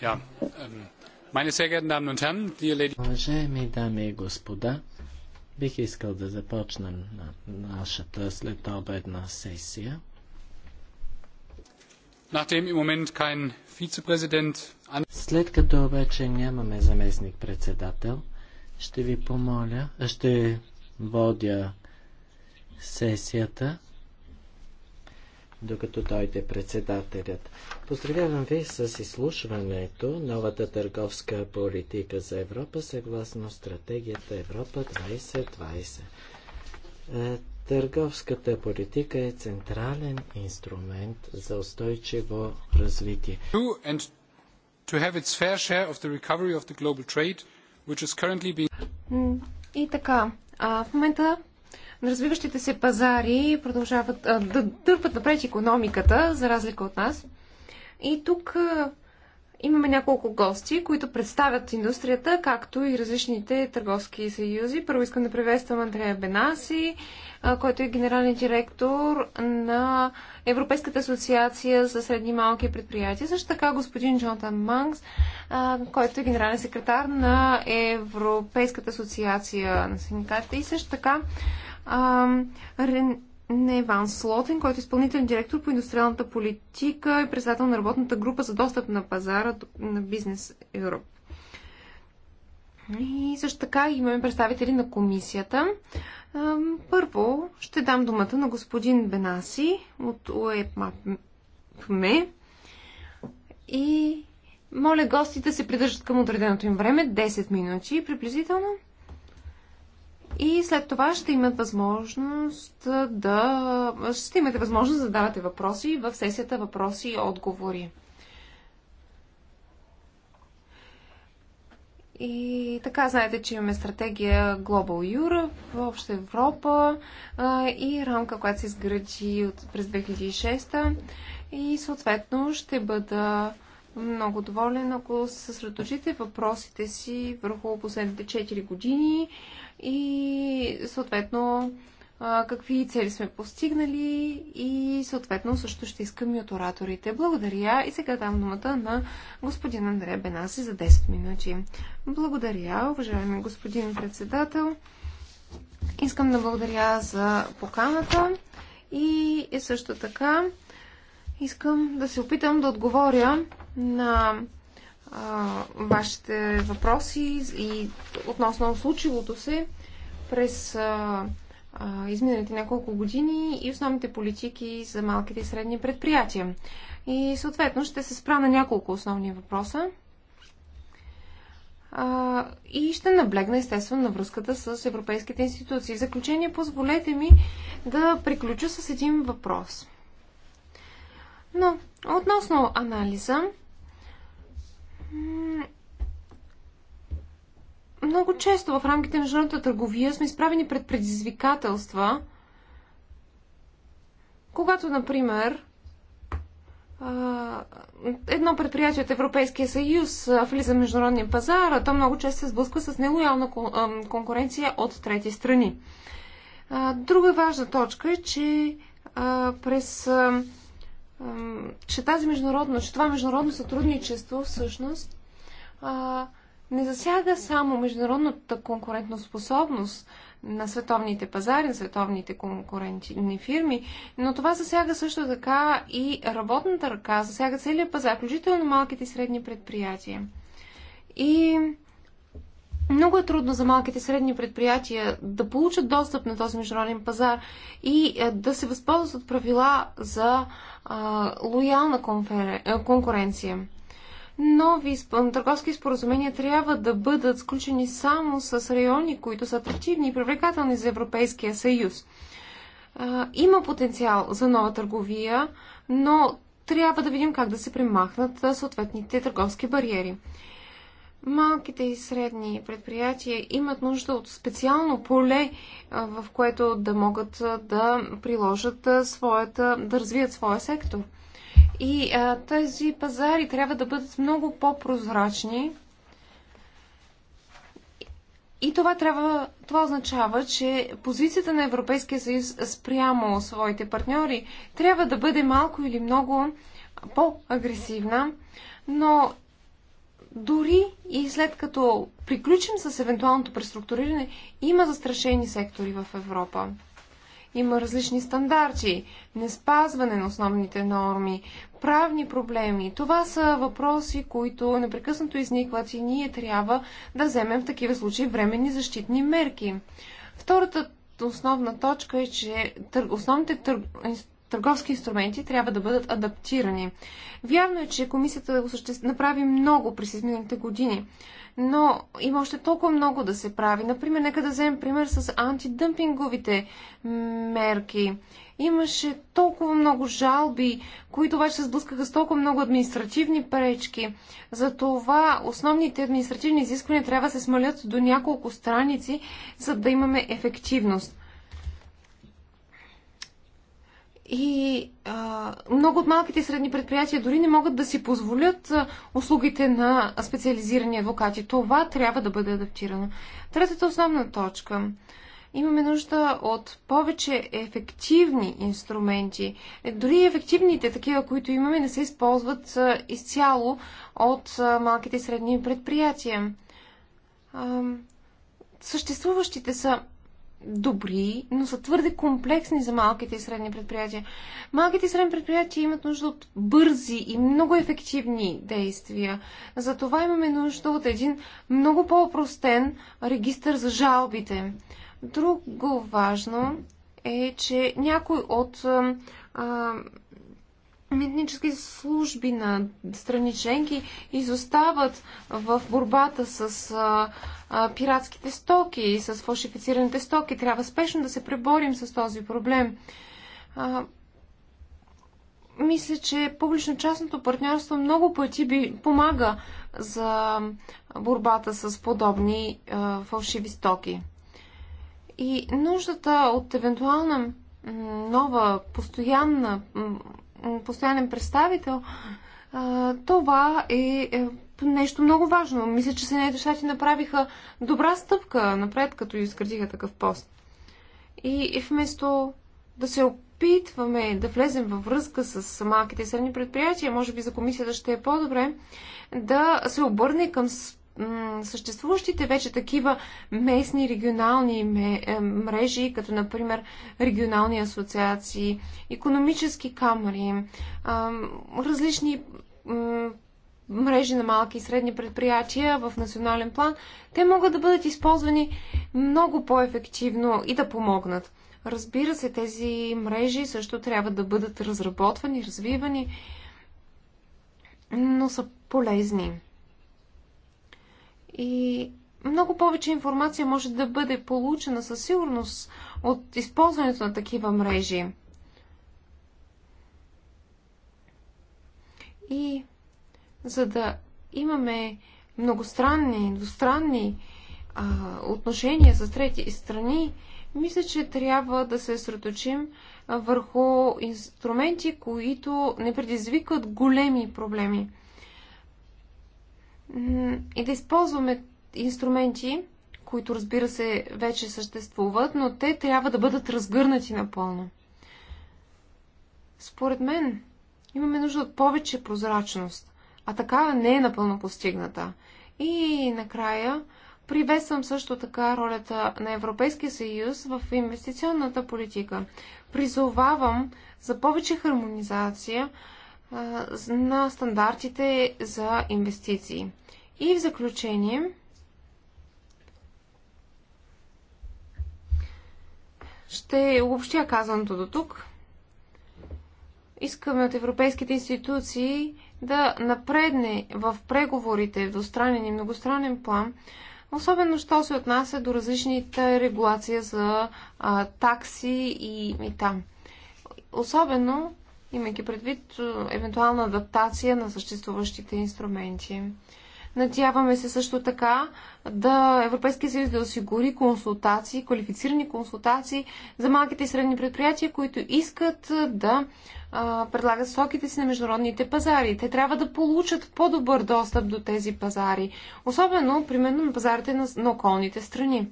Ja, ähm, meine sehr geehrten Damen und Herren, die Lady... Уважаеми дами и господа, бих искал да започнем на нашата следобедна сесия. Nachdem im Moment kein Vizepräsident... След като вече нямаме заместник-председател, ще ви помоля, ще водя сесията докато дойде председателят. Поздравявам ви с изслушването новата търговска политика за Европа съгласно стратегията Европа 2020. Е, търговската политика е централен инструмент за устойчиво развитие. И така, в момента развиващите се пазари продължават а, да дърпат напред економиката, за разлика от нас. И тук а, имаме няколко гости, които представят индустрията, както и различните търговски съюзи. Първо искам да приветствам Андрея Бенаси, а, който е генерален директор на Европейската асоциация за средни и малки предприятия. Също така господин Джонатан Манкс, а, който е генерален секретар на Европейската асоциация на синдикатите. И също така Рене Ван Слотен, който е изпълнителен директор по индустриалната политика и председател на работната група за достъп на пазара на Бизнес Европ. И също така имаме представители на комисията. Първо ще дам думата на господин Бенаси от УЕПМАПМЕ и моля гостите да се придържат към отреденото им време 10 минути приблизително. И след това ще имат възможност да... Ще имате възможност да задавате въпроси в сесията въпроси и отговори. И така, знаете, че имаме стратегия Global Europe, Обща Европа и рамка, която се изгради през 2006 и съответно ще бъда много доволен, ако съсредоточите въпросите си върху последните 4 години и съответно какви цели сме постигнали и съответно също ще искам и от ораторите. Благодаря и сега дам думата на господин Андрея Бенаси за 10 минути. Благодаря, уважаеми господин председател. Искам да благодаря за поканата и е също така искам да се опитам да отговоря на вашите въпроси и относно случилото се през а, а, изминалите няколко години и основните политики за малките и средни предприятия. И съответно ще се спра на няколко основни въпроса и ще наблегна естествено на връзката с европейските институции. В заключение, позволете ми да приключа с един въпрос. Но, относно анализа, много често в рамките на международната търговия сме изправени пред предизвикателства, когато, например, едно предприятие от Европейския съюз влиза в международния пазар, то много често се сблъсква с нелоялна конкуренция от трети страни. Друга важна точка е, че през че тази международно, че това международно сътрудничество всъщност а, не засяга само международната конкурентоспособност на световните пазари, на световните конкурентни фирми, но това засяга също така и работната ръка, засяга целият пазар, включително малките и средни предприятия. И много е трудно за малките и средни предприятия да получат достъп на този международен пазар и е, да се възползват от правила за а, лоялна конферен... конкуренция. Нови търговски споразумения трябва да бъдат сключени само с райони, които са атрактивни и привлекателни за Европейския съюз. А, има потенциал за нова търговия, но трябва да видим как да се примахнат съответните търговски бариери малките и средни предприятия имат нужда от специално поле, в което да могат да приложат своята, да развият своя сектор. И а, тези пазари трябва да бъдат много по-прозрачни. И това, трябва, това означава, че позицията на Европейския съюз спрямо своите партньори трябва да бъде малко или много по-агресивна, но дори и след като приключим с евентуалното преструктуриране, има застрашени сектори в Европа. Има различни стандарти, неспазване на основните норми, правни проблеми. Това са въпроси, които непрекъснато изникват и ние трябва да вземем в такива случаи временни защитни мерки. Втората основна точка е, че основните търговски инструменти трябва да бъдат адаптирани. Вярно е, че комисията направи много през изминалите години, но има още толкова много да се прави. Например, нека да вземем пример с антидъмпинговите мерки. Имаше толкова много жалби, които обаче се сблъскаха с толкова много административни пречки. Затова основните административни изисквания трябва да се смалят до няколко страници, за да имаме ефективност. И а, много от малките и средни предприятия дори не могат да си позволят услугите на специализирани адвокати. Това трябва да бъде адаптирано. Третата основна точка. Имаме нужда от повече ефективни инструменти. Е, дори ефективните такива, които имаме, не се използват изцяло от малките и средни предприятия. А, съществуващите са добри, но са твърде комплексни за малките и средни предприятия. Малките и средни предприятия имат нужда от бързи и много ефективни действия. Затова имаме нужда от един много по-простен регистр за жалбите. Друго важно е, че някой от а, митнически служби на страни членки изостават в борбата с а, а, пиратските стоки и с фалшифицираните стоки. Трябва спешно да се преборим с този проблем. А, мисля, че публично-частното партньорство много пъти би помага за борбата с подобни а, фалшиви стоки. И нуждата от евентуална нова, постоянна постоянен представител, това е, е нещо много важно. Мисля, че Съединените щати направиха добра стъпка напред, като изградиха такъв пост. И вместо да се опитваме да влезем във връзка с малките и средни предприятия, може би за комисията ще е по-добре да се обърне към съществуващите вече такива местни регионални е, мрежи, като например регионални асоциации, економически камери, различни мрежи на малки и средни предприятия в национален план, те могат да бъдат използвани много по-ефективно и да помогнат. Разбира се, тези мрежи също трябва да бъдат разработвани, развивани, но са полезни. И много повече информация може да бъде получена със сигурност от използването на такива мрежи. И за да имаме многостранни, двустранни а, отношения с трети страни, мисля, че трябва да се средоточим върху инструменти, които не предизвикват големи проблеми и да използваме инструменти, които разбира се вече съществуват, но те трябва да бъдат разгърнати напълно. Според мен имаме нужда от повече прозрачност, а такава не е напълно постигната. И накрая приветствам също така ролята на Европейския съюз в инвестиционната политика. Призовавам за повече хармонизация на стандартите за инвестиции. И в заключение, ще обобщя казаното до тук. Искаме от европейските институции да напредне в преговорите в двустранен и многостранен план, особено що се отнася до различните регулации за а, такси и мита. Особено имайки предвид е, евентуална адаптация на съществуващите инструменти. Надяваме се също така да Европейския съюз да осигури консултации, квалифицирани консултации за малките и средни предприятия, които искат е, да а, е, предлагат стоките си на международните пазари. Те трябва да получат по-добър достъп до тези пазари, особено, примерно, на пазарите на, на околните страни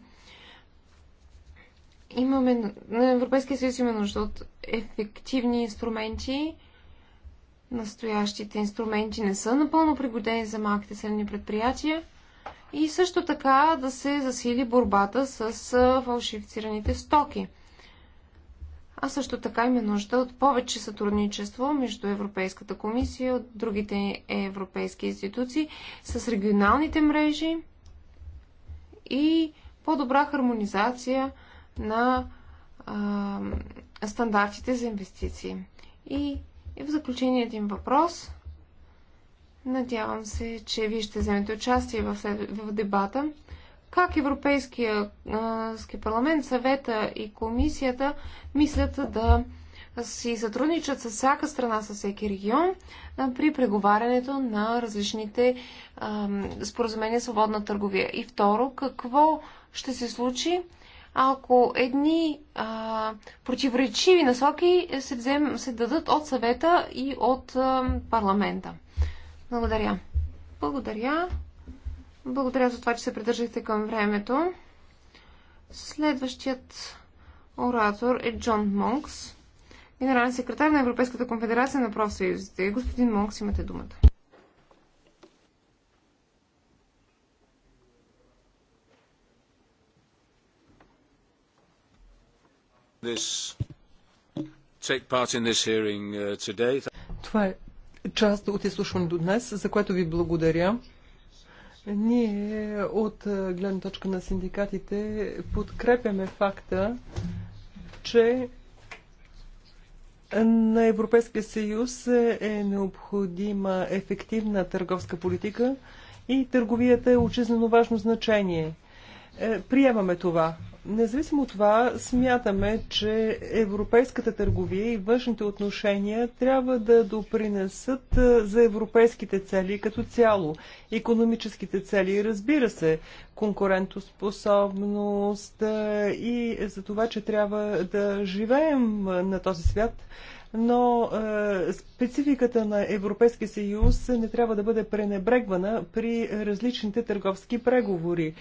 имаме, на Европейския съюз има нужда от ефективни инструменти. Настоящите инструменти не са напълно пригодени за малките средни предприятия. И също така да се засили борбата с фалшифицираните стоки. А също така има нужда от повече сътрудничество между Европейската комисия, от другите европейски институции, с регионалните мрежи и по-добра хармонизация на а, стандартите за инвестиции. И, и в заключение един въпрос. Надявам се, че вие ще вземете участие в, след... в дебата. Как Европейския а, парламент, съвета и комисията мислят да си сътрудничат с всяка страна, с всеки регион при преговарянето на различните споразумения свободна търговия. И второ, какво ще се случи ако едни а, противоречиви насоки се, взем, се дадат от съвета и от а, парламента. Благодаря. Благодаря. Благодаря за това, че се придържахте към времето. Следващият оратор е Джон Монкс, генерален секретар на Европейската конфедерация на профсъюзите. Господин Монкс, имате думата. Uh, това е част от изслушването днес, за което ви благодаря. Ние от е, гледна точка на синдикатите подкрепяме факта, че на Европейския съюз е необходима ефективна търговска политика и търговията е от важно значение. Е, приемаме това. Независимо от това, смятаме, че европейската търговия и външните отношения трябва да допринесат за европейските цели като цяло. Економическите цели, разбира се, конкурентоспособност и за това, че трябва да живеем на този свят – но е, спецификата на Европейския съюз не трябва да бъде пренебрегвана при различните търговски преговори.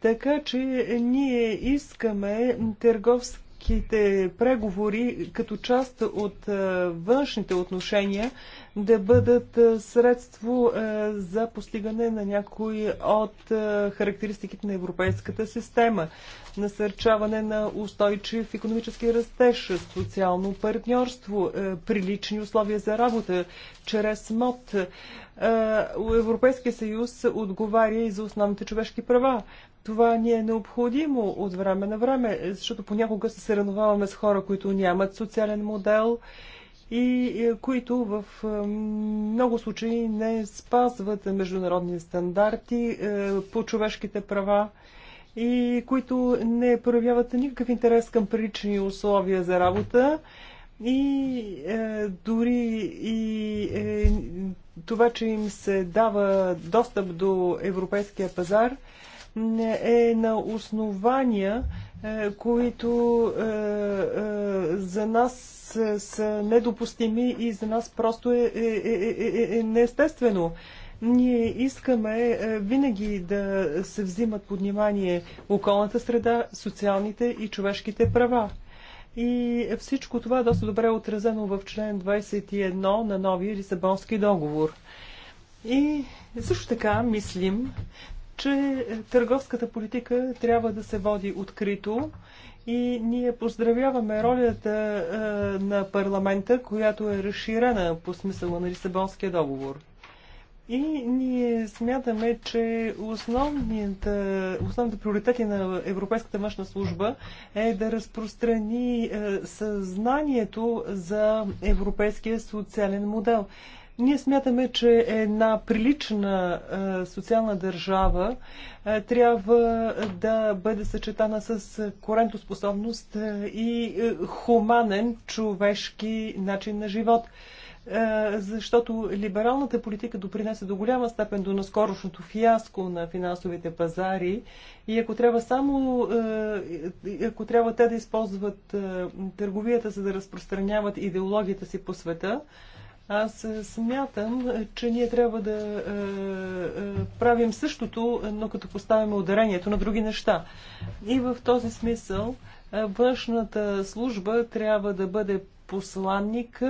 Така че ние искаме търговски търговските преговори като част от е, външните отношения да бъдат е, средство е, за постигане на някои от характеристиките на европейската система. Насърчаване на устойчив економически растеж, социално партньорство, прилични условия за работа, чрез МОД, Европейския съюз отговаря и за основните човешки права. Това ни е необходимо от време на време, защото понякога се съревноваваме с хора, които нямат социален модел и е, които в е, много случаи не спазват международни стандарти е, по човешките права и които не проявяват никакъв интерес към прилични условия за работа и е, дори и е, това, че им се дава достъп до европейския пазар, е на основания, е, които е, е, за нас са недопустими и за нас просто е, е, е, е неестествено. Ние искаме винаги да се взимат под внимание околната среда, социалните и човешките права. И всичко това е доста добре отразено в член 21 на новия Лисабонски договор. И също така мислим, че търговската политика трябва да се води открито и ние поздравяваме ролята е, на парламента, която е разширена по смисъла на Лисабонския договор. И ние смятаме, че основните, основните приоритети на Европейската външна служба е да разпространи е, съзнанието за европейския социален модел. Ние смятаме, че една прилична е, социална държава е, трябва да бъде съчетана с корентоспособност и хуманен човешки начин на живот. Е, защото либералната политика допринесе до голяма степен до наскорошното фиаско на финансовите пазари и ако трябва само, е, ако трябва те да използват е, търговията, за да разпространяват идеологията си по света, аз смятам, че ние трябва да правим същото, но като поставяме ударението на други неща. И в този смисъл външната служба трябва да бъде посланник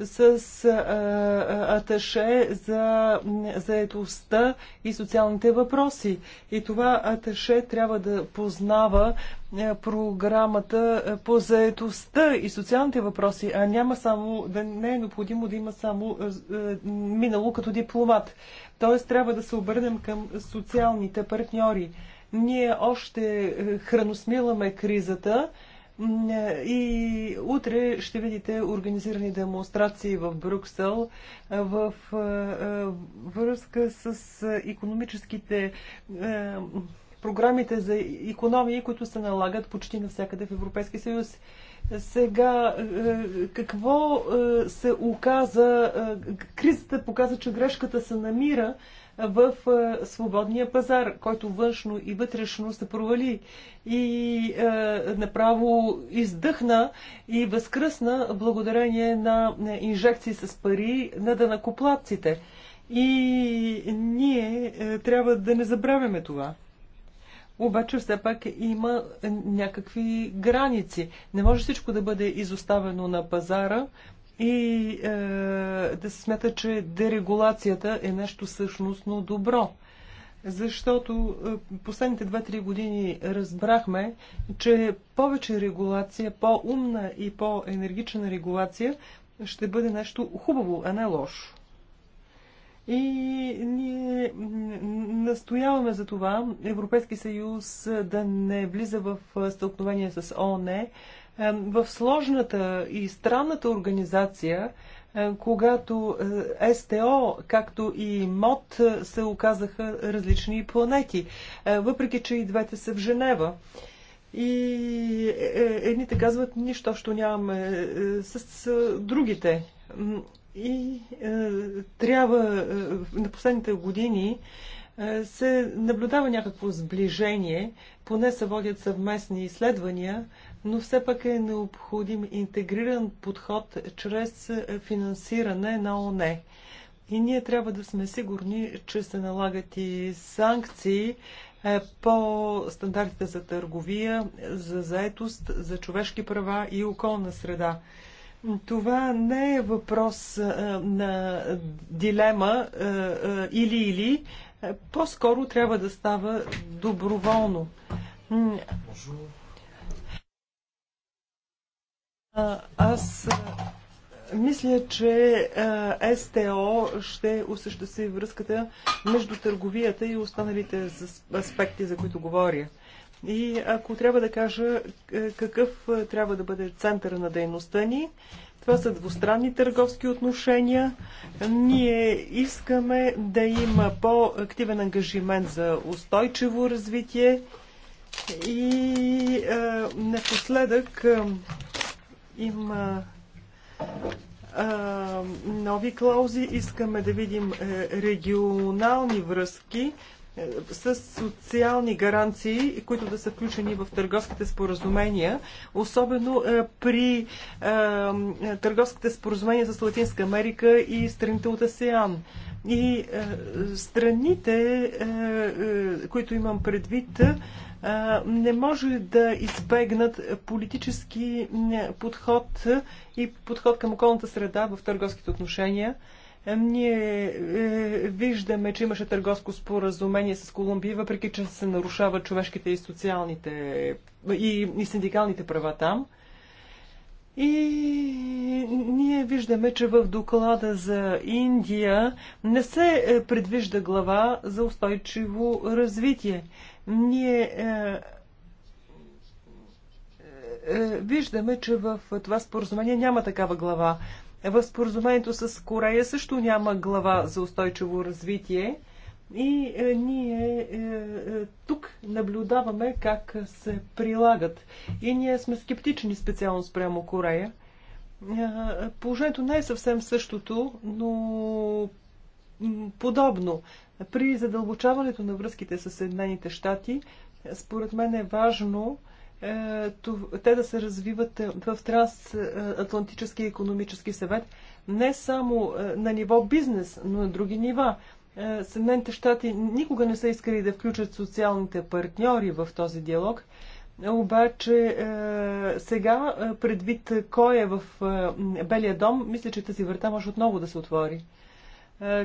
с аташе за заедостта и социалните въпроси. И това аташе трябва да познава програмата по заедостта и социалните въпроси, а няма само, да не е необходимо да има само минало като дипломат. Тоест трябва да се обърнем към социалните партньори. Ние още храносмиламе кризата, е, и утре ще видите организирани демонстрации в Брюксел е, в е, връзка с економическите програмите за економии, които се налагат почти навсякъде в Европейския съюз. Сега, какво се оказа? Кризата показа, че грешката се намира в свободния пазар, който външно и вътрешно се провали и е, направо издъхна и възкръсна благодарение на инжекции с пари на дънакоплатците. И ние е, трябва да не забравяме това. Обаче все пак има някакви граници. Не може всичко да бъде изоставено на пазара, и е, да се смята, че дерегулацията е нещо същностно добро. Защото е, последните 2-3 години разбрахме, че повече регулация, по-умна и по-енергична регулация ще бъде нещо хубаво, а не лошо. И ние настояваме за това Европейски съюз да не влиза в стълкновение с ООН, в сложната и странната организация, когато СТО, както и МОД се оказаха различни планети, въпреки че и двете са в Женева. И е, е, едните казват, нищо, що нямаме е, с, другите. И трябва на последните години се наблюдава някакво сближение, поне се водят съвместни изследвания, но все пак е необходим интегриран подход чрез финансиране на ОНЕ. И ние трябва да сме сигурни, че се налагат и санкции е, по стандартите за търговия, за заетост, за човешки права и околна среда. Това не е въпрос е, на дилема е, или-или. По-скоро трябва да става доброволно. Аз мисля, че СТО ще осъществи връзката между търговията и останалите аспекти, за които говоря. И ако трябва да кажа какъв трябва да бъде центъра на дейността ни, това са двустранни търговски отношения. Ние искаме да има по-активен ангажимент за устойчиво развитие и е, напоследък има нови клаузи. Искаме да видим е, регионални връзки с социални гаранции, които да са включени в търговските споразумения, особено е, при е, търговските споразумения с Латинска Америка и страните от АСЕАН. И е, страните, които имам предвид, не може да избегнат политически подход и подход към околната среда в търговските отношения – ние е, виждаме, че имаше търговско споразумение с Колумбия, въпреки че се нарушават човешките и социалните и, и синдикалните права там. И ние виждаме, че в доклада за Индия не се е, предвижда глава за устойчиво развитие. Ние е, е, е, виждаме, че в това споразумение няма такава глава. Е, в споразумението с Корея също няма глава за устойчиво развитие. И е, ние е, е, тук наблюдаваме как се прилагат. И ние сме скептични специално спрямо Корея. Е, положението не е съвсем същото, но подобно. При задълбочаването на връзките с Съединените щати, според мен е важно е, е, те да се развиват е, в Трансатлантически е, економически съвет не само на ниво бизнес, но на други нива. Съединените щати никога не са искали да включат социалните партньори в този диалог, обаче сега, предвид кой е в Белия дом, мисля, че тази врата може отново да се отвори.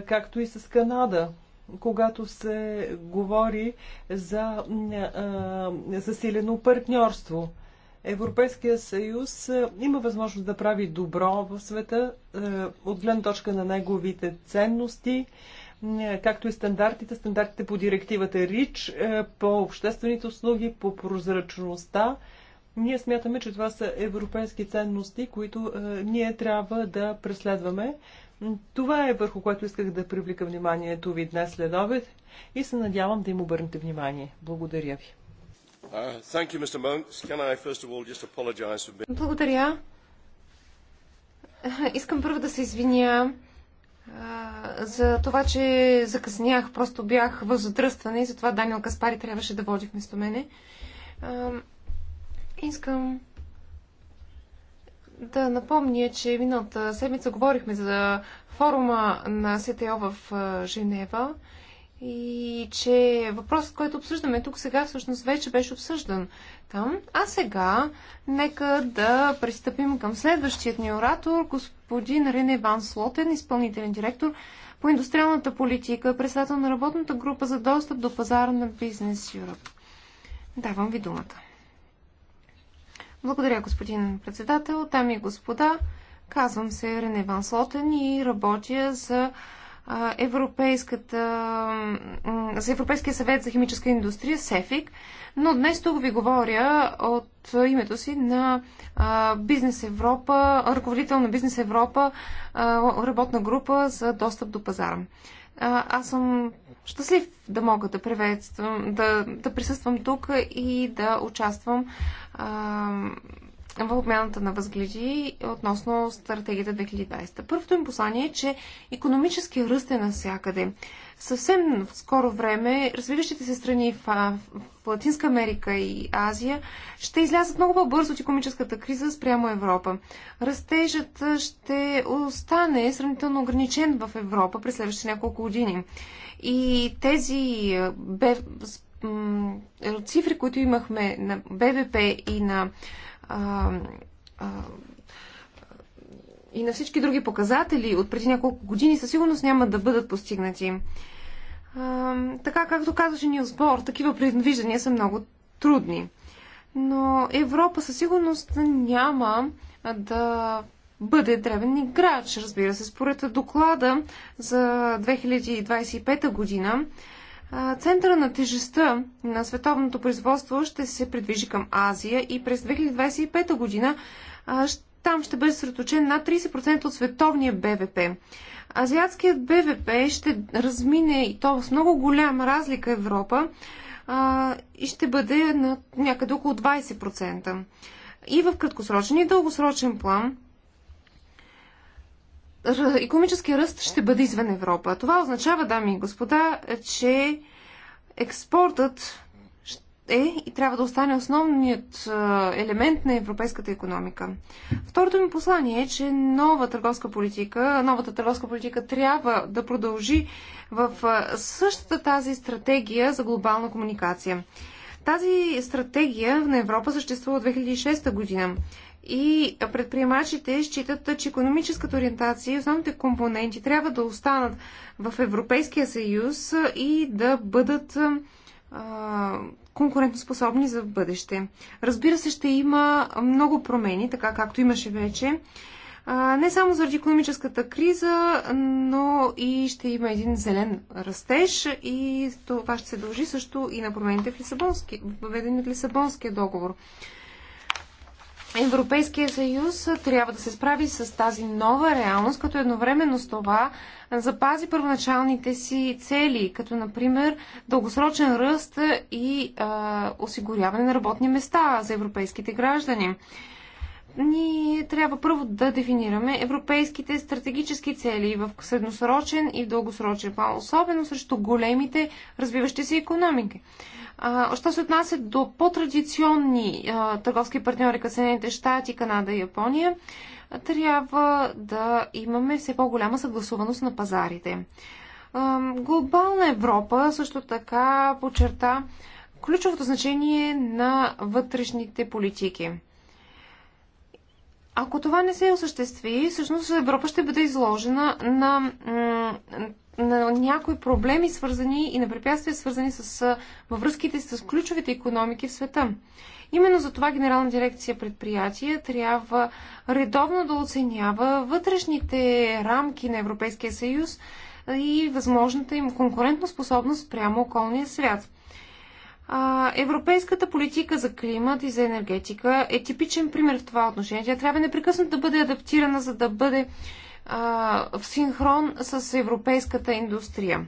Както и с Канада когато се говори за засилено партньорство. Европейския съюз има възможност да прави добро в света от гледна точка на неговите ценности, както и стандартите, стандартите по директивата РИЧ, по обществените услуги, по прозрачността. Ние смятаме, че това са европейски ценности, които ние трябва да преследваме. Това е върху което исках да привлека вниманието ви днес след обед и се надявам да им обърнете внимание. Благодаря ви. Uh, Благодаря. Искам първо да се извиня за това, че закъснях. Просто бях в задръстване и затова Данил Каспари трябваше да води вместо мене. Искам да напомня, че миналата седмица говорихме за форума на СТО в Женева и че въпросът, който обсъждаме тук сега, всъщност вече беше обсъждан там. А сега нека да пристъпим към следващият ни оратор, господин Рене Ван Слотен, изпълнителен директор по индустриалната политика, председател на работната група за достъп до пазара на бизнес Юрап. Давам ви думата. Благодаря, господин председател. Дами и господа, казвам се Рене Ван Слотен и работя за Европейската, за Европейския съвет за химическа индустрия, СЕФИК, но днес тук ви говоря от името си на Бизнес Европа, ръководител на Бизнес Европа, работна група за достъп до пазара. Аз съм щастлив да мога да приветствам, да, да присъствам тук и да участвам а, в обмяната на възгледи относно стратегията 2020. Първото им послание е, че економически ръст е навсякъде. Съвсем в скоро време развиващите се страни в, в Латинска Америка и Азия ще излязат много по-бързо от економическата криза спрямо Европа. Растежът ще остане сравнително ограничен в Европа през следващите няколко години. И тези е, е, цифри, които имахме на БВП и на, а, а, и на всички други показатели от преди няколко години, със сигурност няма да бъдат постигнати. А, така, както казваше ни сбор, такива предвиждания са много трудни. Но Европа със сигурност няма да бъде древен играч. Разбира се, според доклада за 2025 година, центъра на тежестта на световното производство ще се придвижи към Азия и през 2025 година там ще бъде съсредоточен над 30% от световния БВП. Азиатският БВП ще размине и то с много голяма разлика Европа а, и ще бъде на някъде около 20%. И в краткосрочен и дългосрочен план економическия ръст ще бъде извън Европа. Това означава, дами и господа, че експортът е и трябва да остане основният елемент на европейската економика. Второто ми послание е, че нова търговска политика, новата търговска политика трябва да продължи в същата тази стратегия за глобална комуникация. Тази стратегия на Европа съществува от 2006 година и предприемачите считат, че економическата ориентация и основните компоненти трябва да останат в Европейския съюз и да бъдат конкурентоспособни за бъдеще. Разбира се, ще има много промени, така както имаше вече. не само заради економическата криза, но и ще има един зелен растеж и това ще се дължи също и на промените в Лисабонски, въведени от Лисабонския договор. Европейския съюз трябва да се справи с тази нова реалност, като едновременно с това запази първоначалните си цели, като например дългосрочен ръст и а, осигуряване на работни места за европейските граждани. Ние трябва първо да дефинираме европейските стратегически цели в средносрочен и в дългосрочен план, особено срещу големите развиващи се економики що се отнася до по-традиционни търговски партньори, към Съединените щати, Канада и Япония, трябва да имаме все по-голяма съгласуваност на пазарите. глобална Европа също така подчерта ключовото значение на вътрешните политики. Ако това не се осъществи, всъщност Европа ще бъде изложена на на някои проблеми свързани и на препятствия свързани с, във връзките с ключовите економики в света. Именно за това Генерална дирекция предприятия трябва редовно да оценява вътрешните рамки на Европейския съюз и възможната им конкурентна способност прямо околния свят. Европейската политика за климат и за енергетика е типичен пример в това отношение. Тя трябва непрекъснато да бъде адаптирана, за да бъде в синхрон с европейската индустрия.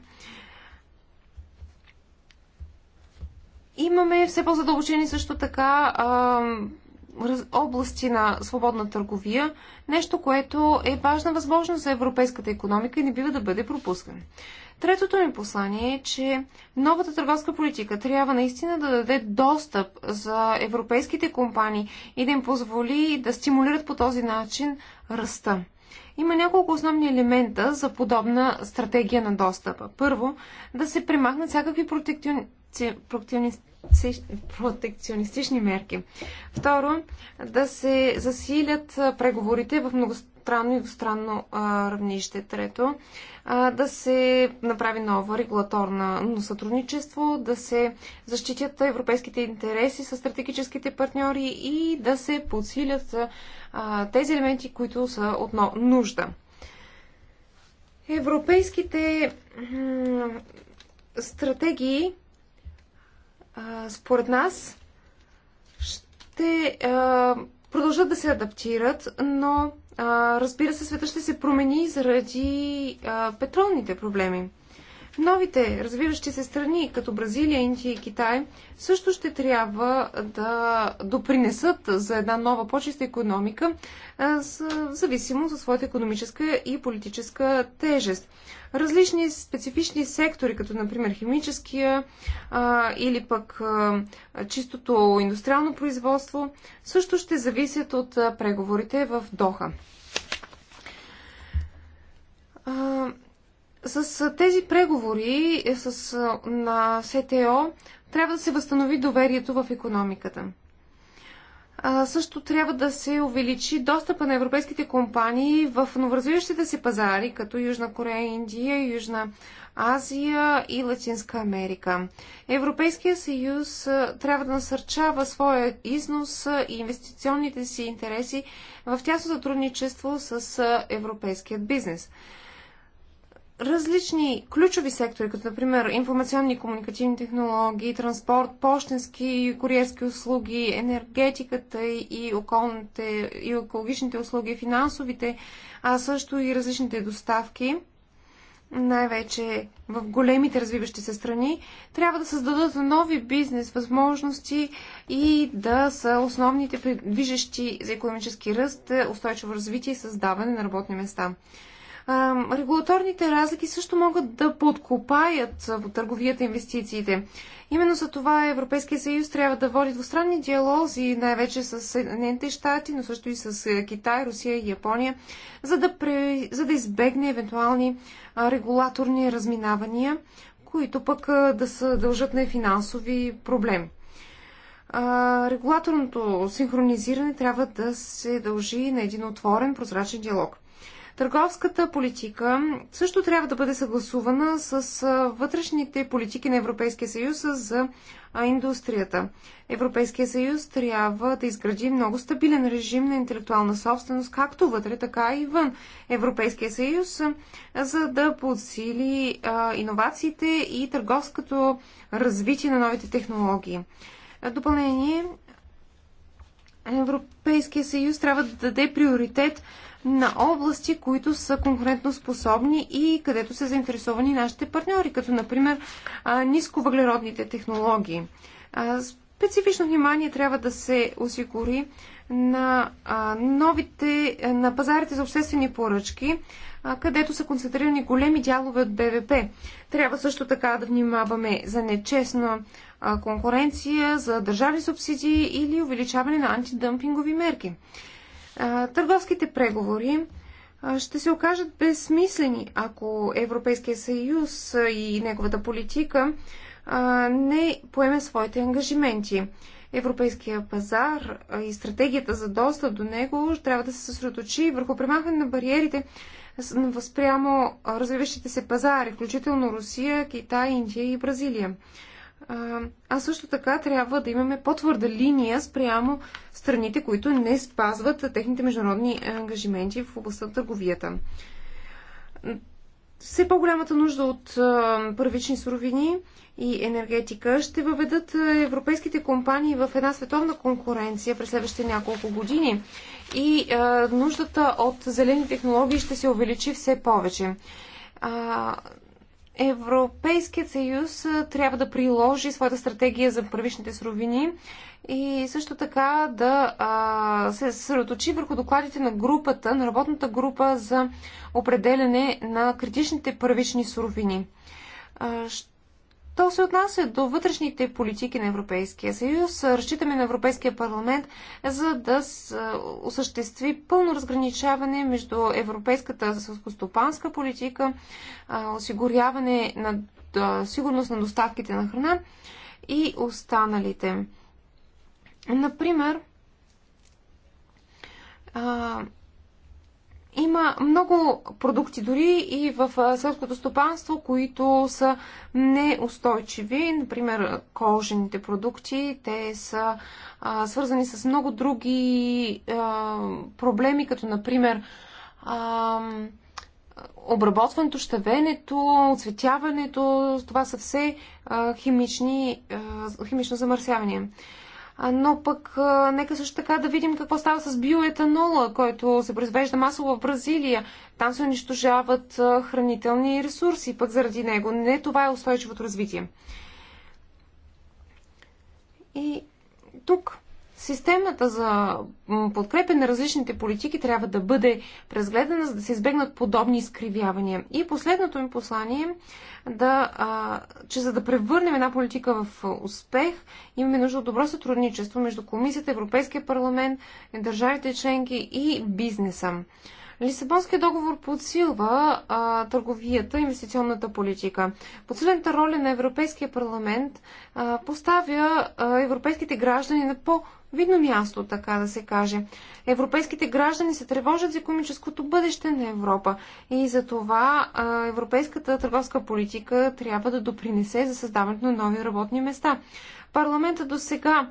Имаме все по-задълбочени също така а, области на свободна търговия, нещо, което е важна възможност за европейската економика и не бива да бъде пропускан. Третото ми послание е, че новата търговска политика трябва наистина да даде достъп за европейските компании и да им позволи да стимулират по този начин ръста. Има няколко основни елемента за подобна стратегия на достъпа. Първо, да се премахнат всякакви протекционистични мерки. Второ, да се засилят преговорите в многостранно и двустранно равнище. Трето, а, да се направи нова регулаторна сътрудничество, да се защитят европейските интереси с стратегическите партньори и да се подсилят а, тези елементи, които са от нужда. Европейските стратегии според нас ще продължат да се адаптират, но разбира се, света ще се промени заради петролните проблеми. Новите развиващи се страни, като Бразилия, Индия и Китай, също ще трябва да допринесат за една нова по-чиста економика, зависимо за своята економическа и политическа тежест. Различни специфични сектори, като например химическия а, или пък а, чистото индустриално производство, също ще зависят от преговорите в Доха. С тези преговори е, с, на СТО трябва да се възстанови доверието в економиката. А, също трябва да се увеличи достъпа на европейските компании в новоразвиващите се пазари, като Южна Корея, Индия, Южна Азия и Латинска Америка. Европейския съюз трябва да насърчава своя износ и инвестиционните си интереси в тясно сътрудничество с европейският бизнес различни ключови сектори, като например информационни и комуникативни технологии, транспорт, почтенски и куриерски услуги, енергетиката и, околните, и екологичните услуги, финансовите, а също и различните доставки, най-вече в големите развиващи се страни, трябва да създадат нови бизнес възможности и да са основните движещи за економически ръст, устойчиво развитие и създаване на работни места регулаторните разлики също могат да подкопаят търговията инвестициите. Именно за това Европейския съюз трябва да води двустранни диалози, най-вече с Съединените щати, но също и с Китай, Русия и Япония, за да, при... за да избегне евентуални регулаторни разминавания, които пък да се дължат на финансови проблеми регулаторното синхронизиране трябва да се дължи на един отворен, прозрачен диалог. Търговската политика също трябва да бъде съгласувана с вътрешните политики на Европейския съюз за индустрията. Европейския съюз трябва да изгради много стабилен режим на интелектуална собственост, както вътре, така и вън Европейския съюз, за да подсили иновациите и търговското развитие на новите технологии. Допълнение Европейския съюз трябва да даде приоритет на области, които са конкурентоспособни и където са заинтересовани нашите партньори, като например нисковъглеродните технологии. Специфично внимание трябва да се осигури на новите, на пазарите за обществени поръчки, където са концентрирани големи дялове от БВП. Трябва също така да внимаваме за нечестна конкуренция, за държавни субсидии или увеличаване на антидъмпингови мерки търговските преговори ще се окажат безсмислени, ако Европейския съюз и неговата политика не поеме своите ангажименти. Европейския пазар и стратегията за достъп до него трябва да се съсредоточи върху премахване на бариерите възпрямо развиващите се пазари, включително Русия, Китай, Индия и Бразилия а също така трябва да имаме по-твърда линия спрямо страните, които не спазват техните международни ангажименти в областта на търговията. Все по-голямата нужда от първични суровини и енергетика ще въведат европейските компании в една световна конкуренция през следващите няколко години и нуждата от зелени технологии ще се увеличи все повече Европейският съюз трябва да приложи своята стратегия за първичните суровини и също така да а, се съсредоточи върху докладите на групата, на работната група за определяне на критичните първични суровини. А, ще то се отнася до вътрешните политики на Европейския съюз. Разчитаме на Европейския парламент, за да осъществи пълно разграничаване между европейската селскостопанска политика, осигуряване на сигурност на доставките на храна и останалите. Например, има много продукти дори и в селското стопанство, които са неустойчиви. Например, кожените продукти, те са свързани с много други проблеми, като например обработването, щавенето, оцветяването. Това са все химични, химично замърсяване но пък нека също така да видим какво става с биоетанола, който се произвежда масово в Бразилия. Там се унищожават хранителни ресурси, пък заради него. Не това е устойчивото развитие. И тук Системата за подкрепа на различните политики трябва да бъде разгледана, за да се избегнат подобни изкривявания. И последното ми послание е да, че за да превърнем една политика в успех, имаме нужда от добро сътрудничество между Комисията, Европейския парламент, държавите членки и бизнеса. Лисабонския договор подсилва а, търговията, инвестиционната политика. Подсилената роля на Европейския парламент а, поставя а, европейските граждани на по- видно място, така да се каже. Европейските граждани се тревожат за економическото бъдеще на Европа и за това европейската търговска политика трябва да допринесе за създаването на нови работни места. Парламента до сега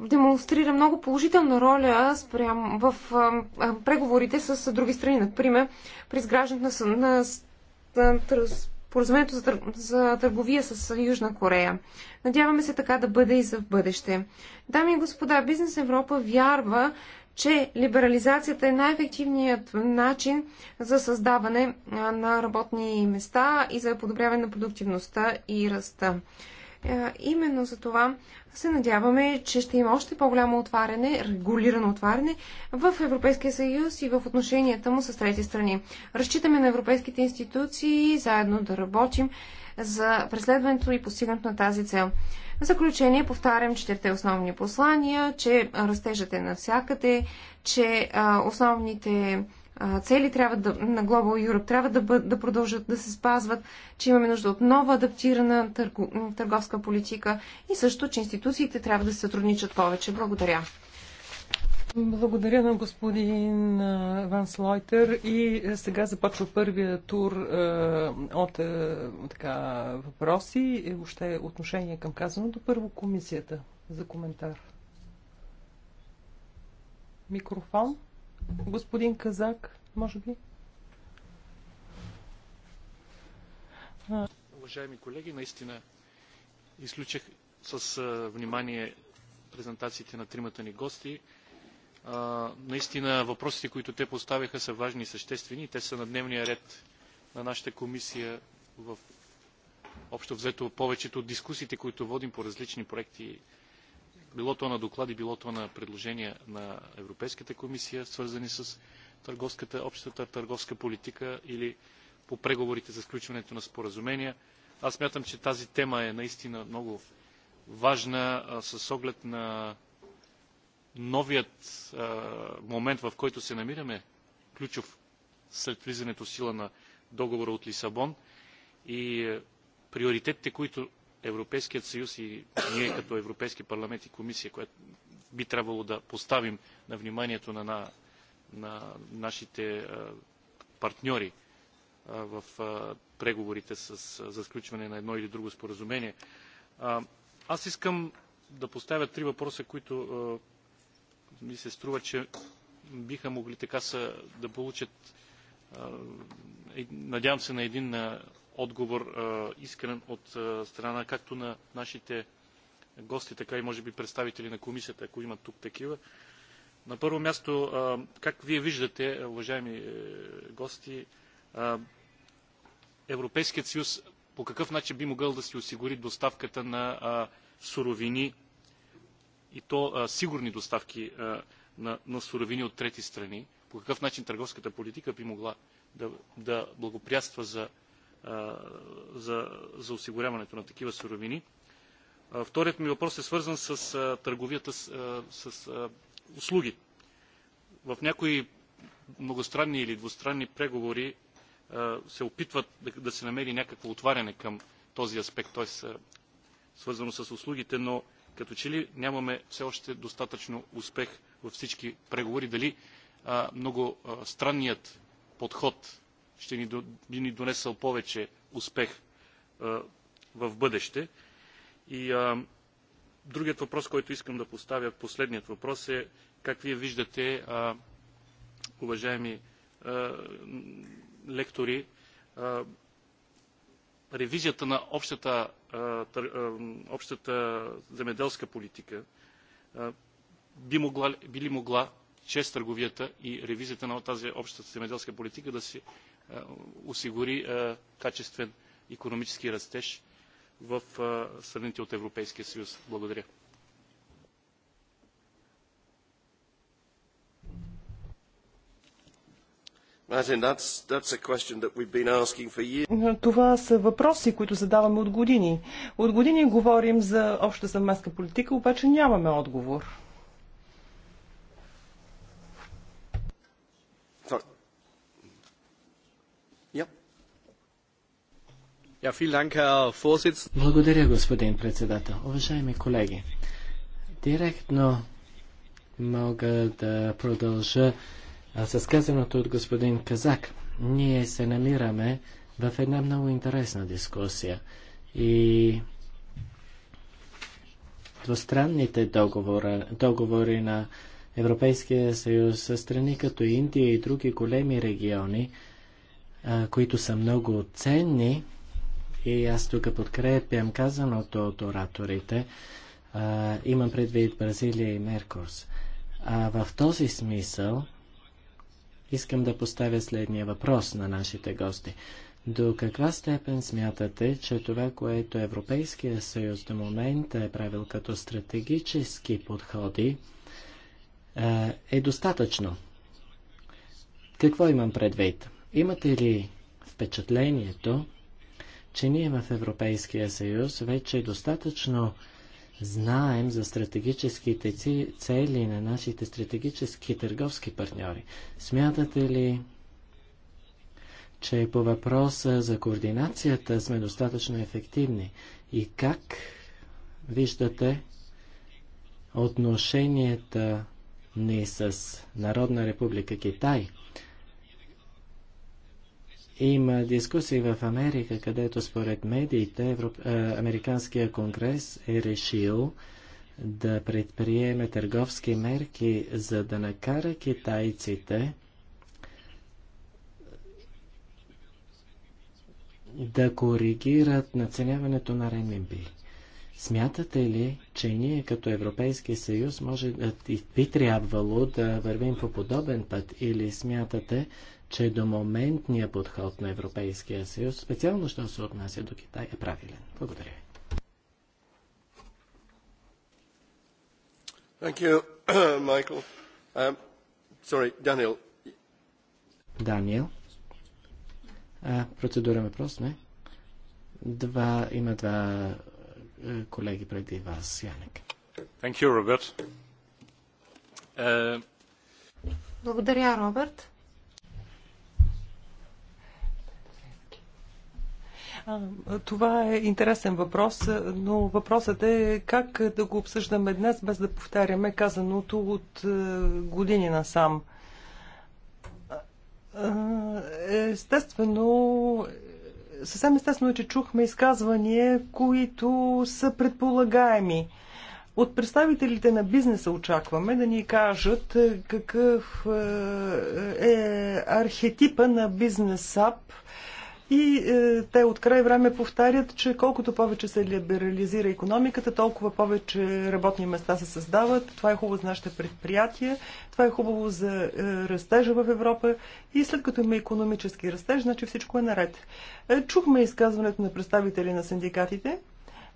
демонстрира много положителна роля спрям, в преговорите с други страни, например, при изграждането на, на, на споразумението за, тър... за търговия с Южна Корея. Надяваме се така да бъде и за в бъдеще. Дами и господа, Бизнес Европа вярва, че либерализацията е най-ефективният начин за създаване на работни места и за подобряване на продуктивността и ръста. Е, именно за това се надяваме, че ще има още по-голямо отваряне, регулирано отваряне в Европейския съюз и в отношенията му с трети страни. Разчитаме на европейските институции заедно да работим за преследването и постигането на тази цел. В заключение повтарям четирите основни послания, че растежът е навсякъде, че основните цели трябва да, на Global Europe трябва да, бъд, да продължат да се спазват, че имаме нужда от нова адаптирана търго, търговска политика и също, че институциите трябва да се сътрудничат повече. Благодаря. Благодаря на господин Ван Слойтер и сега започва първия тур е, от е, така, въпроси и въобще отношение към казаното. Първо комисията за коментар. Микрофон. Господин Казак, може би? Уважаеми колеги, наистина изключих с внимание презентациите на тримата ни гости. А, наистина въпросите, които те поставяха, са важни и съществени. Те са на дневния ред на нашата комисия в общо взето повечето от дискусиите, които водим по различни проекти било то на доклади, било то на предложения на Европейската комисия, свързани с търговската, общата търговска политика или по преговорите за сключването на споразумения. Аз мятам, че тази тема е наистина много важна а, с оглед на новият а, момент, в който се намираме, ключов след влизането сила на договора от Лисабон и а, приоритетите, които Европейският съюз и ние като Европейски парламент и комисия, която би трябвало да поставим на вниманието на, на, на нашите партньори в преговорите с, за сключване на едно или друго споразумение. Аз искам да поставя три въпроса, които ми се струва, че биха могли така са, да получат, надявам се, на един отговор искрен от страна както на нашите гости, така и може би представители на комисията, ако имат тук такива. На първо място, как вие виждате, уважаеми е, гости, Европейският съюз по какъв начин би могъл да си осигури доставката на суровини и то сигурни доставки на, суровини от трети страни? По какъв начин търговската политика би могла да, да благоприятства за за, за осигуряването на такива суровини. Вторият ми въпрос е свързан с търговията с, с услуги. В някои многостранни или двустранни преговори се опитват да се намери някакво отваряне към този аспект, т.е. свързано с услугите, но като че ли нямаме все още достатъчно успех във всички преговори. Дали много странният подход ще ни, би ни донесъл повече успех в бъдеще. И а, другият въпрос, който искам да поставя, последният въпрос е как вие виждате, а, уважаеми а, лектори, а, ревизията на общата, а, общата земеделска политика а, би могла, ли могла чрез търговията и ревизията на тази общата земеделска политика да се е, осигури е, качествен икономически растеж в е, страните от Европейския съюз. Благодаря. Това са въпроси, които задаваме от години. От години говорим за обща съвместна политика, обаче нямаме отговор. Благодаря, господин председател. Уважаеми колеги, директно мога да продължа с казаното от господин Казак. Ние се намираме в една много интересна дискусия и двустранните договори на Европейския съюз с страни като Индия и други големи региони, които са много ценни, и аз тук подкрепям казаното от ораторите. А, имам предвид Бразилия и Меркурс. А в този смисъл искам да поставя следния въпрос на нашите гости. До каква степен смятате, че това, което Европейския съюз до момента е правил като стратегически подходи, е достатъчно? Какво имам предвид? Имате ли впечатлението, че ние в Европейския съюз вече достатъчно знаем за стратегическите цели на нашите стратегически търговски партньори. Смятате ли, че по въпроса за координацията сме достатъчно ефективни и как виждате отношенията ни с Народна република Китай – има дискусии в Америка, където според медиите Европ... Американския конгрес е решил да предприеме търговски мерки, за да накара китайците да коригират наценяването на ренминби. Смятате ли, че ние като Европейски съюз може да, би трябвало да вървим по подобен път или смятате, че до моментния подход на Европейския съюз, специално що се отнася до Китай, е правилен. Благодаря Thank you, Michael. Um, sorry, Daniel. Даниел. А, процедура въпрос, не? Два, има два е, колеги преди вас, Яник. Thank you, Роберт. Uh... Благодаря, Роберт. Това е интересен въпрос, но въпросът е как да го обсъждаме днес, без да повтаряме казаното от е, години насам. Е, естествено, съвсем естествено е, че чухме изказвания, които са предполагаеми. От представителите на бизнеса очакваме да ни кажат е, какъв е архетипа на бизнес ап – и е, те от край време повтарят, че колкото повече се либерализира економиката, толкова повече работни места се създават. Това е хубаво за нашите предприятия, това е хубаво за е, растежа в Европа. И след като има економически растеж, значи всичко е наред. Е, чухме изказването на представители на синдикатите.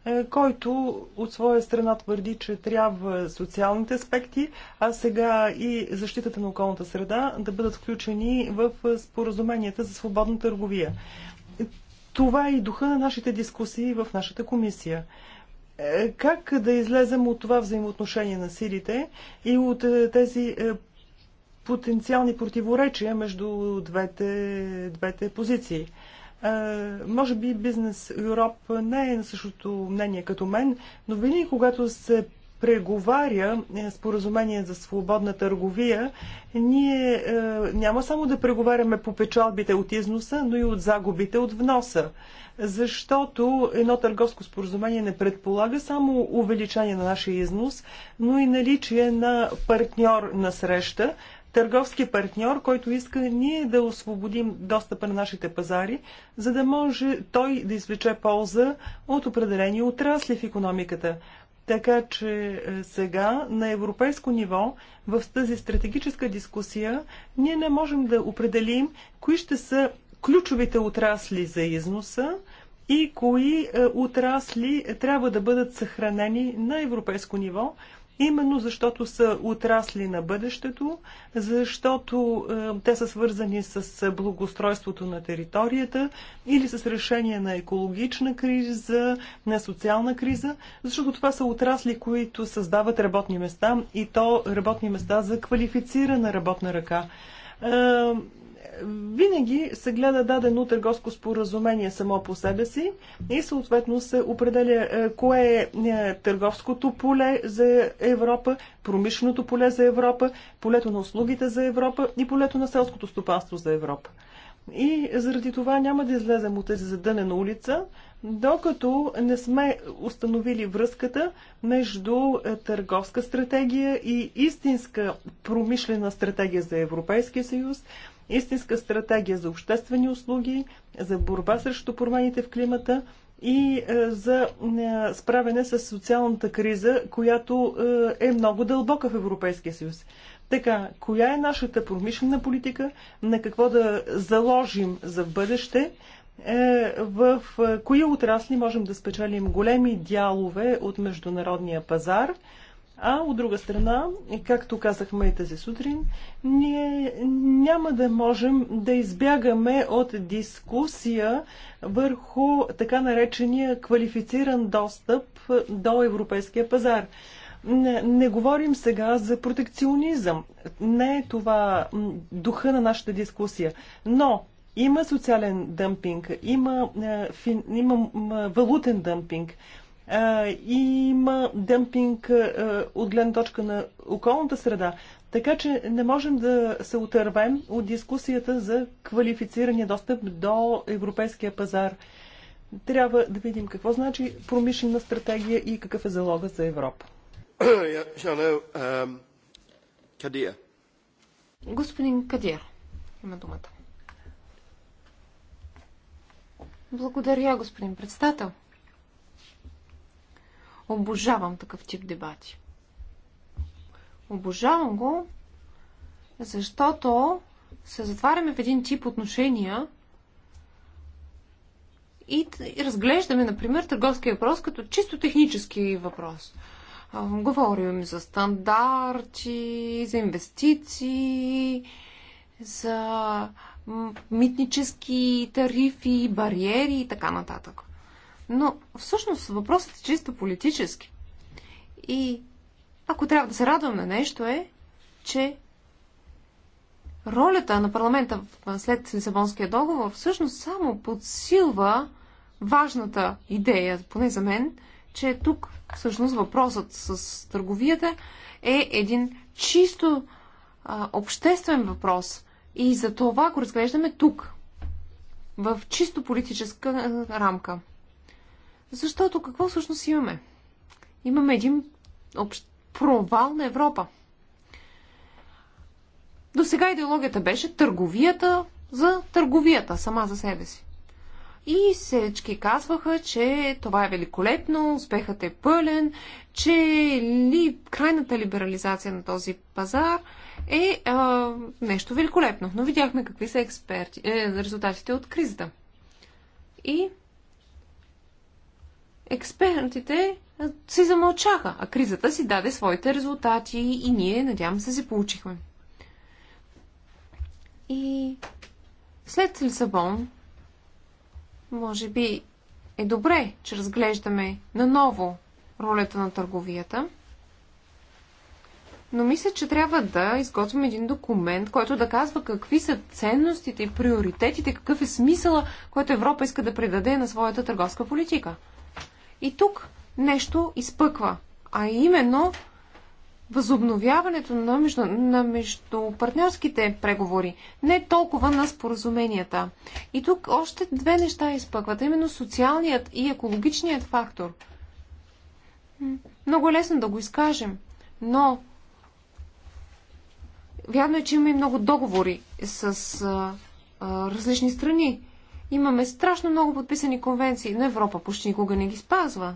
Е, който от своя страна твърди, че трябва социалните аспекти, а сега и защитата на околната среда да бъдат включени в споразуменията за свободна търговия. Това е и духа на нашите дискусии в нашата комисия. Е, как да излезем от това взаимоотношение на силите и от е, тези потенциални противоречия между двете, двете позиции? Е, може би бизнес Юроп не е на същото мнение като мен, но винаги когато се преговаря е, споразумение за свободна търговия, ние е, няма само да преговаряме по печалбите от износа, но и от загубите от вноса. Защото едно търговско споразумение не предполага само увеличение на нашия износ, но и наличие на партньор на среща, търговски партньор, който иска ние да освободим достъпа на нашите пазари, за да може той да извлече полза от определени отрасли в економиката. Така че е, сега на европейско ниво в тази стратегическа дискусия ние не можем да определим кои ще са ключовите отрасли за износа и кои е, отрасли трябва да бъдат съхранени на европейско ниво, именно защото са отрасли на бъдещето, защото е, те са свързани с е, благоустройството на територията или с решение на екологична криза, на социална криза, защото това са отрасли, които създават работни места и то работни места за квалифицирана работна ръка е, винаги се гледа дадено търговско споразумение само по себе си и съответно се определя е, кое е, е търговското поле за Европа, промишленото поле за Европа, полето на услугите за Европа и полето на селското стопанство за Европа. И заради това няма да излезем от тази задънена улица, докато не сме установили връзката между е, търговска стратегия и истинска промишлена стратегия за Европейския съюз, истинска стратегия за обществени услуги, за борба срещу промените в климата и е, за е, справяне с социалната криза, която е, е много дълбока в Европейския съюз. Така, коя е нашата промишлена политика, на какво да заложим за бъдеще, в кои отрасли можем да спечелим големи дялове от международния пазар – а от друга страна, както казахме и тази сутрин, ние няма да можем да избягаме от дискусия върху така наречения квалифициран достъп до европейския пазар. Не, не говорим сега за протекционизъм. Не е това духа на нашата дискусия. Но има социален дъмпинг, има, е, има е, валутен дъмпинг има дъмпинг от гледна точка на околната среда. Така че не можем да се отървем от дискусията за квалифицирания достъп до европейския пазар. Трябва да видим какво значи промишлена стратегия и какъв е залога за Европа. Кадия. Господин Кадия, има думата. Благодаря, господин председател. Обожавам такъв тип дебати. Обожавам го, защото се затваряме в един тип отношения и разглеждаме, например, търговския въпрос като чисто технически въпрос. Говорим за стандарти, за инвестиции, за митнически тарифи, бариери и така нататък. Но всъщност въпросът е чисто политически. И ако трябва да се радвам на нещо е, че ролята на парламента след Лисабонския договор всъщност само подсилва важната идея, поне за мен, че тук всъщност въпросът с търговията е един чисто а, обществен въпрос. И за това го разглеждаме тук, в чисто политическа рамка. Защото какво всъщност имаме? Имаме един общ провал на Европа. До сега идеологията беше търговията за търговията сама за себе си. И всички казваха, че това е великолепно, успехът е пълен, че ли, крайната либерализация на този пазар е е нещо великолепно. Но видяхме какви са експерти, е, резултатите от кризата. И експертите си замълчаха, а кризата си даде своите резултати и ние, надявам се, се получихме. И след Лисабон, може би е добре, че разглеждаме наново ролята на търговията, но мисля, че трябва да изготвим един документ, който да казва какви са ценностите и приоритетите, какъв е смисъла, който Европа иска да предаде на своята търговска политика – и тук нещо изпъква, а именно възобновяването на, между, на междупартньорските преговори, не толкова на споразуменията. И тук още две неща изпъкват, именно социалният и екологичният фактор. Много е лесно да го изкажем, но вярно е, че има и много договори с а, а, различни страни. Имаме страшно много подписани конвенции, но Европа почти никога не ги спазва.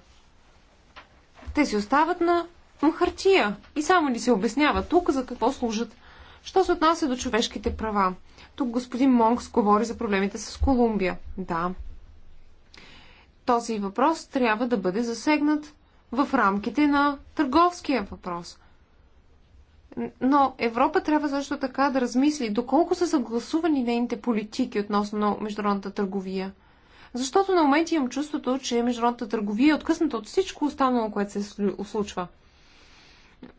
Те си остават на хартия и само ни се обяснява тук за какво служат. Що се отнася до човешките права? Тук господин Монкс говори за проблемите с Колумбия. Да. Този въпрос трябва да бъде засегнат в рамките на търговския въпрос. Но Европа трябва също така да размисли доколко са съгласувани нейните политики относно международната търговия. Защото на моменти имам чувството, че международната търговия е откъсната от всичко останало, което се случва.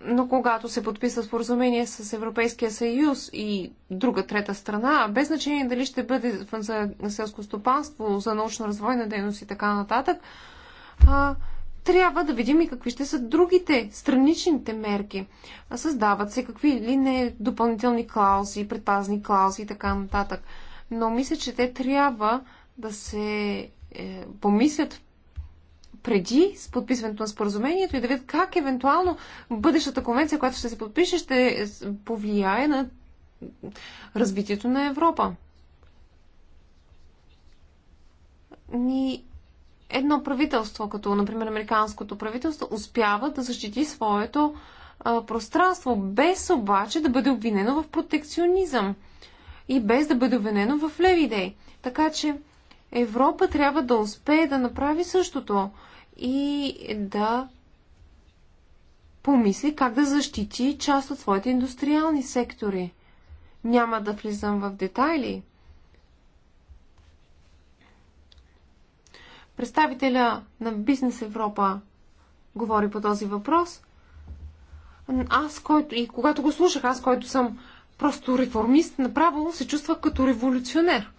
Но когато се подписва споразумение с Европейския съюз и друга трета страна, без значение дали ще бъде за селско стопанство, за научно-развойна дейност и така нататък, трябва да видим и какви ще са другите страничните мерки. Създават се какви или не допълнителни клаузи, предпазни клаузи и така нататък. Но мисля, че те трябва да се е, помислят преди с подписването на споразумението и да видят как евентуално бъдещата конвенция, която ще се подпише, ще повлияе на развитието на Европа. Ни едно правителство, като например американското правителство, успява да защити своето а, пространство, без обаче да бъде обвинено в протекционизъм и без да бъде обвинено в леви идеи. Така че Европа трябва да успее да направи същото и да помисли как да защити част от своите индустриални сектори. Няма да влизам в детайли, представителя на Бизнес Европа говори по този въпрос. Аз, който, и когато го слушах, аз, който съм просто реформист, направо се чувствах като революционер.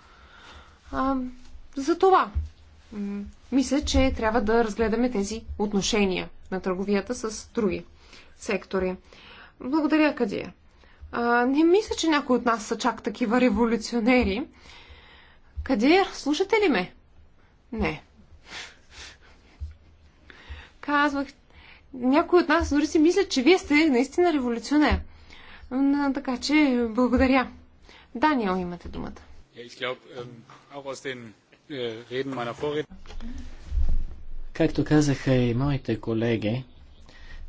А, за това мисля, че трябва да разгледаме тези отношения на търговията с други сектори. Благодаря, Кадия. А, не мисля, че някой от нас са чак такива революционери. Кадир, слушате ли ме? Не. Казвах, някои от нас дори си мислят, че вие сте наистина революционер. така че, благодаря. Даниел, имате думата. Ähm, äh, Както казаха и моите колеги,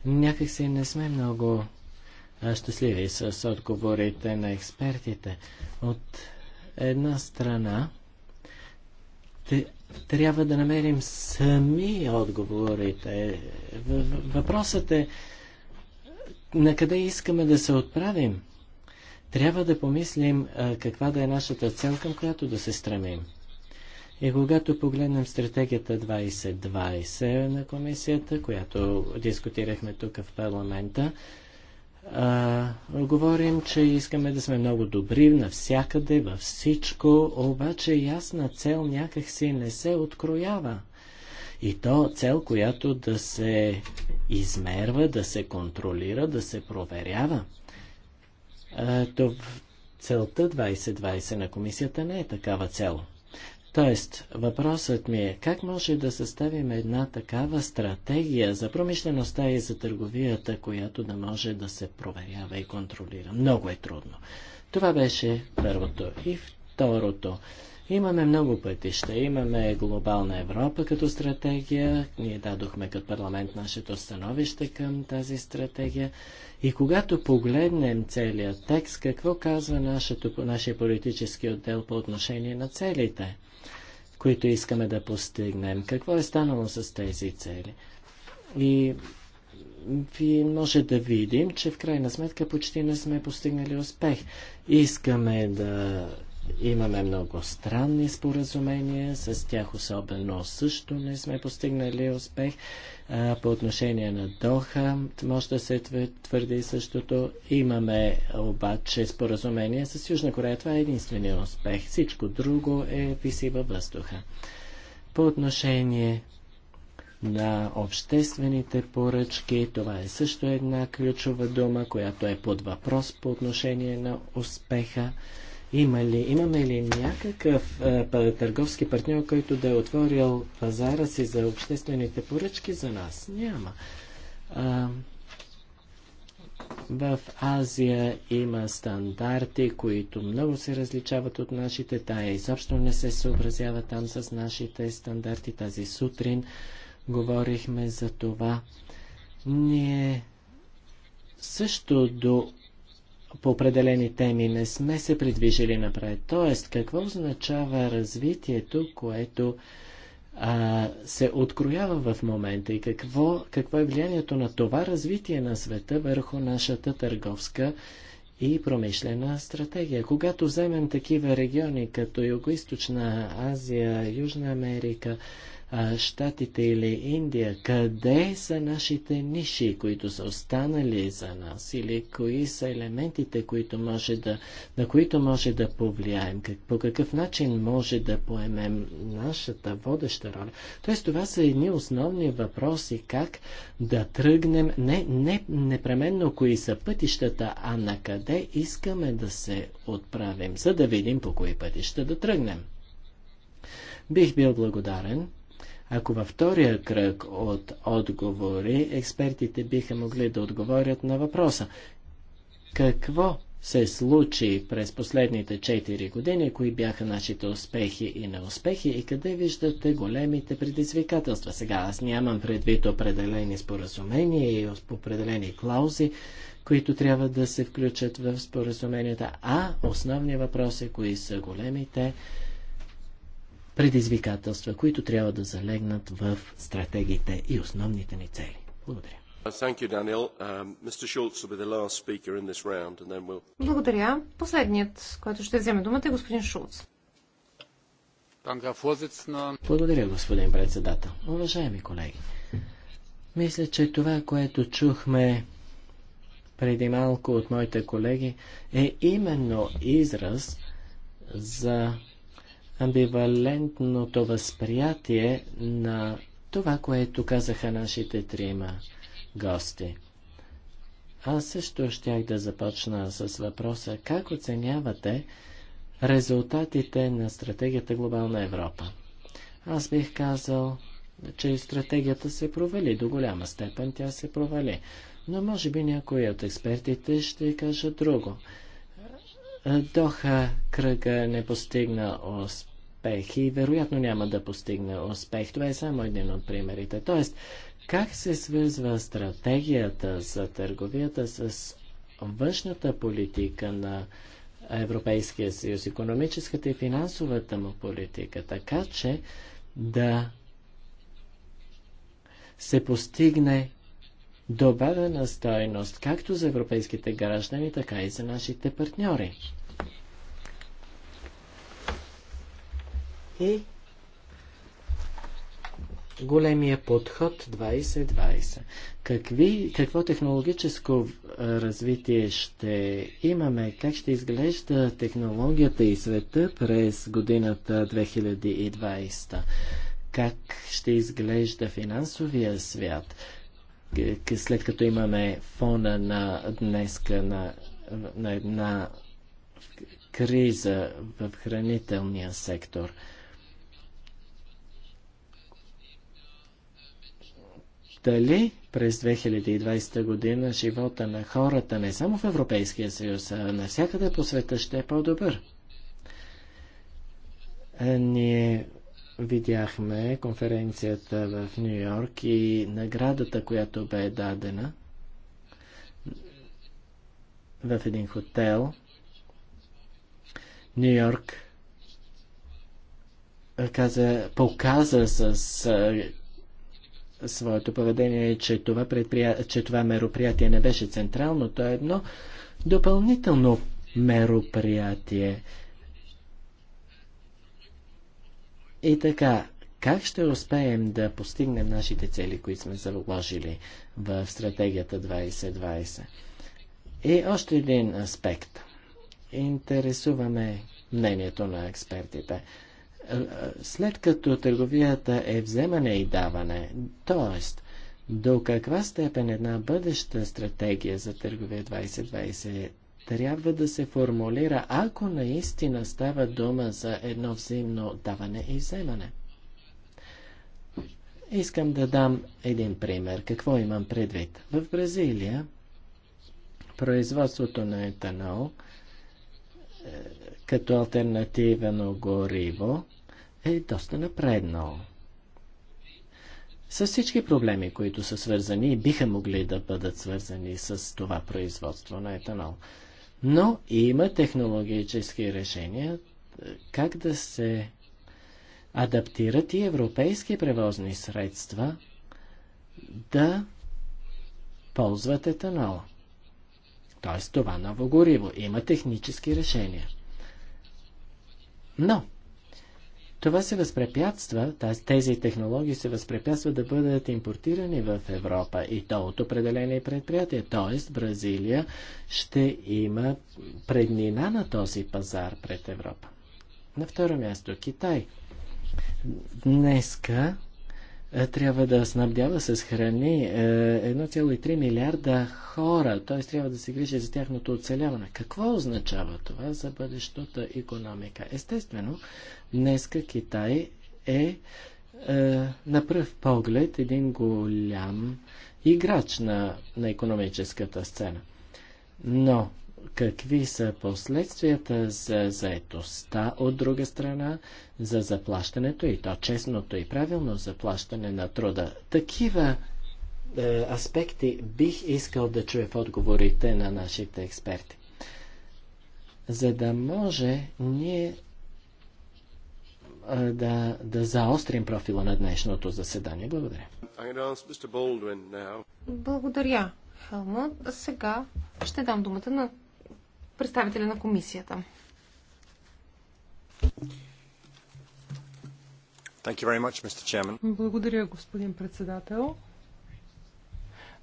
някакси не сме много щастливи с отговорите на експертите. От една страна, те, трябва да намерим сами отговорите. Въпросът е на къде искаме да се отправим. Трябва да помислим каква да е нашата цел, към която да се стремим. И когато погледнем стратегията 2020 на комисията, която дискутирахме тук в парламента, а, говорим, че искаме да сме много добри навсякъде, във всичко, обаче ясна цел някакси не се откроява. И то цел, която да се измерва, да се контролира, да се проверява. А, то целта 2020 на комисията не е такава цел. Тоест, въпросът ми е, как може да съставим една такава стратегия за промишлеността и за търговията, която да може да се проверява и контролира? Много е трудно. Това беше първото. И второто. Имаме много пътища. Имаме глобална Европа като стратегия. Ние дадохме като парламент нашето становище към тази стратегия. И когато погледнем целият текст, какво казва нашето, нашия политически отдел по отношение на целите? които искаме да постигнем. Какво е станало с тези цели? И ви може да видим, че в крайна сметка почти не сме постигнали успех. Искаме да Имаме много странни споразумения, с тях особено също не сме постигнали успех. По отношение на Доха може да се твърди същото. Имаме обаче споразумение с Южна Корея. Това е единствения успех. Всичко друго е виси във въздуха. По отношение на обществените поръчки. Това е също една ключова дума, която е под въпрос по отношение на успеха. Има ли, имаме ли някакъв е, а, търговски партньор, който да е отворил пазара си за обществените поръчки за нас? Няма. А, в Азия има стандарти, които много се различават от нашите. Тая изобщо не се съобразява там с нашите стандарти. Тази сутрин говорихме за това. Ние също до по определени теми не сме се придвижили напред. Тоест, какво означава развитието, което а, се откроява в момента и какво, какво е влиянието на това развитие на света върху нашата търговска и промишлена стратегия. Когато вземем такива региони като Юго-Источна Азия, Южна Америка, Штатите или Индия, къде са нашите ниши, които са останали за нас или кои са елементите, които може да, на които може да повлияем, как, по какъв начин може да поемем нашата водеща роля. Тоест това са едни основни въпроси, как да тръгнем, не, не непременно кои са пътищата, а на къде искаме да се отправим, за да видим по кои пътища да тръгнем. Бих бил благодарен, ако във втория кръг от отговори експертите биха могли да отговорят на въпроса какво се случи през последните 4 години, кои бяха нашите успехи и неуспехи и къде виждате големите предизвикателства. Сега аз нямам предвид определени споразумения и определени клаузи, които трябва да се включат в споразуменията, а основни въпроси, кои са големите предизвикателства, които трябва да залегнат в стратегиите и основните ни цели. Благодаря. Um, Благодаря. Последният, който ще вземе думата е господин Шулц. Благодаря, господин председател. Уважаеми колеги, мисля, че това, което чухме преди малко от моите колеги, е именно израз за амбивалентното възприятие на това, което казаха нашите трима гости. Аз също щях да започна с въпроса как оценявате резултатите на стратегията Глобална Европа. Аз бих казал, че стратегията се провали. До голяма степен тя се провали. Но може би някои от експертите ще кажат друго. Доха кръга не постигна успех и вероятно няма да постигне успех. Това е само един от примерите. Тоест, как се свързва стратегията за търговията с външната политика на Европейския съюз, економическата и финансовата му политика, така че да се постигне добавена стойност както за европейските граждани, така и за нашите партньори. И големия подход 2020. Какви, какво технологическо развитие ще имаме? Как ще изглежда технологията и света през годината 2020? Как ще изглежда финансовия свят? след като имаме фона на днеска на, на една криза в хранителния сектор. Дали през 2020 година живота на хората не само в Европейския съюз, а навсякъде по света ще е по-добър? Е, ние видяхме конференцията в Нью Йорк и наградата, която бе дадена в един хотел. Нью Йорк каза, показа с своето поведение, че това, предприя... че това мероприятие не беше централно, то е едно допълнително мероприятие. И така, как ще успеем да постигнем нашите цели, които сме заложили в стратегията 2020? И още един аспект. Интересуваме мнението на експертите. След като търговията е вземане и даване, т.е. до каква степен една бъдеща стратегия за търговия 2020 трябва да се формулира, ако наистина става дума за едно взаимно даване и вземане. Искам да дам един пример. Какво имам предвид? В Бразилия производството на етанол е, като на гориво е доста напреднало. С всички проблеми, които са свързани и биха могли да бъдат свързани с това производство на етанол – но има технологически решения е, как да се адаптират и европейски превозни средства да ползват етанола. Т.е. това ново гориво. Има технически решения. Но това се възпрепятства, тези технологии се възпрепятстват да бъдат импортирани в Европа и то от определени предприятия. Тоест Бразилия ще има преднина на този пазар пред Европа. На второ място Китай. Днеска е, трябва да снабдява с храни 1,3 е, милиарда хора, т.е. трябва да се грижи за тяхното оцеляване. Какво означава това за бъдещата економика? Естествено, днеска Китай е, е на пръв поглед един голям играч на, на економическата сцена. Но какви са последствията за заетостта от друга страна, за заплащането и то честното и правилно заплащане на труда. Такива е, аспекти бих искал да чуя в отговорите на нашите експерти. За да може ние е, да, да заострим профила на днешното заседание. Благодаря. Благодаря, Хелмут. Сега ще дам думата на представителя на комисията. Much, Благодаря, господин председател.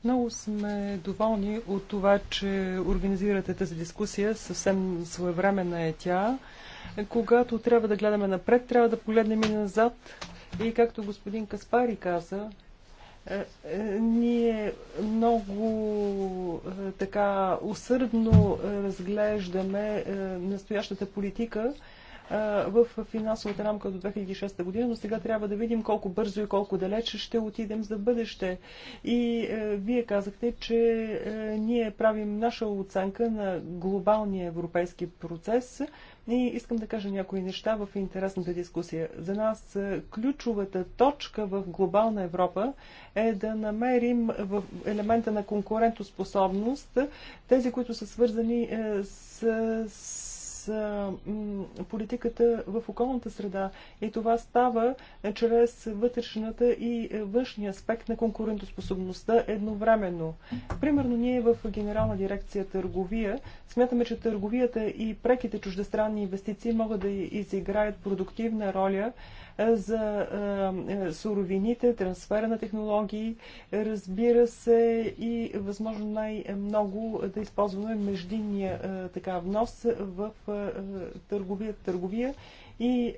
Много сме доволни от това, че организирате тази дискусия. Съвсем своевременна е тя. Когато трябва да гледаме напред, трябва да погледнем и назад. И както господин Каспари каза, е, е, ние много е, така усърдно разглеждаме настоящата политика в финансовата рамка до 2006 година, но сега трябва да видим колко бързо и колко далече ще отидем за бъдеще. И е, вие казахте, че е, ние правим наша оценка на глобалния европейски процес и искам да кажа някои неща в интересната дискусия. За нас е, ключовата точка в глобална Европа е да намерим в елемента на конкурентоспособност е, тези, които са свързани е, с политиката в околната среда. И това става е, чрез вътрешната и е, външния аспект на конкурентоспособността едновременно. Примерно ние в Генерална дирекция търговия смятаме, че търговията и преките чуждестранни инвестиции могат да изиграят продуктивна роля е, за суровините, трансфера на технологии, разбира се и възможно най-много да използваме междинния така внос в е, търговия, търговия и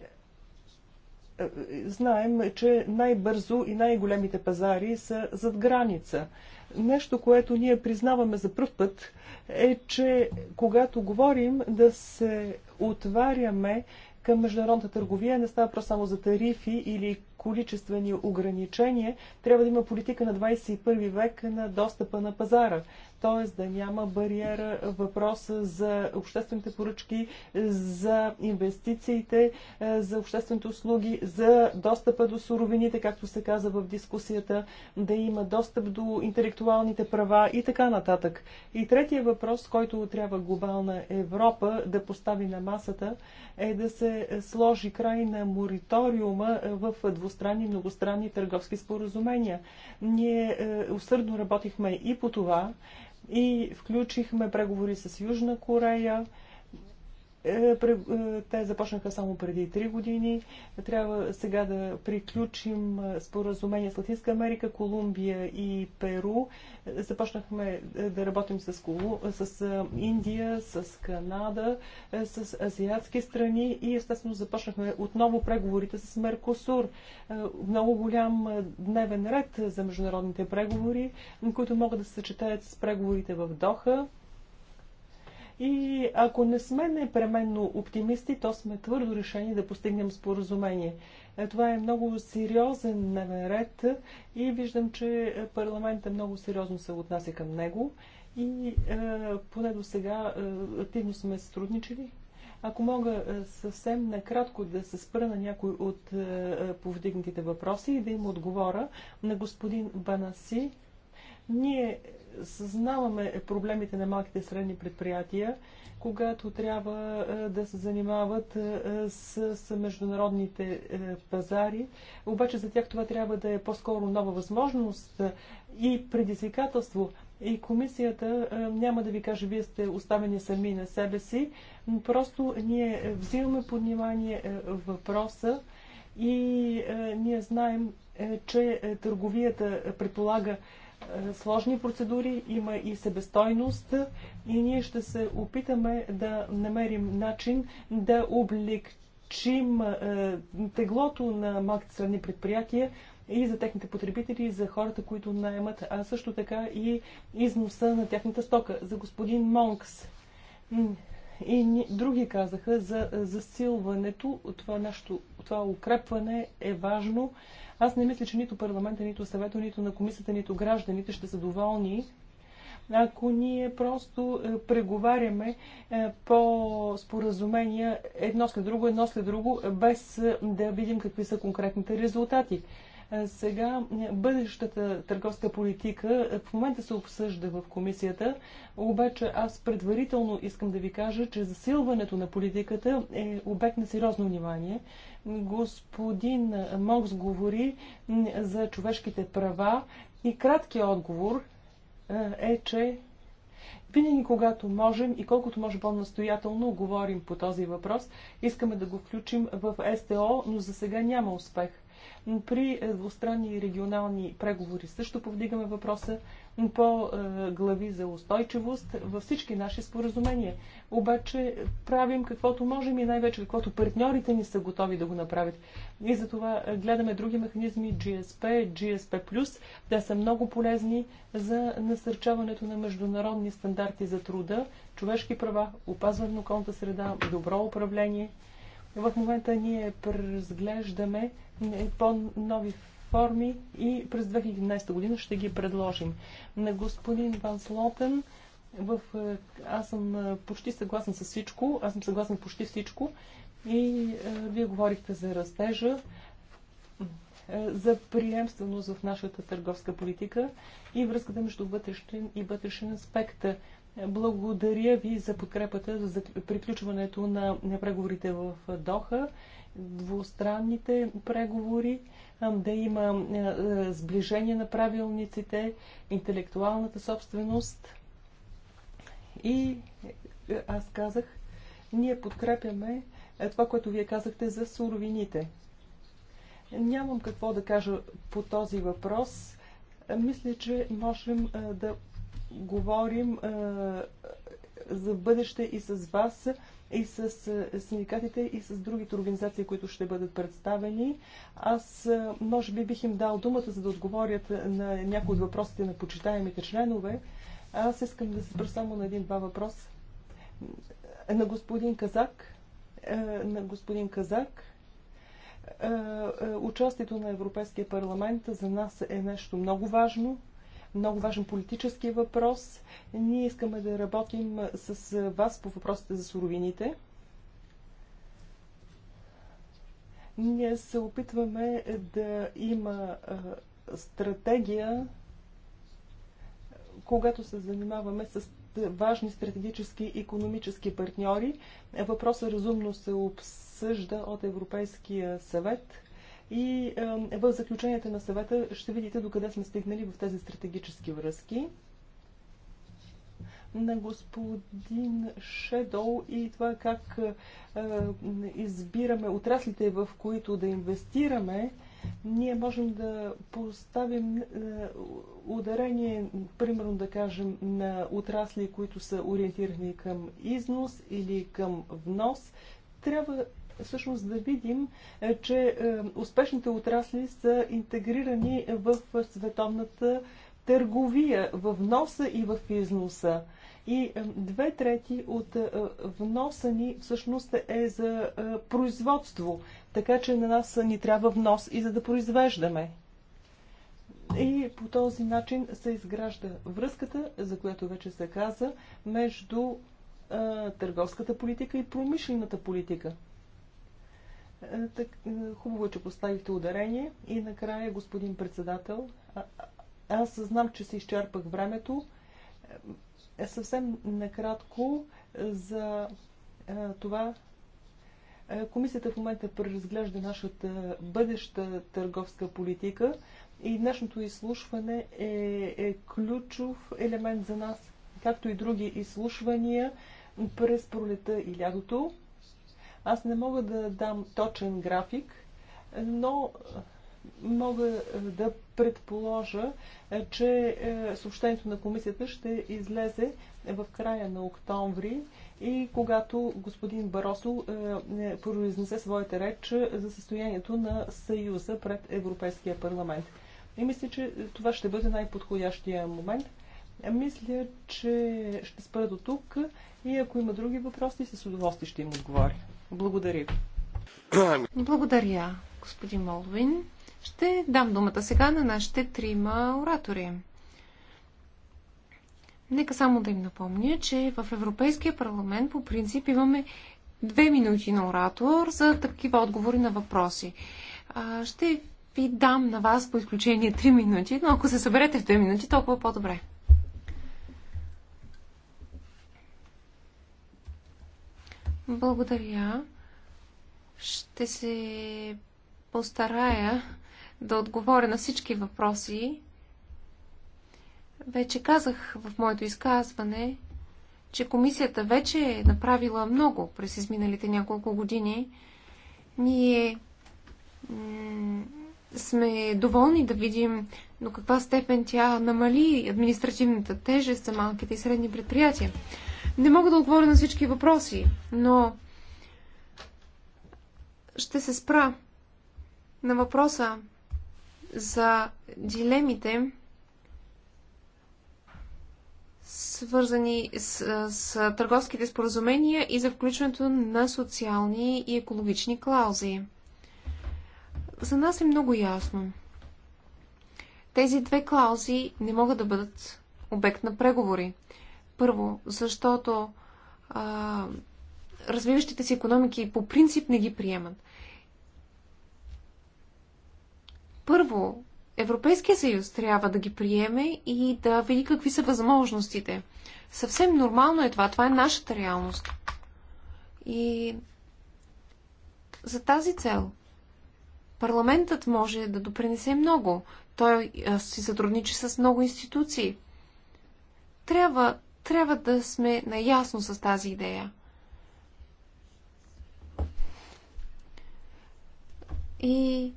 е, знаем, че най-бързо и най-големите пазари са зад граница. Нещо, което ние признаваме за пръв път, е, че когато говорим да се отваряме към международната търговия, не става просто само за тарифи или количествени ограничения, трябва да има политика на 21 век на достъпа на пазара. Т.е. да няма бариера въпроса за обществените поръчки, за инвестициите, е, за обществените услуги, за достъпа до суровините, както се каза в дискусията, да има достъп до интелектуалните права и така нататък. И третия въпрос, който трябва глобална Европа да постави на масата, е да се сложи край на мориториума в двустранството двустранни и многостранни търговски споразумения. Ние е, усърдно работихме и по това и включихме преговори с Южна Корея, е, е, те започнаха само преди 3 години. Трябва сега да приключим е, споразумение с Латинска Америка, Колумбия и Перу. Започнахме да работим с, Колу... с Индия, с Канада, с азиатски страни и естествено започнахме отново преговорите с Меркосур. Много голям дневен ред за международните преговори, които могат да се съчетаят с преговорите в Доха. И ако не сме непременно оптимисти, то сме твърдо решени да постигнем споразумение. Е, това е много сериозен дневен ред и виждам, че парламента много сериозно се отнася към него и е, поне до сега е, активно сме сътрудничили. Ако мога е, съвсем накратко да се спра на някой от е, повдигнатите въпроси и да им отговоря на господин Банаси, ние съзнаваме проблемите на малките и средни предприятия, когато трябва е, да се занимават е, с, международните е, пазари. Обаче за тях това трябва да е по-скоро нова възможност и предизвикателство. И комисията няма да ви каже, вие сте оставени сами на себе си. Просто ние взимаме под внимание въпроса и ние знаем, че търговията предполага сложни процедури, има и себестойност и ние ще се опитаме да намерим начин да облегчим е, теглото на малките средни предприятия и за техните потребители, и за хората, които наемат, а също така и износа на тяхната стока. За господин Монкс и други казаха за е, засилването, това, нашето, това укрепване е важно аз не мисля, че нито парламента, нито съвета, нито на комисията, нито гражданите ще са доволни, ако ние просто е, преговаряме е, по споразумения едно след друго, едно след друго, без е, да видим какви са конкретните резултати. Сега бъдещата търговска политика в момента се обсъжда в комисията, обаче аз предварително искам да ви кажа, че засилването на политиката е обект на сериозно внимание Господин Мокс говори за човешките права и краткият отговор е, е, че винаги когато можем и колкото може по-настоятелно говорим по този въпрос, искаме да го включим в СТО, но за сега няма успех. При е, двустранни и регионални преговори също повдигаме въпроса по е, глави за устойчивост във всички наши споразумения. Обаче правим каквото можем и най-вече каквото партньорите ни са готови да го направят. И затова е, гледаме други механизми, GSP, GSP+. Те са много полезни за насърчаването на международни стандарти за труда, човешки права, опазване на околната среда, добро управление – в момента ние преразглеждаме по-нови форми и през 2011 година ще ги предложим. На господин Ван Слотен в... аз съм почти съгласен с всичко. Аз съм съгласен почти всичко. И е, вие говорихте за растежа, е, за приемственост в нашата търговска политика и връзката между вътрешен и вътрешен аспект. Благодаря ви за подкрепата за приключването на преговорите в Доха, двустранните преговори, да има сближение на правилниците, интелектуалната собственост. И е, аз казах, ние подкрепяме е, това, което вие казахте за суровините. Нямам какво да кажа по този въпрос. Мисля, че можем е, да говорим за бъдеще и с вас, и с синдикатите, и с другите организации, които ще бъдат представени. Аз, може би, бих им дал думата, за да отговорят на някои от въпросите на почитаемите членове. Аз искам да се спра само на един-два въпроса. На господин Казак, на господин Казак, участието на Европейския парламент за нас е нещо много важно много важен политически въпрос. Ние искаме да работим с вас по въпросите за суровините. Ние се опитваме да има стратегия, когато се занимаваме с важни стратегически и економически партньори. Въпросът разумно се обсъжда от Европейския съвет – и е, в заключенията на съвета ще видите докъде сме стигнали в тези стратегически връзки на господин Шедол и това как е, избираме отраслите, в които да инвестираме, ние можем да поставим е, ударение, примерно да кажем, на отрасли, които са ориентирани към износ или към внос. Трябва всъщност да видим, е, че е, успешните отрасли са интегрирани в световната търговия, в вноса и в износа. И е, две трети от вноса ни всъщност е за производство, така че на нас ни трябва внос и за да произвеждаме. И по този начин се изгражда връзката, за която вече се каза, между търговската политика и промишлената политика. Е, так, е, хубаво, е, че поставихте ударение. И накрая, господин председател, аз знам, че се изчерпах времето. Съвсем накратко за това. Комисията в момента преразглежда нашата бъдеща търговска политика и днешното изслушване е, е ключов елемент за нас, както и други изслушвания през пролета и лятото аз не мога да дам точен график, но мога е, да предположа, е, че е, съобщението на комисията ще излезе в края на октомври и когато господин Баросо произнесе своята реч за състоянието на Съюза пред Европейския парламент. И мисля, че това ще бъде най-подходящия момент. Мисля, че ще спра до тук и ако има други въпроси, с удоволствие ще им отговоря. Благодаря. Благодаря, господин Молвин. Ще дам думата сега на нашите трима оратори. Нека само да им напомня, че в Европейския парламент по принцип имаме две минути на оратор за такива отговори на въпроси. ще ви дам на вас по изключение 3 минути, но ако се съберете в 2 минути, толкова по-добре. Благодаря. Ще се постарая да отговоря на всички въпроси. Вече казах в моето изказване, че комисията вече е направила много през изминалите няколко години. Ние сме доволни да видим до каква степен тя намали административната тежест за малките и средни предприятия. Не мога да отговоря на всички въпроси, но ще се спра на въпроса за дилемите, свързани с, с търговските споразумения и за включването на социални и екологични клаузи. За нас е много ясно. Тези две клаузи не могат да бъдат обект на преговори. Първо, защото а, развиващите се економики по принцип не ги приемат. Първо, Европейския съюз трябва да ги приеме и да види какви са възможностите. Съвсем нормално е това. Това е нашата реалност. И за тази цел парламентът може да допринесе много. Той си сътрудничи с много институции. Трябва трябва да сме наясно с тази идея. И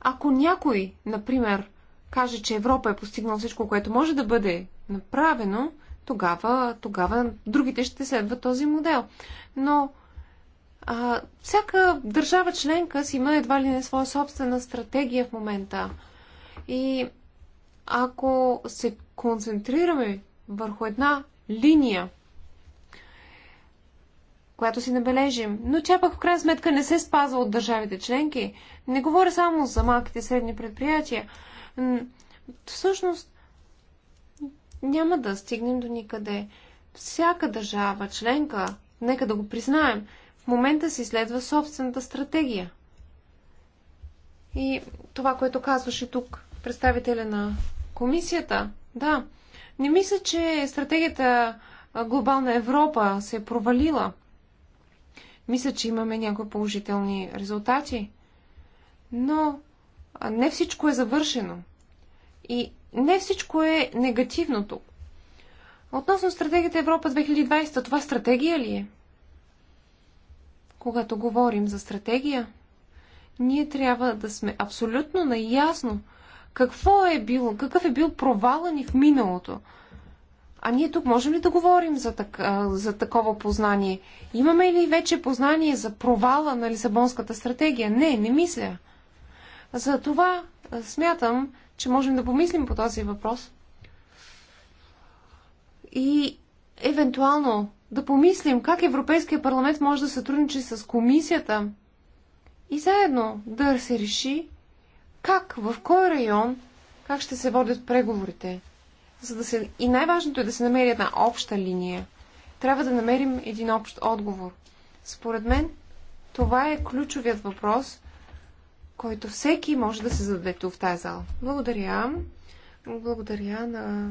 ако някой, например, каже, че Европа е постигнала всичко, което може да бъде направено, тогава, тогава другите ще следват този модел. Но а, всяка държава членка си има едва ли не своя собствена стратегия в момента. И ако се концентрираме върху една линия, която си набележим, но тя пък в крайна сметка не се спазва от държавите членки. Не говоря само за малките и средни предприятия. Всъщност няма да стигнем до никъде. Всяка държава членка, нека да го признаем, в момента си следва собствената стратегия. И това, което казваше тук представителя на комисията, да, не мисля, че стратегията Глобална Европа се е провалила. Мисля, че имаме някои положителни резултати. Но не всичко е завършено. И не всичко е негативно тук. Относно стратегията Европа 2020, това стратегия ли е? Когато говорим за стратегия, ние трябва да сме абсолютно наясно – какво е било, какъв е бил провала ни в миналото? А ние тук можем ли да говорим за, так, за такова познание? Имаме ли вече познание за провала на Лисабонската стратегия? Не, не мисля. За това смятам, че можем да помислим по този въпрос и евентуално да помислим как Европейския парламент може да сътрудничи с комисията и заедно да се реши как, в кой район, как ще се водят преговорите. За да се... И най-важното е да се намери една обща линия. Трябва да намерим един общ отговор. Според мен, това е ключовият въпрос, който всеки може да се зададе тук в тази зала. Благодаря. Благодаря на,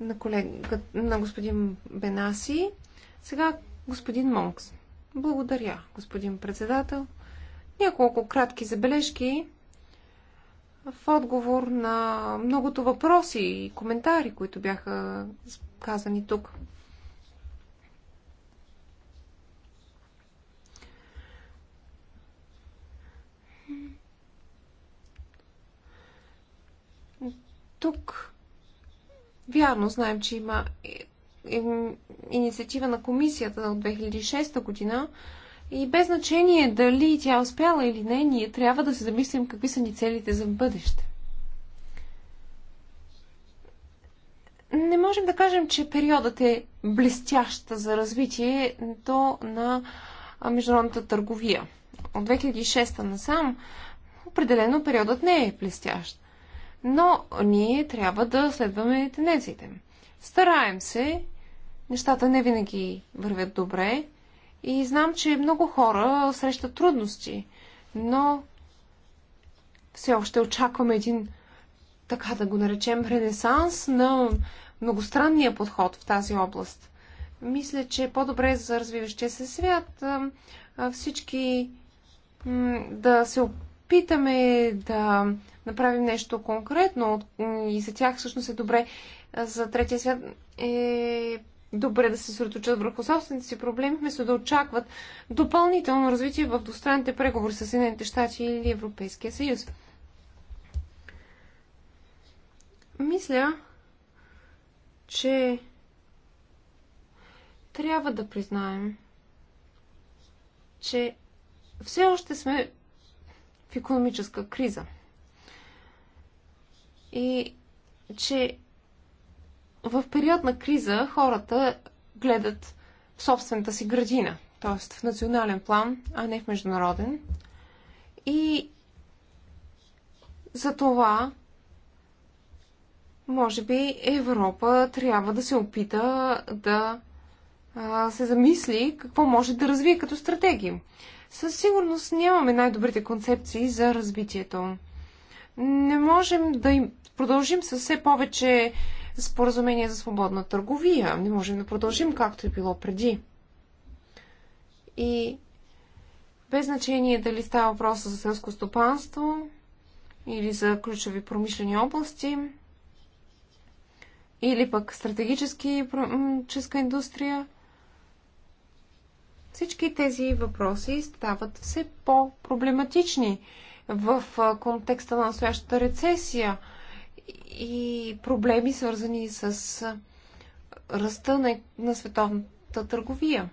на, колега, на господин Бенаси. Сега господин Монкс. Благодаря, господин председател. Няколко кратки забележки в отговор на многото въпроси и коментари, които бяха казани тук. Тук, вярно, знаем, че има инициатива на комисията от 2006 година, и без значение дали тя успяла или не, ние трябва да се замислим какви са ни целите за бъдеще. Не можем да кажем, че периодът е блестящ за развитието на международната търговия. От 2006 насам определено периодът не е блестящ. Но ние трябва да следваме тенденциите. Стараем се, нещата не винаги вървят добре, и знам, че много хора срещат трудности, но все още очакваме един, така да го наречем, ренесанс на многостранния подход в тази област. Мисля, че е по-добре за развиващия се свят всички да се опитаме да направим нещо конкретно и за тях всъщност е добре за третия свят е добре да се среточат върху собствените си проблеми, вместо да очакват допълнително развитие в двустранните преговори с Съединените щати или Европейския съюз. Мисля, че трябва да признаем, че все още сме в економическа криза. И че в период на криза хората гледат в собствената си градина, т.е. в национален план, а не в международен. И за това, може би, Европа трябва да се опита да се замисли какво може да развие като стратегия. Със сигурност нямаме най-добрите концепции за развитието. Не можем да им продължим с все повече споразумение за свободна търговия. Не можем да продължим както е било преди. И без значение дали става въпрос за селско стопанство или за ключови промишлени области, или пък стратегически ческа индустрия, всички тези въпроси стават все по-проблематични в контекста на настоящата рецесия – и проблеми, свързани с ръста на, на световната търговия.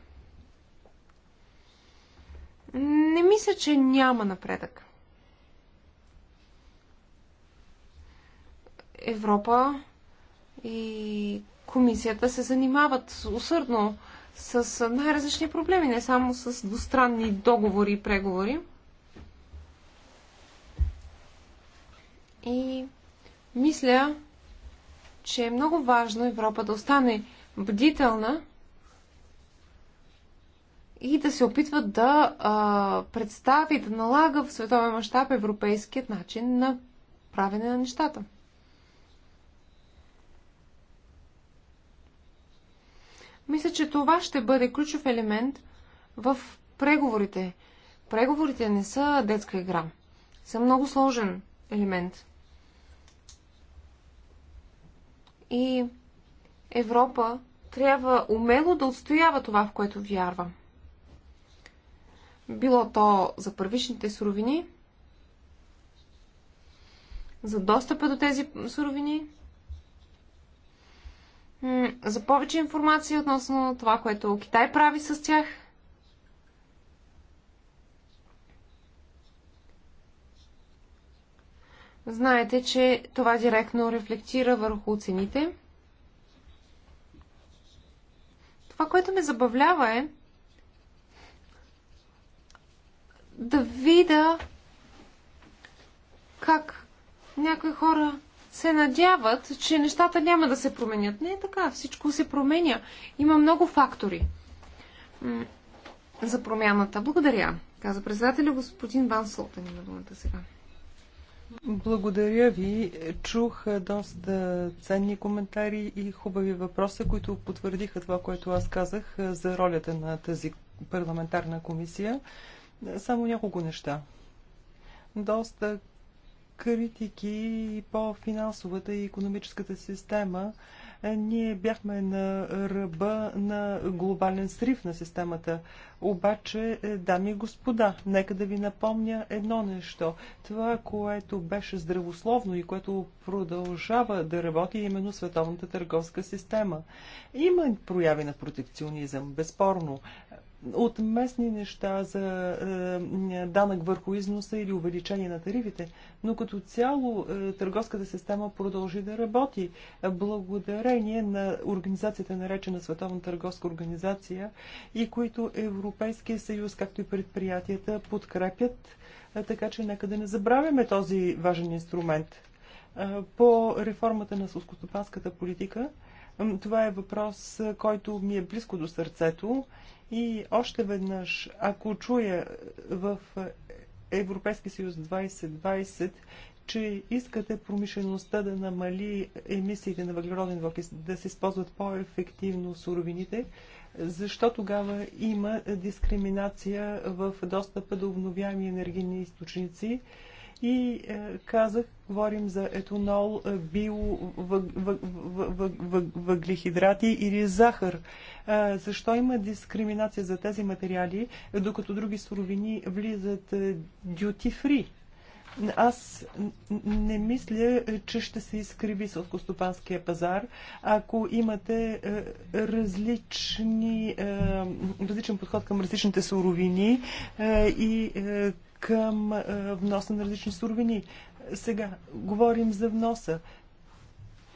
Не мисля, че няма напредък. Европа и комисията се занимават усърдно с най-различни проблеми, не само с двустранни договори и преговори. И мисля, че е много важно Европа да остане бдителна и да се опитва да а, представи, да налага в световен мащаб европейският начин на правене на нещата. Мисля, че това ще бъде ключов елемент в преговорите. Преговорите не са детска игра. Са много сложен елемент. И Европа трябва умело да отстоява това, в което вярва. Било то за първичните суровини, за достъпа до тези суровини, за повече информация относно това, което Китай прави с тях – Знаете, че това директно рефлектира върху цените. Това, което ме забавлява е да видя как някои хора се надяват, че нещата няма да се променят. Не е така. Всичко се променя. Има много фактори за промяната. Благодаря, каза председателя господин Ван Солтен. Има думата сега. Благодаря ви. Чух е, доста ценни коментари и хубави въпроси, които потвърдиха това, което аз казах е, за ролята на тази парламентарна комисия. Само няколко неща. Доста критики по финансовата и економическата система е, ние бяхме на ръба на глобален срив на системата. Обаче, е, дами и господа, нека да ви напомня едно нещо. Това, което беше здравословно и което продължава да работи, е именно световната търговска система. Има прояви на протекционизъм, безспорно от местни неща за е, данък върху износа или увеличение на тарифите, но като цяло е, търговската система продължи да работи. Благодарение на организацията, наречена Световна търговска организация, и които Европейския съюз, както и предприятията, подкрепят, е, така че нека да не забравяме този важен инструмент. Е, по реформата на сълскостопанската политика, това е въпрос, който ми е близко до сърцето. И още веднъж, ако чуя в Европейския съюз 2020, че искате промишлеността да намали емисиите на въглероден двокис, да се използват по-ефективно суровините, защо тогава има дискриминация в достъпа до обновяеми енергийни източници? и е, казах, говорим за етонол, е, биовъглехидрати или захар. Е, защо има дискриминация за тези материали, докато други суровини влизат duty free? Аз не мисля, че ще се изкриви сълскостопанския пазар, ако имате различни, различен подход към различните суровини и към вноса на различни суровини. Сега говорим за вноса.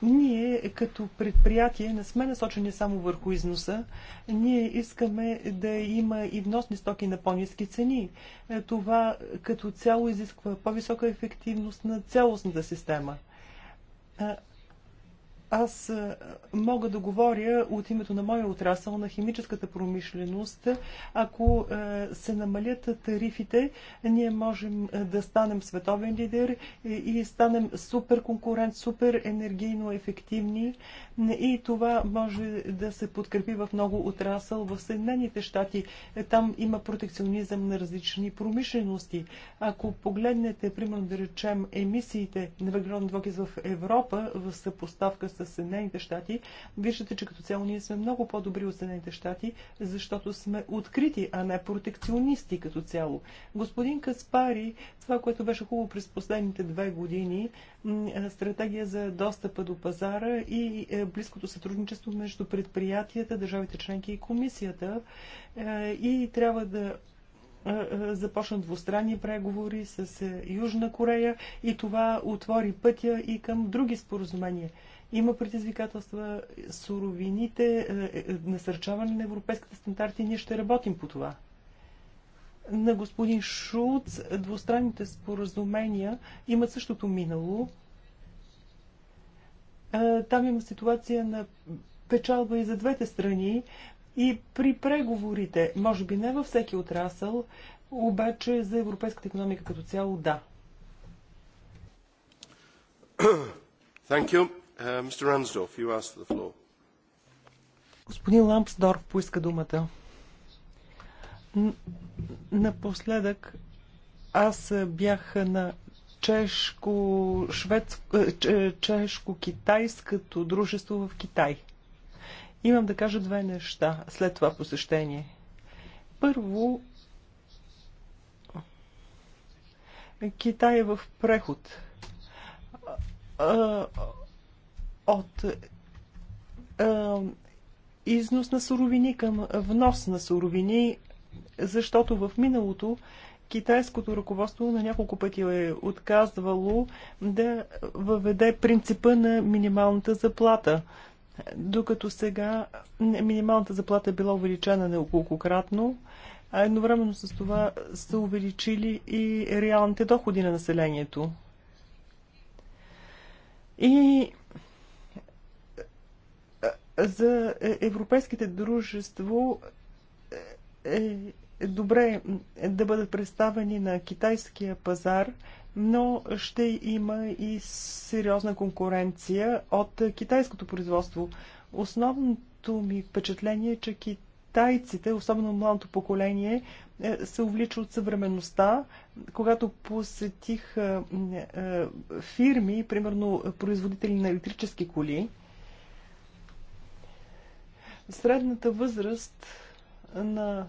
Ние като предприятие не сме насочени само върху износа. Ние искаме да има и вносни стоки на по-низки цени. Е, това като цяло изисква по-висока ефективност на цялостната система. Е, аз мога да говоря от името на моя отрасъл на химическата промишленост. Ако се намалят тарифите, ние можем да станем световен лидер и станем супер конкурент, супер енергийно ефективни. И това може да се подкрепи в много отрасъл. В Съединените щати е, там има протекционизъм на различни промишлености. Ако погледнете, примерно да речем, емисиите на въглероден двокис в Европа в съпоставка с с Съединените щати, виждате, че като цяло ние сме много по-добри от Съединените щати, защото сме открити, а не протекционисти като цяло. Господин Каспари, това, което беше хубаво през последните две години, е, стратегия за достъпа до пазара и е, близкото сътрудничество между предприятията, държавите членки и комисията. Е, и трябва да започна двустранни преговори с е, Южна Корея и това отвори пътя и към други споразумения. Има предизвикателства, суровините, е, е, насърчаване на европейските стандарти. Ние ще работим по това. На господин Шулц двустранните споразумения имат същото минало. Там има ситуация на печалба и за двете страни, и при преговорите, може би не във всеки отрасъл, обаче за европейската економика като цяло да. Thank you. Uh, Mr. Ransdorf, you the floor. Господин Лампсдорф поиска думата. Напоследък аз бях на е, чешко-китайското дружество в Китай. Имам да кажа две неща след това посещение. Първо, Китай е в преход от износ на суровини към внос на суровини, защото в миналото китайското ръководство на няколко пъти е отказвало да въведе принципа на минималната заплата. Докато сега минималната заплата е била увеличена неоколкократно, а едновременно с това са увеличили и реалните доходи на населението. И за европейските дружество е, е добре да бъдат представени на китайския пазар – но ще има и сериозна конкуренция от китайското производство. Основното ми впечатление е, че китайците, особено младото поколение, е, се увлича от съвременността. Когато посетих е, е, фирми, примерно производители на електрически коли, средната възраст на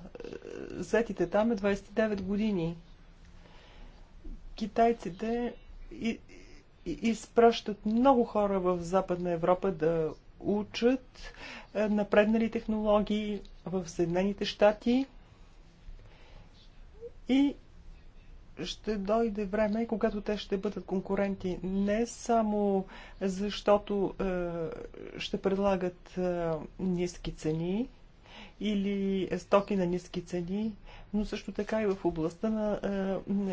заетите там е 29 години. Китайците изпращат много хора в Западна Европа да учат е, напреднали технологии в Съединените щати и ще дойде време, когато те ще бъдат конкуренти не само защото е, ще предлагат е, ниски цени, или стоки на ниски цени, но също така и в областта на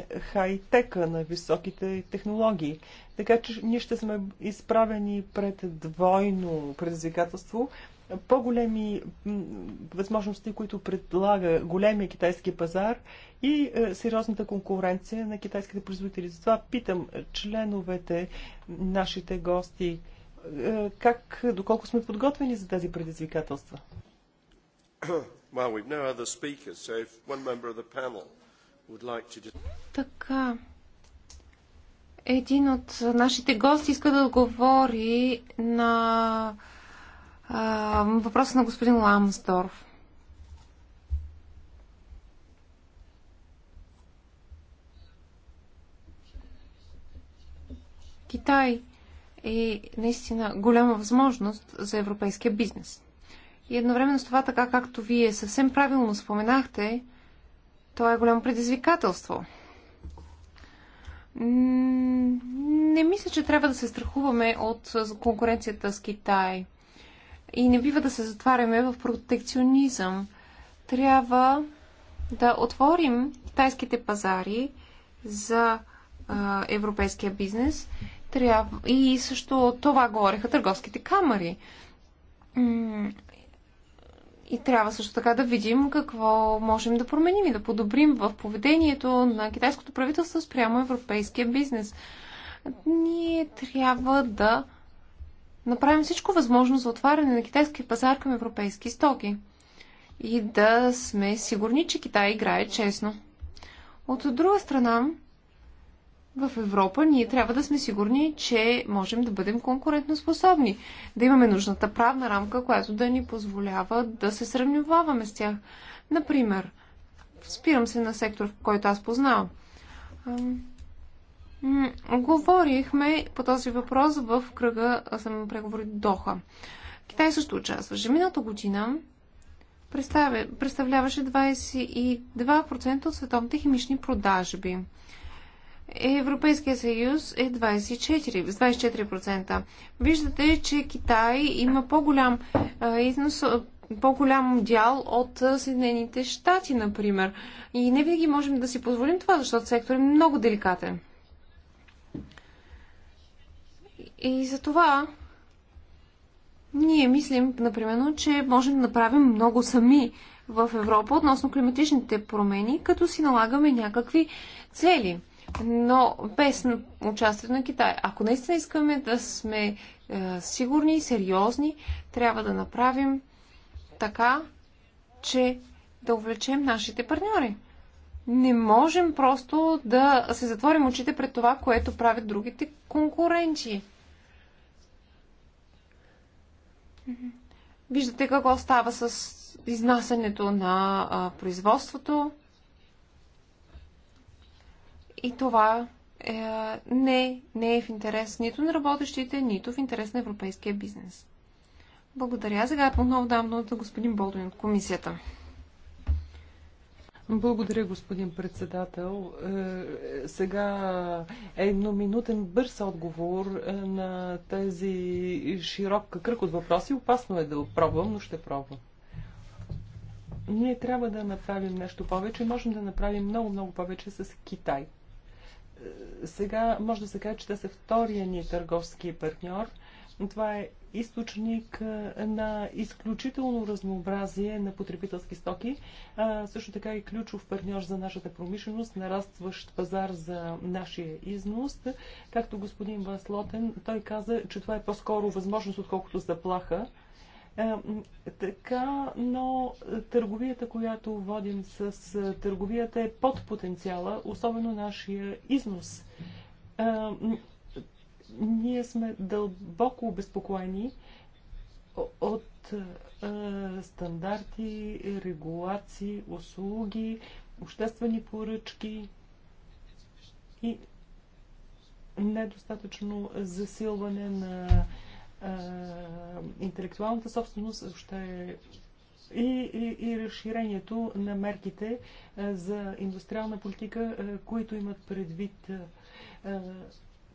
е, хай-тека, на високите технологии. Така че ние ще сме изправени пред двойно предизвикателство. По-големи възможности, които предлага големия китайски пазар и е, сериозната конкуренция на китайските производители. Затова питам членовете, нашите гости, е, как, доколко сме подготвени за тези предизвикателства? well, we've no other speakers, so if one member of the panel would like to... Така. Един от нашите гости иска да отговори на а, въпроса на господин Ламсдорф. Китай е наистина голяма възможност за европейския бизнес. И едновременно с това, така както вие съвсем правилно споменахте, това е голямо предизвикателство. Не мисля, че трябва да се страхуваме от конкуренцията с Китай. И не бива да се затваряме в протекционизъм. Трябва да отворим китайските пазари за европейския бизнес. Трябва... И също това говореха търговските камери. И трябва също така да видим какво можем да променим и да подобрим в поведението на китайското правителство спрямо европейския бизнес. Ние трябва да направим всичко възможно за отваряне на китайския пазар към европейски стоки и да сме сигурни, че Китай играе честно. От друга страна, в Европа ние трябва да сме сигурни, че можем да бъдем конкурентоспособни, да имаме нужната правна рамка, която да ни позволява да се сравняваваме с тях. Например, спирам се на сектор, който аз познавам. Говорихме по този въпрос в кръга съм преговори Доха. Китай също участваше. Миналата година представляваше 22% от световните химични продажби. Е, Европейския съюз е 24, с 24%. Виждате, че Китай има по-голям износ, по-голям дял от Съединените щати, например. И не винаги можем да си позволим това, защото сектор е много деликатен. И за това ние мислим, например, че можем да направим много сами в Европа относно климатичните промени, като си налагаме някакви цели – но без участието на Китай. Ако наистина искаме да сме е, сигурни и сериозни, трябва да направим така, че да увлечем нашите партньори. Не можем просто да се затворим очите пред това, което правят другите конкуренти. Виждате какво става с изнасянето на а, производството. И това е, не, не е в интерес нито на работещите, нито в интерес на европейския бизнес. Благодаря. Сега отново дам за господин Болдуин от комисията. Благодаря, господин председател. Е, сега е едноминутен бърз отговор е, на тези широк кръг от въпроси. Опасно е да пробвам, но ще пробвам. Ние трябва да направим нещо повече. Можем да направим много-много повече с Китай сега може да се каже, че те са втория ни търговски партньор. Това е източник на изключително разнообразие на потребителски стоки, а, също така и ключов партньор за нашата промишленост, нарастващ пазар за нашия износ. Както господин Васлотен, той каза, че това е по-скоро възможност, отколкото заплаха така, но търговията, която водим с търговията е под потенциала, особено нашия износ. Ние сме дълбоко обезпокоени от стандарти, регулации, услуги, обществени поръчки и недостатъчно засилване на е, интелектуалната собственост ще е и, и, и разширението на мерките е, за индустриална политика, които имат предвид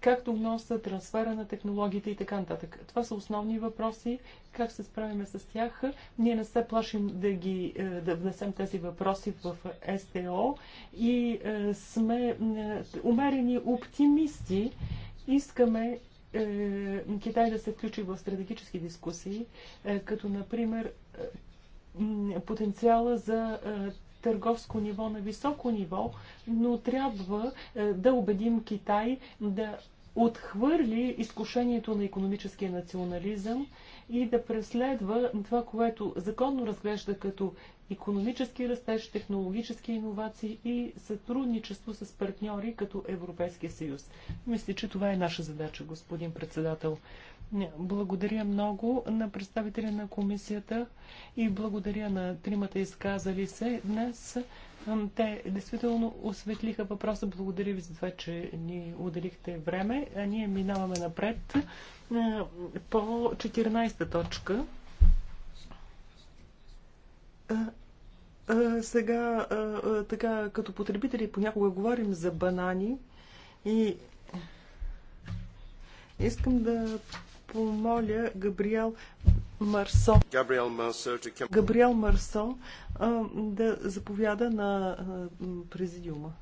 както вноса, трансфера на технологиите и така нататък. Това са основни въпроси. Как се справяме с тях? Ние не се плашим да, ги, да внесем тези въпроси в СТО и сме умерени оптимисти. Искаме е, Китай да се включи в стратегически дискусии, е, като например е, потенциала за търговско ниво на високо ниво, но трябва да убедим Китай да отхвърли изкушението на економическия национализъм и да преследва това, което законно разглежда като економически растеж, технологически иновации и сътрудничество с партньори като Европейския съюз. Мисля, че това е наша задача, господин председател. Благодаря много на представителя на комисията и благодаря на тримата изказали се днес. Те действително осветлиха въпроса. Благодаря ви за това, че ни отделихте време. А ние минаваме напред по 14 точка. Сега, така, като потребители понякога говорим за банани и искам да помоля Габриел Марсо. Габриел Марсо, Габриел Марсо да заповяда на президиума.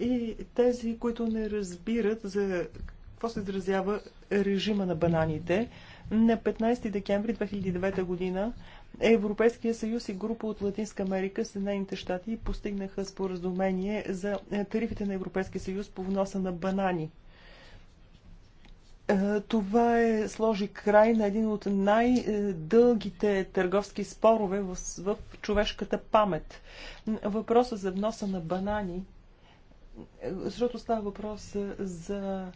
И тези, които не разбират за какво се изразява режима на бананите, на 15 декември 2009 година Европейския съюз и група от Латинска Америка, Съединените щати постигнаха споразумение за е, тарифите на Европейския съюз по вноса на банани. Е, това е сложи край на един от най-дългите търговски спорове в, в човешката памет. Въпроса за вноса на банани, е, защото става въпрос за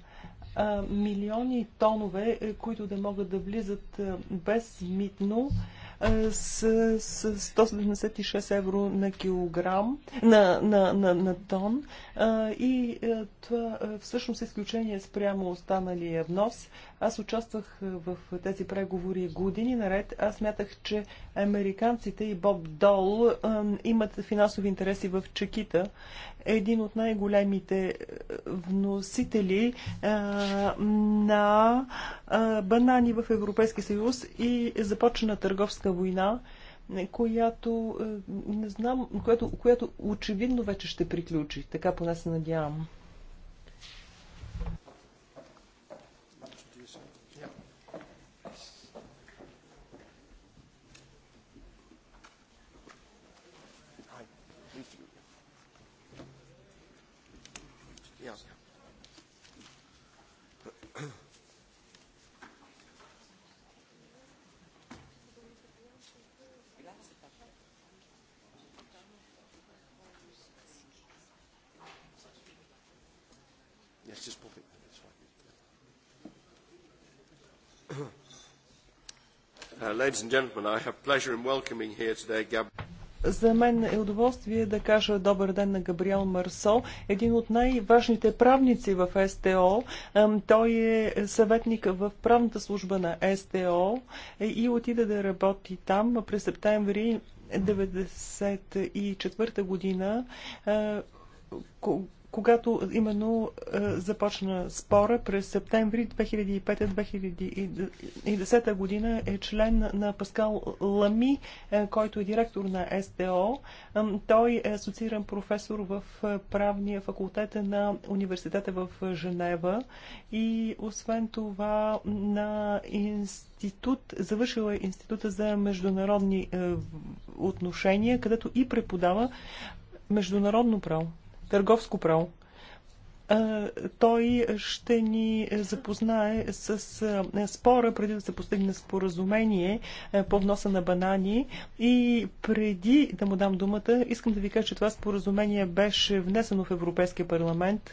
а, милиони тонове, които да могат да влизат безмитно с, с 176 евро на килограм, на, на, на, на тон. И е, това е, всъщност изключение спрямо останалия внос. Аз участвах е, в тези преговори години наред. Аз мятах, че американците и Боб Дол имат финансови интереси в Чекита. Един от най-големите вносители на банани в Европейския съюз и започна търговска война, която, е, не знам, която, която очевидно вече ще приключи. Така поне се надявам. Uh, За мен е удоволствие да кажа добър ден на Габриел Марсо, един от най-важните правници в СТО. Той е съветник в правната служба на СТО и отида да работи там през септември 1994 година когато именно е, започна спора през септември 2005-2010 година е член на Паскал Лами, е, който е директор на СТО. Е, той е асоцииран професор в правния факултет на университета в Женева и освен това на институт, завършила е института за международни отношения, където и преподава международно право търговско право. Той ще ни запознае с спора преди да се постигне споразумение по вноса на банани и преди да му дам думата, искам да ви кажа, че това споразумение беше внесено в Европейския парламент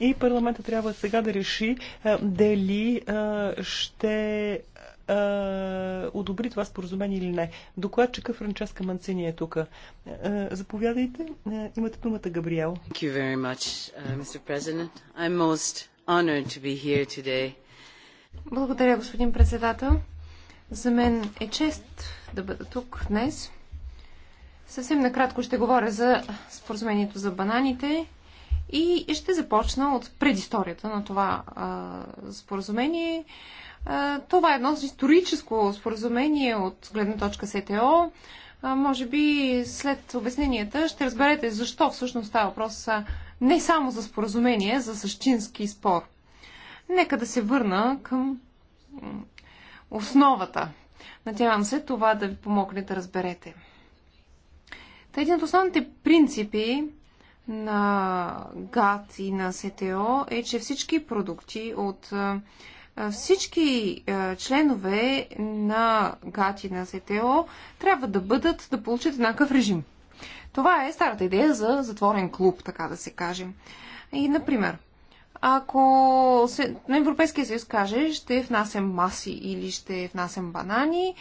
и парламента трябва сега да реши дали ще одобри това споразумение или не. Докладчика Франческа Манцини е тук. заповядайте. имате думата, Габриел. Thank you very much, uh, Mr. President. I'm most honored to be here today. Благодаря, господин председател. За мен е чест да бъда тук днес. Съвсем накратко ще говоря за споразумението за бананите и ще започна от предисторията на това а, споразумение. Това е едно историческо споразумение от гледна точка СТО. Може би след обясненията ще разберете защо всъщност става въпрос не само за споразумение, за същински спор. Нека да се върна към основата. Надявам се това да ви помогне да разберете. Та един от основните принципи на ГАТ и на СТО е, че всички продукти от всички членове на ГАТИ на СТО трябва да бъдат, да получат еднакъв режим. Това е старата идея за затворен клуб, така да се каже. И, например, ако се, на Европейския съюз каже, ще внасям маси или ще внасям банани,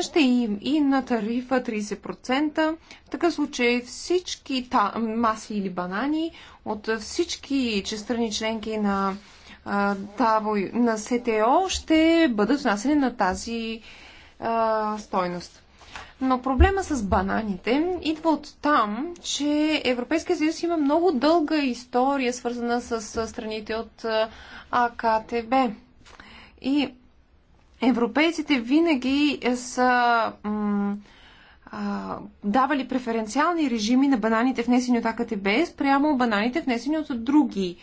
ще им и на тарифа 30%. В такъв случай всички та, маси или банани от всички че страни членки на на СТО ще бъдат внасени на тази а, стойност. Но проблема с бананите идва от там, че Европейския съюз има много дълга история, свързана с страните от АКТБ. И европейците винаги са а, давали преференциални режими на бананите, внесени от АКТБ, спрямо бананите, внесени от други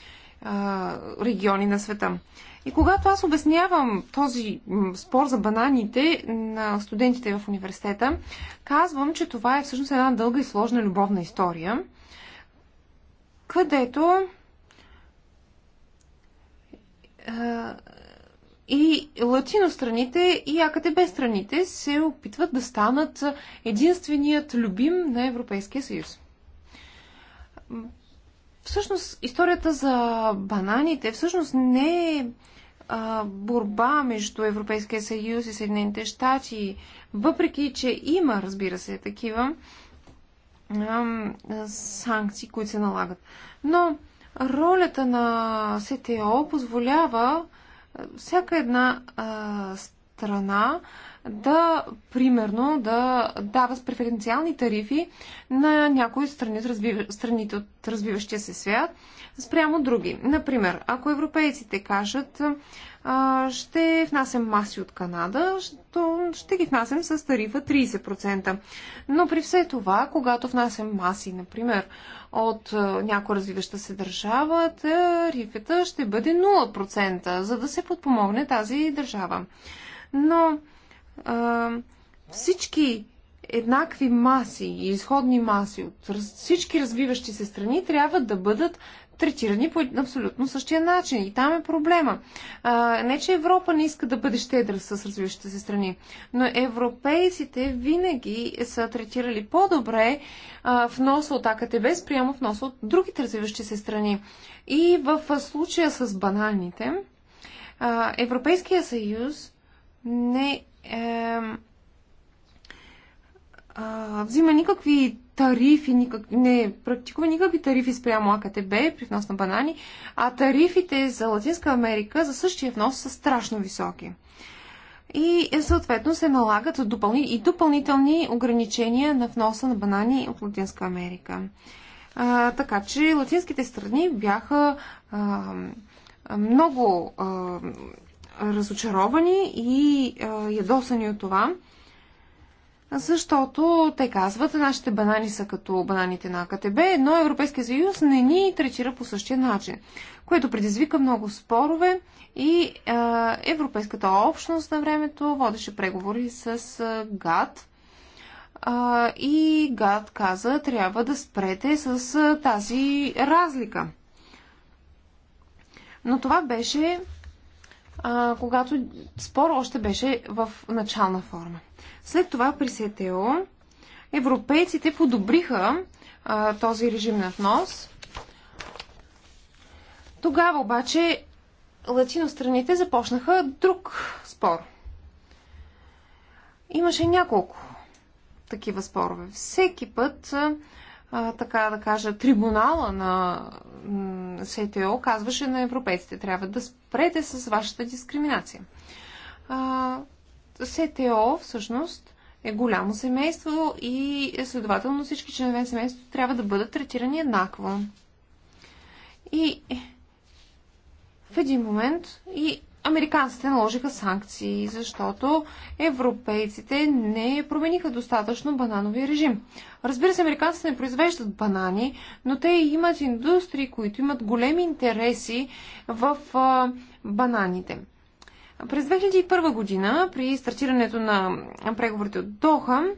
региони на света. И когато аз обяснявам този спор за бананите на студентите в университета, казвам, че това е всъщност една дълга и сложна любовна история, където и латино страните, и АКТБ страните се опитват да станат единственият любим на Европейския съюз. Всъщност, историята за бананите всъщност не е а, борба между Европейския съюз и Съединените щати, въпреки че има, разбира се, такива а, санкции, които се налагат. Но ролята на СТО позволява всяка една а, страна да, примерно, да дава с преференциални тарифи на някои страни, страните от развиващия се свят спрямо други. Например, ако европейците кажат а, ще внасям маси от Канада, то ще ги внасям с тарифа 30%. Но при все това, когато внасям маси, например, от някоя развиваща се държава, тарифата ще бъде 0%, за да се подпомогне тази държава. Но а, всички еднакви маси и изходни маси от раз, всички развиващи се страни трябва да бъдат третирани по абсолютно същия начин. И там е проблема. А, не, че Европа не иска да бъде щедра с развиващите се страни, но европейците винаги са третирали по-добре вноса от АКТБ спрямо вноса от другите развиващи се страни. И в случая с бананите, а, Европейския съюз не е, а, взима никакви тарифи, никак, не практикува никакви тарифи спрямо АКТБ при внос на банани, а тарифите за Латинска Америка за същия внос са страшно високи. И е, съответно се налагат допълни, и допълнителни ограничения на вноса на банани от Латинска Америка. А, така че латинските страни бяха а, много а, разочаровани и ядосани от това, защото те казват, нашите банани са като бананите на АКТБ, но Европейския съюз не ни третира по същия начин, което предизвика много спорове и Европейската общност на времето водеше преговори с ГАД, и ГАД каза, трябва да спрете с тази разлика. Но това беше а, когато спор още беше в начална форма. След това при СТО европейците подобриха а, този режим на внос. Тогава обаче латиностраните започнаха друг спор. Имаше няколко такива спорове. Всеки път, а, така да кажа, трибунала на СТО казваше на европейците, трябва да спрете с вашата дискриминация. СТО всъщност е голямо семейство и следователно всички членове на семейството трябва да бъдат третирани еднакво. И в един момент и американците наложиха санкции, защото европейците не промениха достатъчно банановия режим. Разбира се, американците не произвеждат банани, но те имат индустрии, които имат големи интереси в а, бананите. През 2001 година, при стартирането на преговорите от Доха,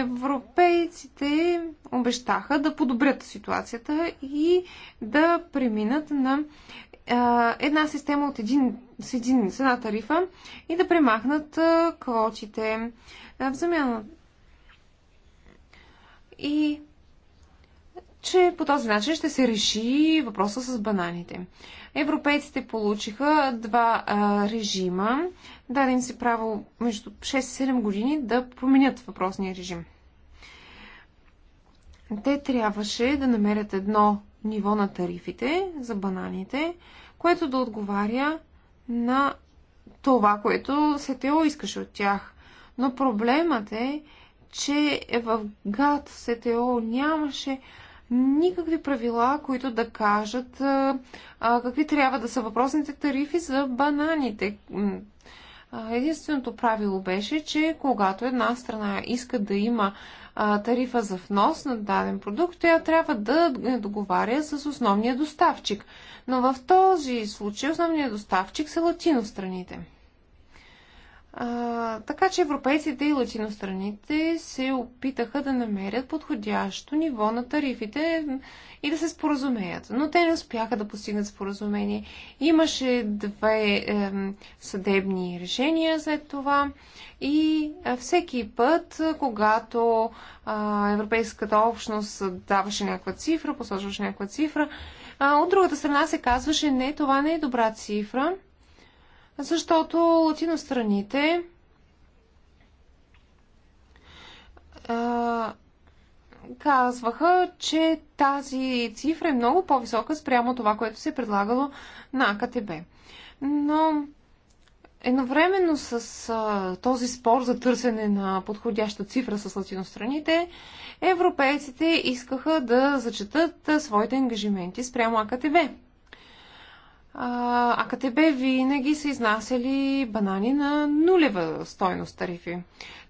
европейците обещаха да подобрят ситуацията и да преминат на една система от един, с, един, с една тарифа и да премахнат квотите в замяна. И че по този начин ще се реши въпроса с бананите. Европейците получиха два а, режима. Даде им се право между 6-7 години да променят въпросния режим. Те трябваше да намерят едно ниво на тарифите за бананите, което да отговаря на това, което СТО искаше от тях. Но проблемът е, че в ГАД СТО нямаше никакви правила, които да кажат а, какви трябва да са въпросните тарифи за бананите. Единственото правило беше, че когато една страна иска да има тарифа за внос на даден продукт, тя трябва да договаря с основния доставчик. Но в този случай основният доставчик са латиностраните. А, така че европейците и латиностраните се опитаха да намерят подходящо ниво на тарифите и да се споразумеят. Но те не успяха да постигнат споразумение. Имаше две е, съдебни решения след това. И всеки път, когато Европейската общност даваше някаква цифра, посочваше някаква цифра, от другата страна се казваше, не, това не е добра цифра, защото латиностраните казваха, че тази цифра е много по-висока спрямо това, което се е предлагало на АКТБ. Но Едновременно с а, този спор за търсене на подходяща цифра с латиностраните, европейците искаха да зачетат а, своите ангажименти спрямо АКТБ. КТБ винаги са изнасяли банани на нулева стойност тарифи.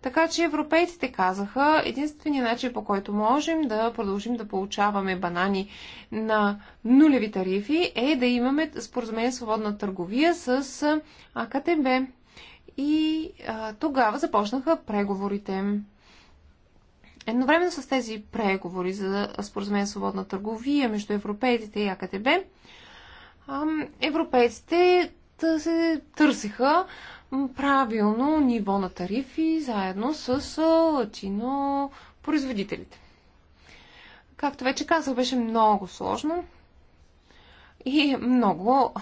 Така че европейците казаха, единственият начин по който можем да продължим да получаваме банани на нулеви тарифи е да имаме споразумение свободна търговия с АКТБ. И а, тогава започнаха преговорите. Едновременно с тези преговори за споразумение свободна търговия между европейците и АКТБ, европейците се търсиха правилно ниво на тарифи заедно с латино производителите. Както вече казах, беше много сложно и много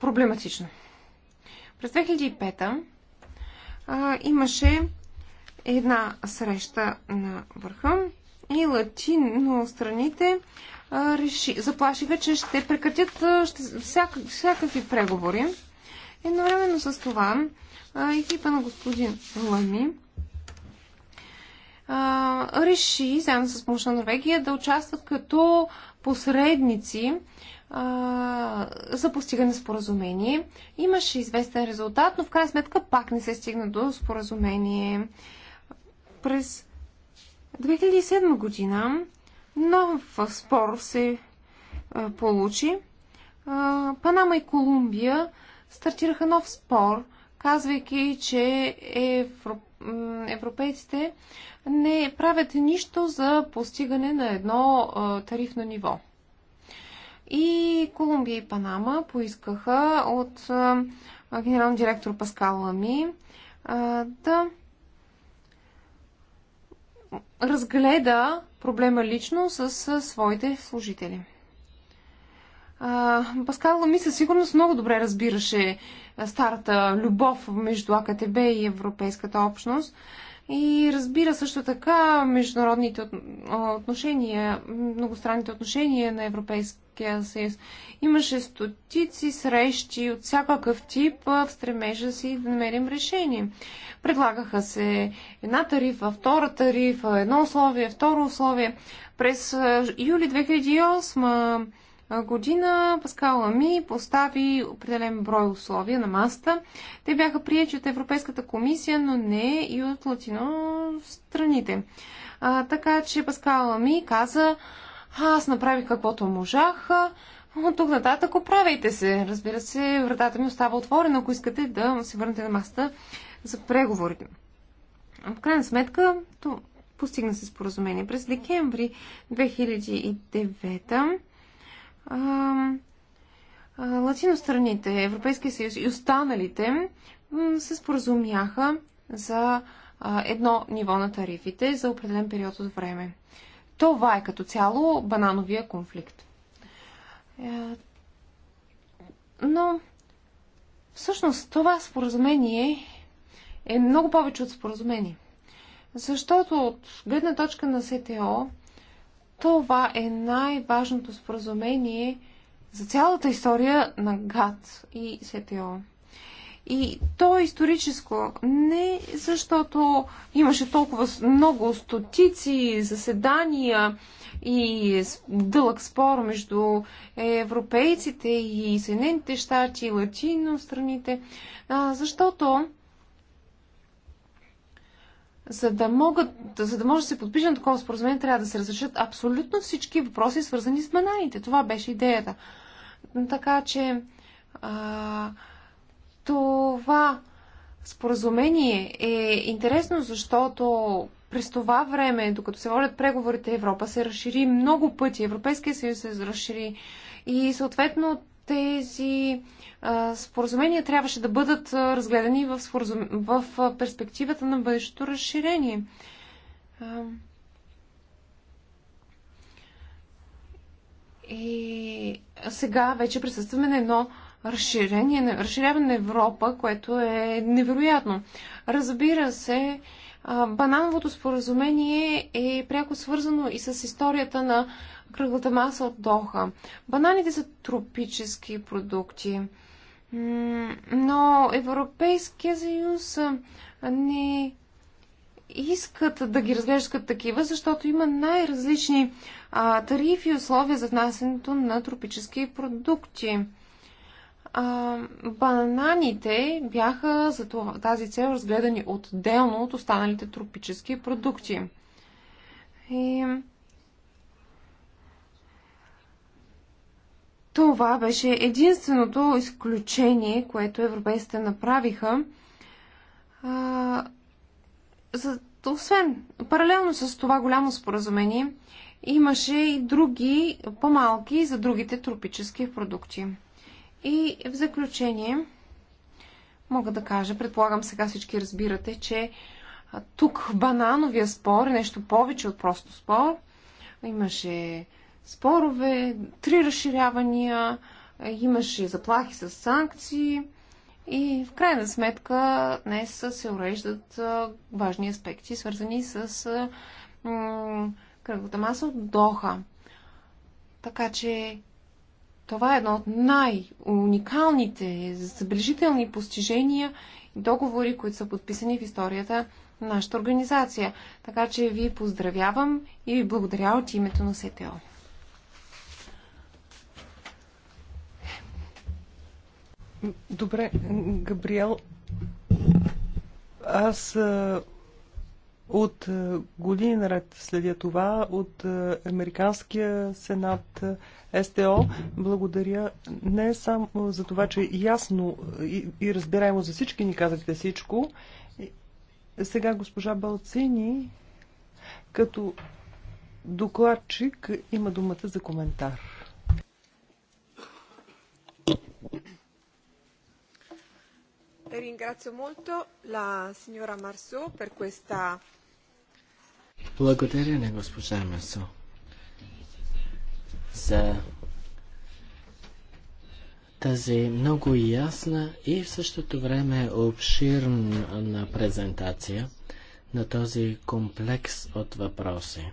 проблематично. През 2005 а, имаше една среща на върха и латино страните реши, заплашиха, че ще прекратят ще, всяк, всякакви преговори. Едновременно с това екипа на господин Лами реши, заедно с помощта на Норвегия, да участват като посредници за постигане споразумение. Имаше известен резултат, но в крайна сметка пак не се стигна до споразумение. През 2007 година нов спор се получи. Панама и Колумбия стартираха нов спор, казвайки, че европейците не правят нищо за постигане на едно тарифно ниво. И Колумбия и Панама поискаха от генерален директор Паскал Лами да разгледа проблема лично с своите служители. Паскал ми със сигурност много добре разбираше старата любов между АКТБ и Европейската общност. И разбира също така международните отношения, многостранните отношения на Европейския Европейския съюз. Имаше стотици срещи от всякакъв тип в стремежа си да намерим решение. Предлагаха се една тарифа, втора тарифа, едно условие, второ условие. През юли 2008 година Паскал Ами постави определен брой условия на маста. Те бяха приети от Европейската комисия, но не и от латино страните. А, така че Паскал Ами каза, аз направих каквото можах. От тук нататък оправяйте се. Разбира се, вратата ми остава отворена, ако искате да се върнете на масата за преговорите. В крайна сметка, то постигна се споразумение. През декември 2009 латиностраните, Европейския съюз и останалите се споразумяха за едно ниво на тарифите за определен период от време. Това е като цяло банановия конфликт. Е, но всъщност това споразумение е много повече от споразумение. Защото от гледна точка на СТО, това е най-важното споразумение за цялата история на ГАТ и СТО. И то е историческо не защото имаше толкова много стотици заседания и дълъг спор между европейците и Съединените щати, и латино страните, а, защото за да, могат, за да може да се подпише на такова споразумение, трябва да се разрешат абсолютно всички въпроси, свързани с бананите. Това беше идеята. Така че а, това споразумение е интересно, защото през това време, докато се водят преговорите, Европа се разшири много пъти. Европейския съюз се разшири. И съответно тези а, споразумения трябваше да бъдат а, разгледани в, споразум... в а, перспективата на бъдещето разширение. А, и сега вече присъстваме на едно а, разширение, разширяване на Европа, което е невероятно. Разбира се, банановото споразумение е пряко свързано и с историята на кръглата маса от Доха. Бананите са тропически продукти. Но Европейския съюз не искат да ги разглеждат такива, защото има най-различни тарифи и условия за внасянето на тропически продукти а, бананите бяха за това, тази цел разгледани отделно от останалите тропически продукти. И... Това беше единственото изключение, което европейците направиха. А, за, освен, паралелно с това голямо споразумение, имаше и други, по-малки, за другите тропически продукти. И в заключение мога да кажа, предполагам сега всички разбирате, че тук банановия спор е нещо повече от просто спор. Имаше спорове, три разширявания, имаше заплахи с санкции и в крайна сметка днес се уреждат важни аспекти, свързани с кръглата маса от Доха. Така че това е едно от най-уникалните, забележителни постижения и договори, които са подписани в историята на нашата организация. Така че ви поздравявам и ви благодаря от името на СТО. Добре, Габриел, аз от е, години наред следя това от е, Американския сенат е, СТО. Благодаря не само за това, че ясно и, разбираемо за всички ни казахте всичко. Сега госпожа Балцини, като докладчик, има думата за коментар. Ringrazio molto la signora Marceau per questa благодаря на госпожа Месо за тази много ясна и в същото време обширна презентация на този комплекс от въпроси.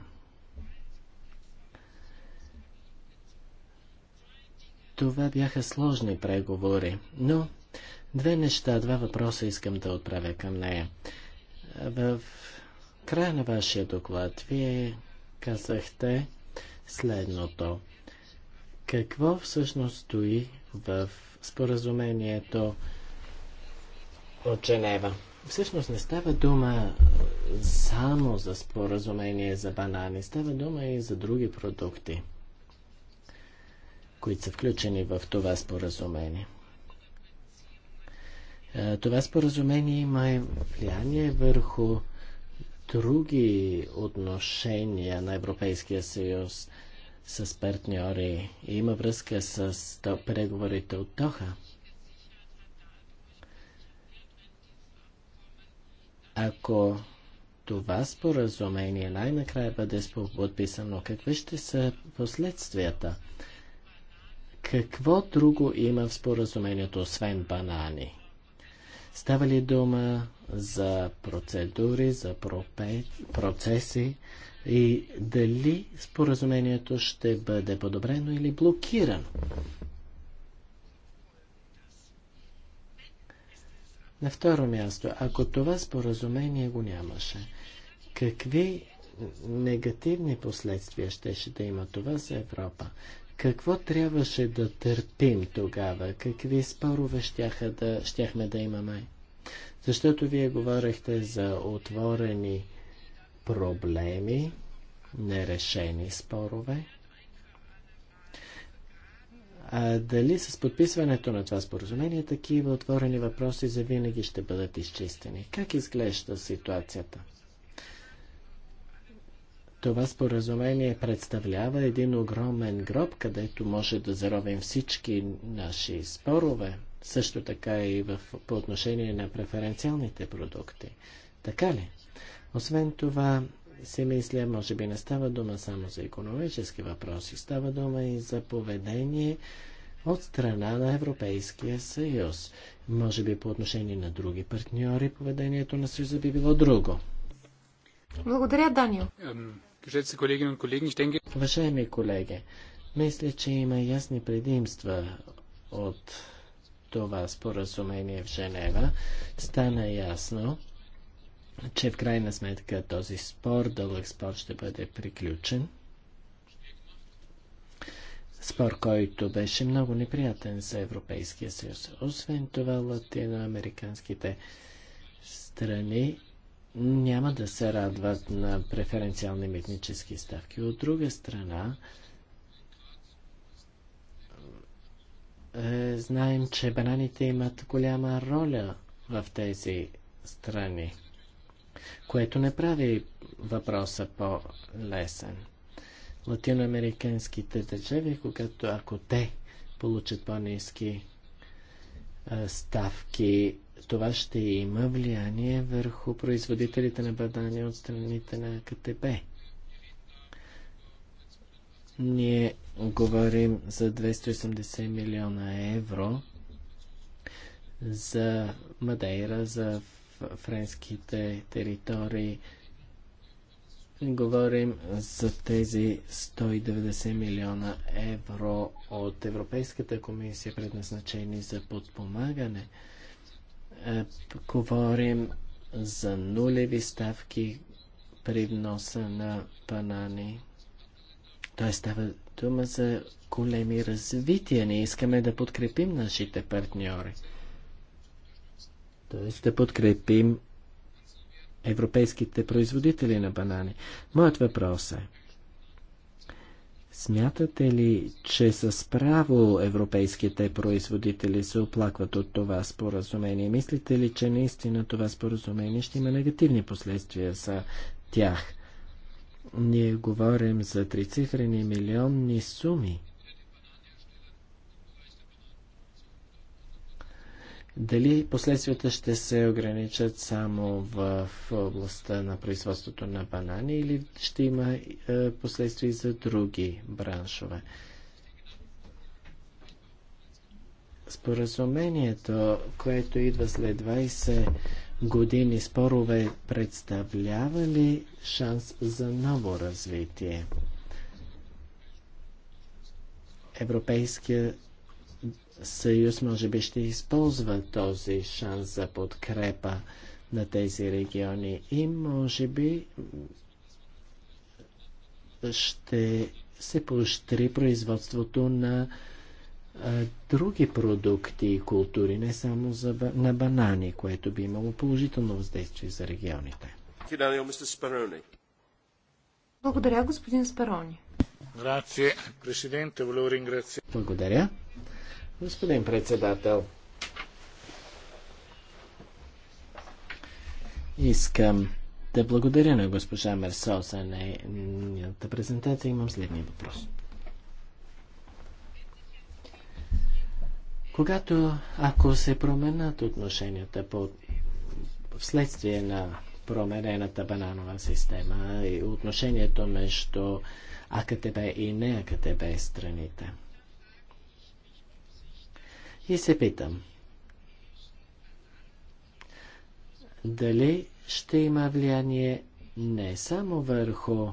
Това бяха сложни преговори, но две неща, два въпроса искам да отправя към нея. В края на вашия доклад вие казахте следното. Какво всъщност стои в споразумението от Женева? Всъщност не става дума само за споразумение за банани, става дума и за други продукти, които са включени в това споразумение. Е, това споразумение има влияние върху други отношения на Европейския съюз с партньори и има връзка с преговорите от Доха. Ако това споразумение най-накрая бъде подписано, какви ще са последствията? Какво друго има в споразумението, освен банани? Става ли дума за процедури, за процеси и дали споразумението ще бъде подобрено или блокирано? На второ място, ако това споразумение го нямаше, какви негативни последствия ще, ще има това за Европа? Какво трябваше да търпим тогава? Какви спорове щяха да, щяхме да имаме? Защото вие говорихте за отворени проблеми, нерешени спорове. А дали с подписването на това споразумение такива отворени въпроси за винаги ще бъдат изчистени? Как изглежда ситуацията? Това споразумение представлява един огромен гроб, където може да заровим всички наши спорове, също така и в, по отношение на преференциалните продукти. Така ли? Освен това, си мисля, може би не става дума само за економически въпроси, става дума и за поведение от страна на Европейския съюз. Може би по отношение на други партньори поведението на съюза би било друго. Благодаря, Данил. Уважаеми колеги, мисля, че има ясни предимства от това споразумение в Женева. Стана ясно, че в крайна сметка този спор, дълъг спор, ще бъде приключен. Спор, който беше много неприятен за Европейския съюз. Освен това, латиноамериканските страни няма да се радват на преференциални митнически ставки. От друга страна, е, знаем, че бананите имат голяма роля в тези страни, което не прави въпроса по-лесен. Латиноамериканските държави, когато ако те получат по-низки ставки, това ще има влияние върху производителите на бадания от страните на КТБ. Ние говорим за 280 милиона евро за Мадейра, за френските територии. Говорим за тези 190 милиона евро от Европейската комисия, предназначени за подпомагане – е, говорим за нулеви ставки при вноса на банани. Той става дума за големи развития. Ние искаме да подкрепим нашите партньори. Т.е. да подкрепим европейските производители на банани. Моят въпрос е, Смятате ли, че с право европейските производители се оплакват от това споразумение? Мислите ли, че наистина това споразумение ще има негативни последствия за тях? Ние говорим за трицифрени милионни суми – Дали последствията ще се ограничат само в областта на производството на банани или ще има е, последствия за други браншове? Споразумението, което идва след 20 години спорове, представлява ли шанс за ново развитие? Европейския съюз може би ще използва този шанс за подкрепа на тези региони и може би ще се поощри производството на а, други продукти и култури, не само за, на банани, което би имало положително въздействие за регионите. Благодаря, господин Спарони. Благодаря. Господин председател, искам да благодаря на госпожа Мерсо за нейната презентация. Имам следния въпрос. Когато, ако се променят отношенията по, вследствие на променената бананова система и отношението между АКТБ и не АКТБ страните – и се питам, дали ще има влияние не само върху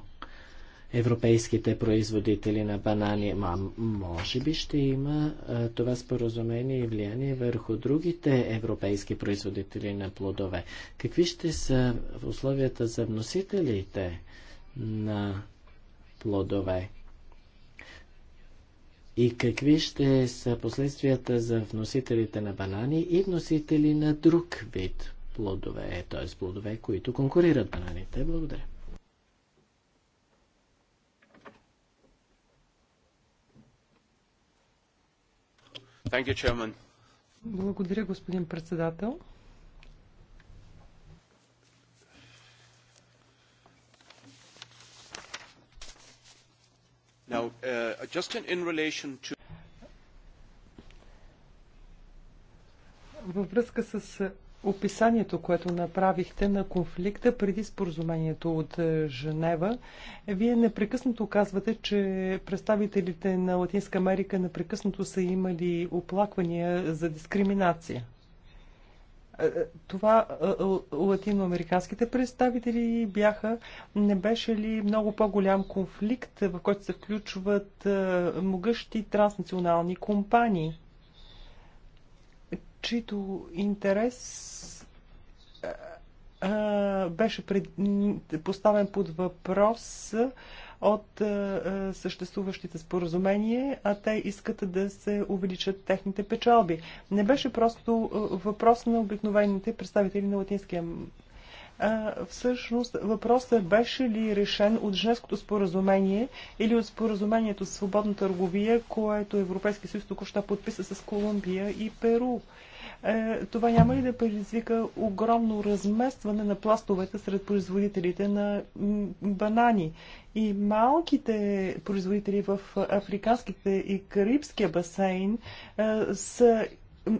европейските производители на банани, а може би ще има а, това споразумение и влияние върху другите европейски производители на плодове. Какви ще са условията за вносителите на плодове? и какви ще са последствията за вносителите на банани и вносители на друг вид плодове, е, т.е. плодове, които конкурират бананите. Благодаря. Благодаря, господин председател. Now, uh, just in, in relation to... Във връзка с е, описанието, което направихте на конфликта преди споразумението от е, Женева, вие непрекъснато казвате, че представителите на Латинска Америка непрекъснато са имали оплаквания за дискриминация. Е, е, това е, латиноамериканските представители бяха, не беше ли много по-голям конфликт, в който се включват могъщи транснационални компании, чието интерес беше поставен под въпрос от е, е, съществуващите споразумения, а те искат да се увеличат техните печалби. Не беше просто е, въпрос на обикновените представители на Латинския всъщност въпросът беше ли решен от женското споразумение или от споразумението за свободна търговия, което Европейски съюз току-що подписа с Колумбия и Перу. Е, това няма ли да предизвика огромно разместване на пластовете сред производителите на банани? И малките производители в африканските и карибския басейн е, са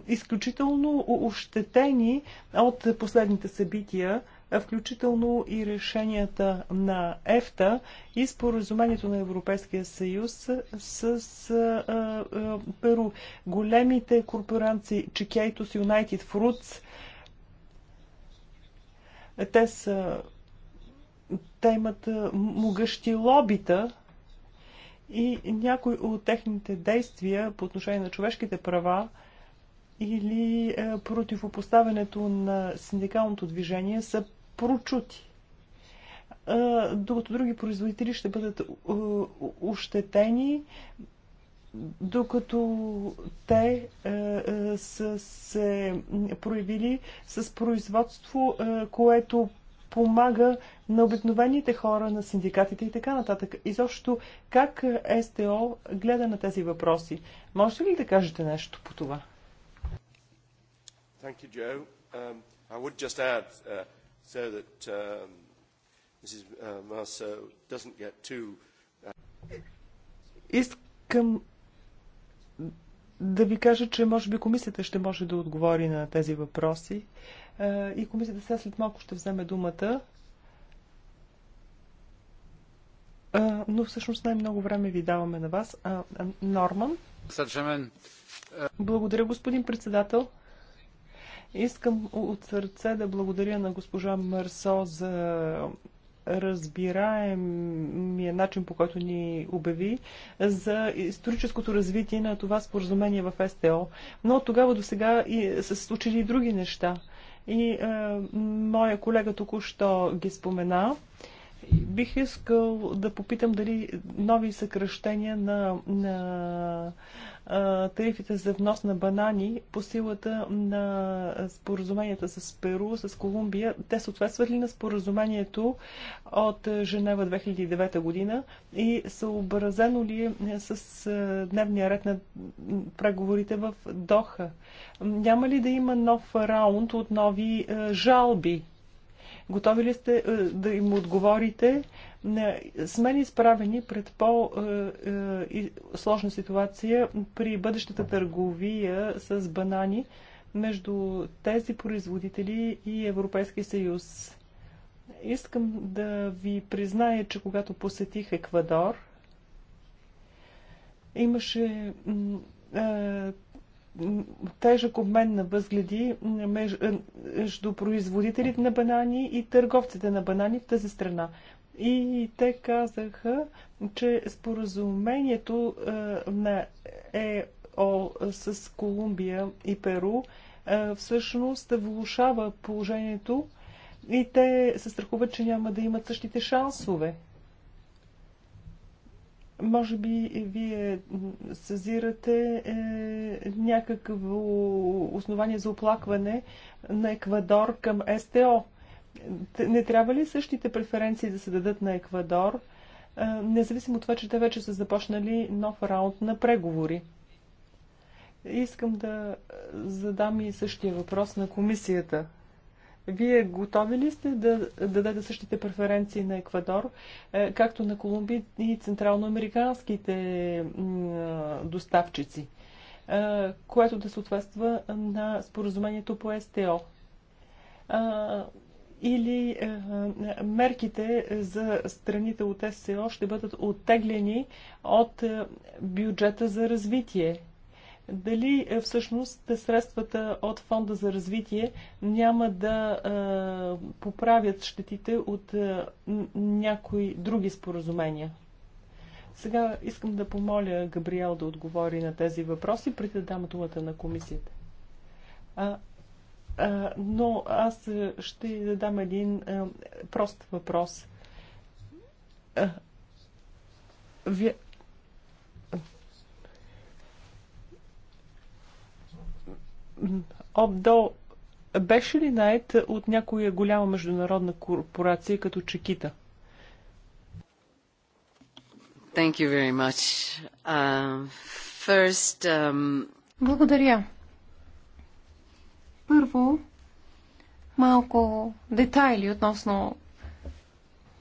изключително ощетени от последните събития включително и решенията на ЕФТА и споразумението на Европейския съюз с, а, а, Перу. Големите корпоранции Чикейтос, United Fruits, те са те имат могъщи лобита и някои от техните действия по отношение на човешките права или противопоставянето на синдикалното движение са прочути. Докато други производители ще бъдат е, ощетени, докато те е, е, са се проявили с производство, което помага на обикновените хора, на синдикатите и така нататък. И защото как СТО гледа на тези въпроси? Можете ли да кажете нещо по това? Thank you, Joe. Um, I would just add, uh, so that um, Mrs. Uh, Marceau doesn't get too... Uh, Искам да ви кажа, че може би комисията ще може да отговори на тези въпроси. Е, и комисията сега след малко ще вземе думата. Е, но всъщност най-много време ви даваме на вас. Норман. Благодаря, господин председател. Искам от сърце да благодаря на госпожа Мърсо за разбираемия начин, по който ни обяви за историческото развитие на това споразумение в СТО. Но от тогава до сега са се случили и други неща. И е, моя колега току-що ги спомена. Е, Бих искал да попитам дали нови съкръщения на, на а, тарифите за внос на банани по силата на споразуменията с Перу, с Колумбия, те съответстват ли на споразумението от Женева 2009 година и съобразено ли е с дневния ред на преговорите в Доха? Няма ли да има нов раунд от нови а, жалби? Готови ли сте е, да им отговорите? Сме ли изправени пред по-сложна е, е, ситуация при бъдещата търговия с банани между тези производители и Европейския съюз? Искам да ви призная, че когато посетих Еквадор, имаше тежък обмен на възгледи е, между производителите на банани и търговците на банани в тази страна. И те казаха, че споразумението е, на ЕО с Колумбия и Перу е, всъщност влушава положението и те се страхуват, че няма да имат същите шансове. Може би вие съзирате е, някакво основание за оплакване на Еквадор към СТО. Не трябва ли същите преференции да се дадат на Еквадор, е, независимо от това, че те вече са започнали нов раунд на преговори? Искам да задам и същия въпрос на комисията. Вие готови ли сте да дадете същите преференции на Еквадор, е, както на Колумбия и централноамериканските доставчици, е, което да съответства на споразумението по СТО? Или е, мерките за страните от СТО ще бъдат оттеглени от бюджета за развитие? дали е, всъщност средствата от Фонда за развитие няма да е, поправят щетите от е, някои други споразумения. Сега искам да помоля Габриел да отговори на тези въпроси, преди да дам думата на комисията. А, а, но аз ще задам един а, прост въпрос. А, вие, Обдол беше ли нает от някоя голяма международна корпорация като Чекита? Thank you very much. Uh, first, um... Благодаря. Първо, малко детайли относно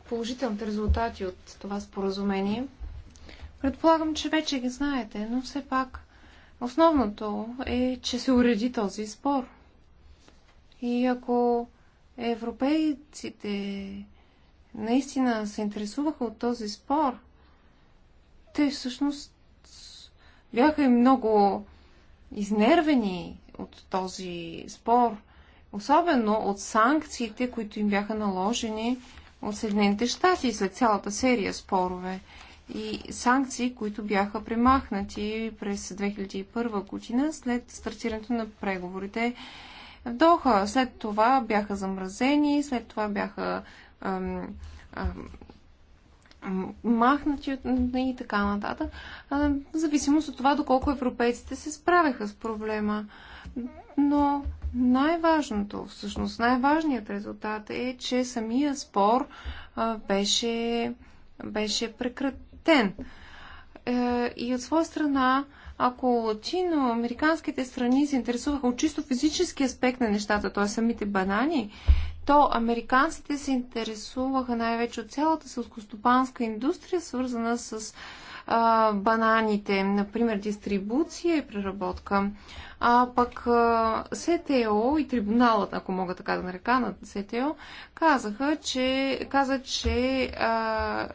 положителните резултати от това споразумение. Предполагам, че вече ги знаете, но все пак Основното е, че се уреди този спор. И ако европейците наистина се интересуваха от този спор, те всъщност бяха и много изнервени от този спор, особено от санкциите, които им бяха наложени от Съединените щати след цялата серия спорове и санкции, които бяха премахнати през 2001 година след стартирането на преговорите в Доха. След това бяха замразени, след това бяха ам, ам, махнати и така нататък. В зависимост от това, доколко европейците се справяха с проблема. Но най-важното, всъщност най-важният резултат е, че самия спор а, беше, беше прекратен платен. Е, и от своя страна, ако чино-американските страни се интересуваха от чисто физически аспект на нещата, т.е. самите банани, то американците се интересуваха най-вече от цялата селскостопанска индустрия, свързана с а, бананите, например дистрибуция и преработка. А пък СТО и трибуналът, ако мога така да нарека на СТО, казаха, че, каза, че а,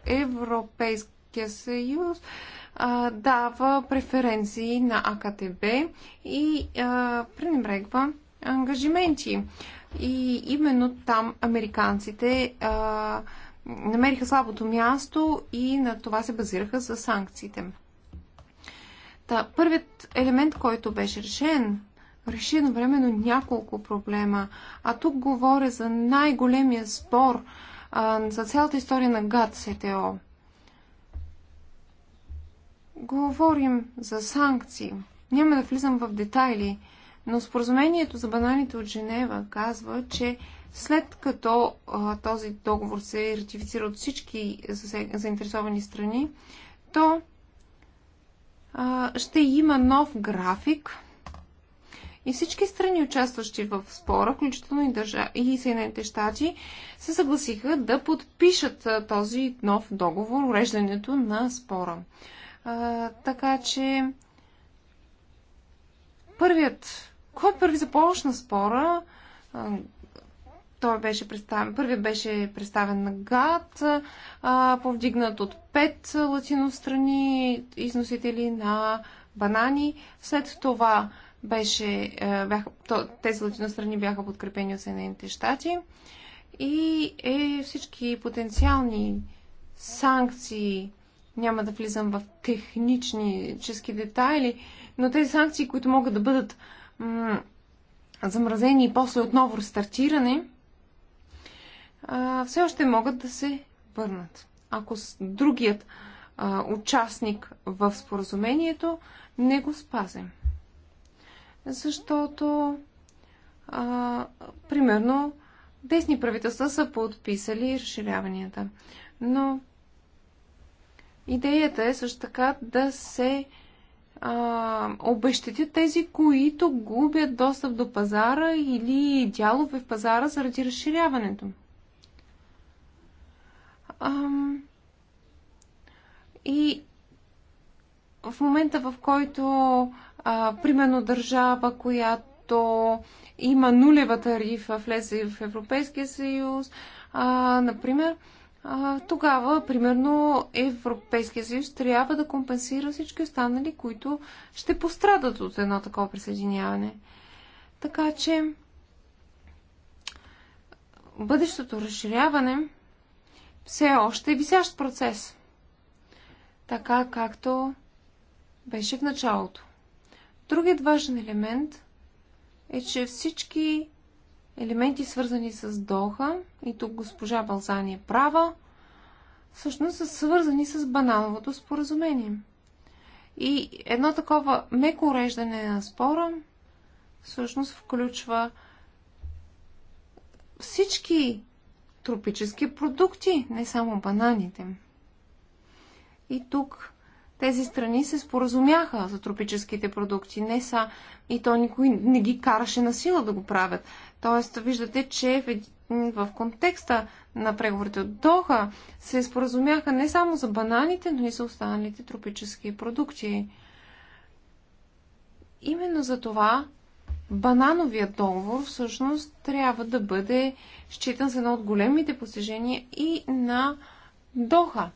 Европейския съюз а, дава преференции на АКТБ и а, пренебрегва ангажименти. И именно там американците а, намериха слабото място и на това се базираха с санкциите. Та, първият елемент, който беше решен, реши едновременно няколко проблема. А тук говоря за най-големия спор а, за цялата история на ГАТ СТО. Говорим за санкции. Няма да влизам в детайли, но споразумението за бананите от Женева казва, че след като а, този договор се ратифицира от всички заинтересовани страни, то а, ще има нов график и всички страни, участващи в спора, включително и, държа... и Съединените щати, се съгласиха да подпишат този нов договор, уреждането на спора така че първият, кой първи започна спора, а, той беше представен, първият беше представен на ГАД, а, повдигнат от пет латинострани износители на банани. След това беше, е, бяха, тези латинострани бяха подкрепени от Съединените щати и е, всички потенциални санкции няма да влизам в технически детайли, но тези санкции, които могат да бъдат замразени и после отново рестартирани, а, все още могат да се върнат. Ако другият а, участник в споразумението не го спазим. Защото, а, примерно, десни правителства са подписали разширяванията. Но Идеята е също така да се а, обещетят тези, които губят достъп до пазара или дялове в пазара заради разширяването. Ам... И в момента, в който, а, примерно, държава, която има нулева тарифа, влезе в Европейския съюз, а, например, а, тогава, примерно, Европейския съюз трябва да компенсира всички останали, които ще пострадат от едно такова присъединяване. Така че бъдещото разширяване все още е висящ процес. Така както беше в началото. Другият важен елемент е, че всички елементи, свързани с Доха, и тук госпожа Балзани е права, всъщност са свързани с банановото споразумение. И едно такова меко уреждане на спора всъщност включва всички тропически продукти, не само бананите. И тук тези страни се споразумяха за тропическите продукти. Не са, и то никой не ги караше на сила да го правят. Тоест, виждате, че в, в контекста на преговорите от Доха се споразумяха не само за бананите, но и за останалите тропически продукти. Именно за това банановият договор всъщност трябва да бъде считан за едно от големите постижения и на Доха.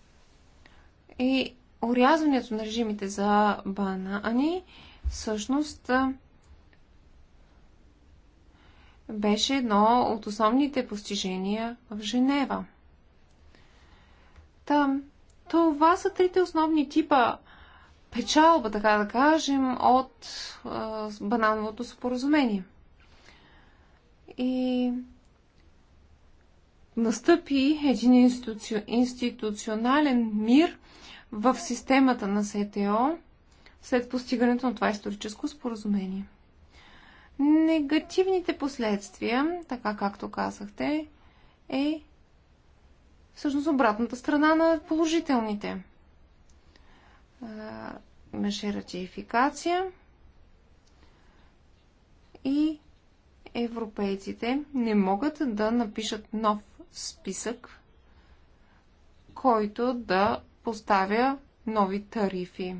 И орязването на режимите за банани всъщност беше едно от основните постижения в Женева. Там, това са трите основни типа печалба, така да кажем, от е, банановото споразумение. И настъпи един институци... институционален мир – в системата на СТО след постигането на това историческо споразумение. Негативните последствия, така както казахте, е всъщност обратната страна на положителните. Имаше ратификация и европейците не могат да напишат нов списък, който да поставя нови тарифи.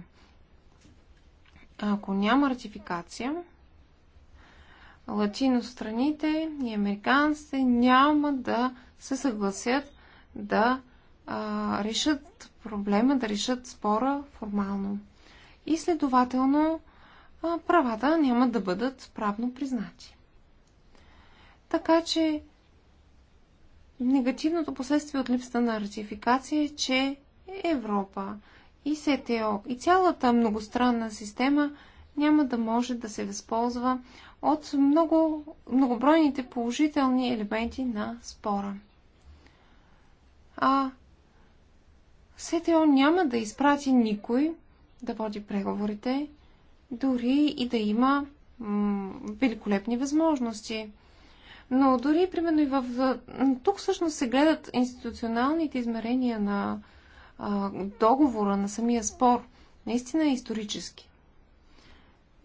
Ако няма ратификация, латиностраните и американците няма да се съгласят да а, решат проблема, да решат спора формално. И следователно а, правата няма да бъдат правно признати. Така че негативното последствие от липсата на ратификация е, че Европа и СТО и цялата многостранна система няма да може да се възползва от много, многобройните положителни елементи на спора. А СТО няма да изпрати никой да води преговорите, дори и да има великолепни възможности. Но дори, примерно, и в... тук всъщност се гледат институционалните измерения на а, договора, на самия спор, наистина е исторически.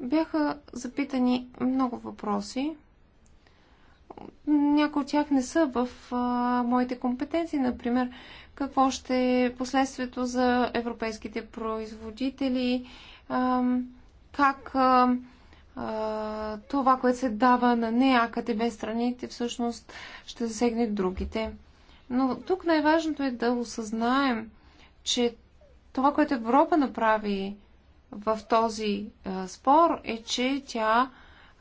Бяха запитани много въпроси. Някои от тях не са в а, моите компетенции. Например, какво ще е последствието за европейските производители, а, как а, а, това, което се дава на не АКТБ страните, всъщност ще засегне другите. Но тук най-важното е да осъзнаем, че това, което Европа направи в този а, спор, е, че тя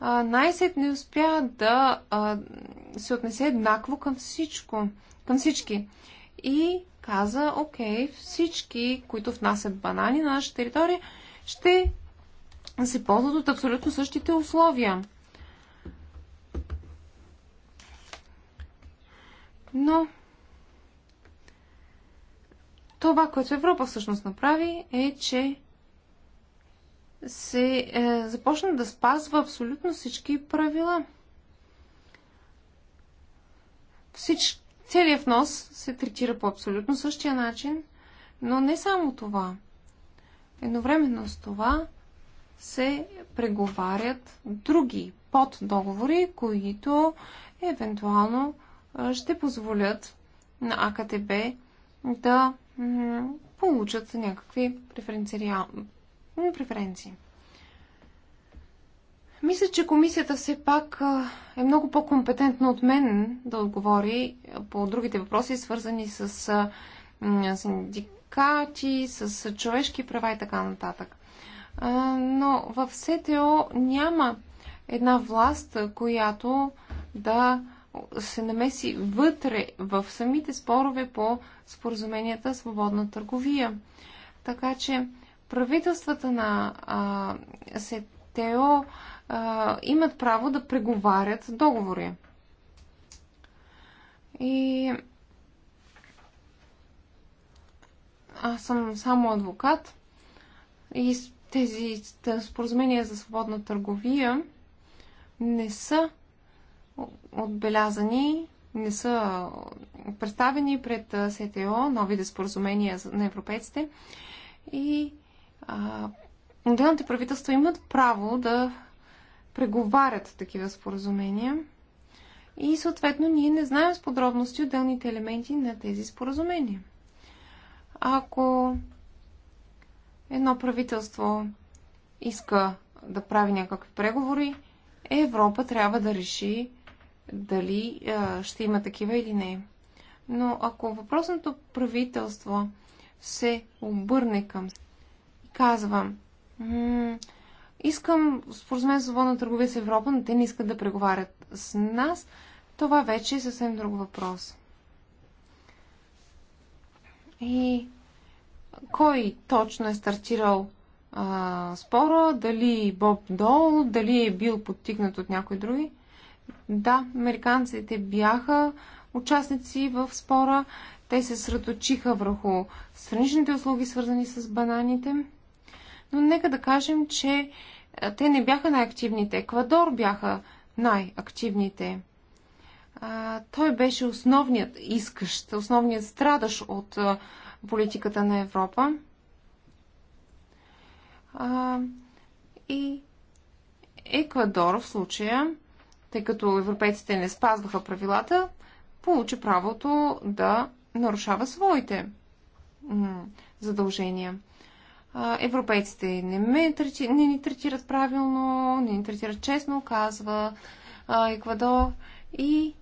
най-сет не успя да а, се отнесе еднакво към всичко, към всички. И каза, окей, всички, които внасят банани на нашата територия, ще се ползват от абсолютно същите условия. Но това, което Европа всъщност направи, е, че се е, започна да спазва абсолютно всички правила. Всич, целият внос се третира по абсолютно същия начин, но не само това. Едновременно с това се преговарят други поддоговори, които евентуално е, ще позволят на АКТБ да получат някакви преференциал... преференции. Мисля, че комисията все пак е много по-компетентна от мен да отговори по другите въпроси, свързани с синдикати, с човешки права и така нататък. Но в СТО няма една власт, която да се намеси вътре в самите спорове по споразуменията свободна търговия. Така че правителствата на а, СТО а, имат право да преговарят договори. И аз съм само адвокат и тези споразумения за свободна търговия не са отбелязани, не са представени пред СТО новите споразумения на европейците и отделните правителства имат право да преговарят такива споразумения. И съответно ние не знаем с подробности отделните елементи на тези споразумения. Ако едно правителство иска да прави някакви преговори, Европа трябва да реши дали а, ще има такива или не. Но ако въпросното правителство се обърне към и казва, искам споразумение за свободна търговия с Европа, но те не искат да преговарят с нас, това вече е съвсем друг въпрос. И кой точно е стартирал а, спора, дали Боб Дол, дали е бил подтигнат от някой други? Да, американците бяха участници в спора. Те се сръточиха върху страничните услуги, свързани с бананите. Но нека да кажем, че те не бяха най-активните. Еквадор бяха най-активните. той беше основният искащ, основният страдаш от а, политиката на Европа. А, и Еквадор в случая тъй като европейците не спазваха правилата, получи правото да нарушава своите задължения. Европейците не, ме, не ни третират правилно, не ни третират честно, казва Еквадор и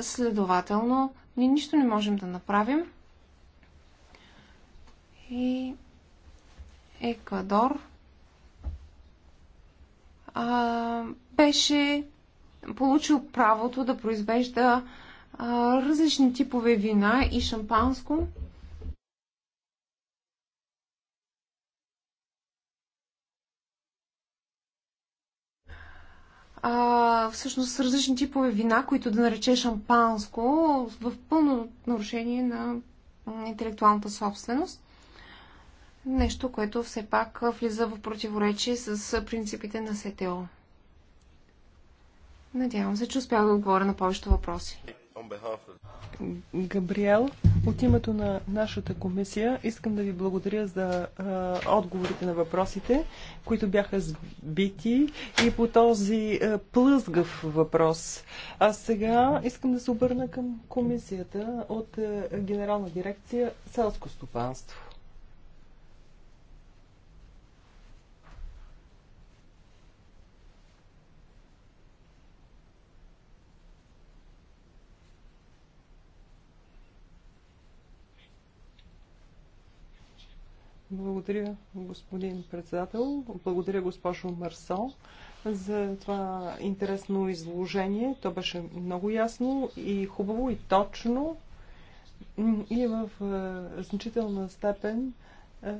следователно ние нищо не можем да направим. И Еквадор а, беше получил правото да произвежда а, различни типове вина и шампанско. а, всъщност различни типове вина, които да нарече шампанско, в пълно нарушение на интелектуалната собственост нещо, което все пак влиза в противоречие с принципите на СТО. Надявам се, че успях да отговоря на повечето въпроси. Габриел, от името на нашата комисия искам да ви благодаря за а, отговорите на въпросите, които бяха сбити и по този а, плъзгав въпрос. А сега искам да се обърна към комисията от а, Генерална дирекция Селско стопанство. Благодаря, господин председател. Благодаря, госпожо Марсо, за това интересно изложение. То беше много ясно и хубаво и точно и в е, значителна степен е, е,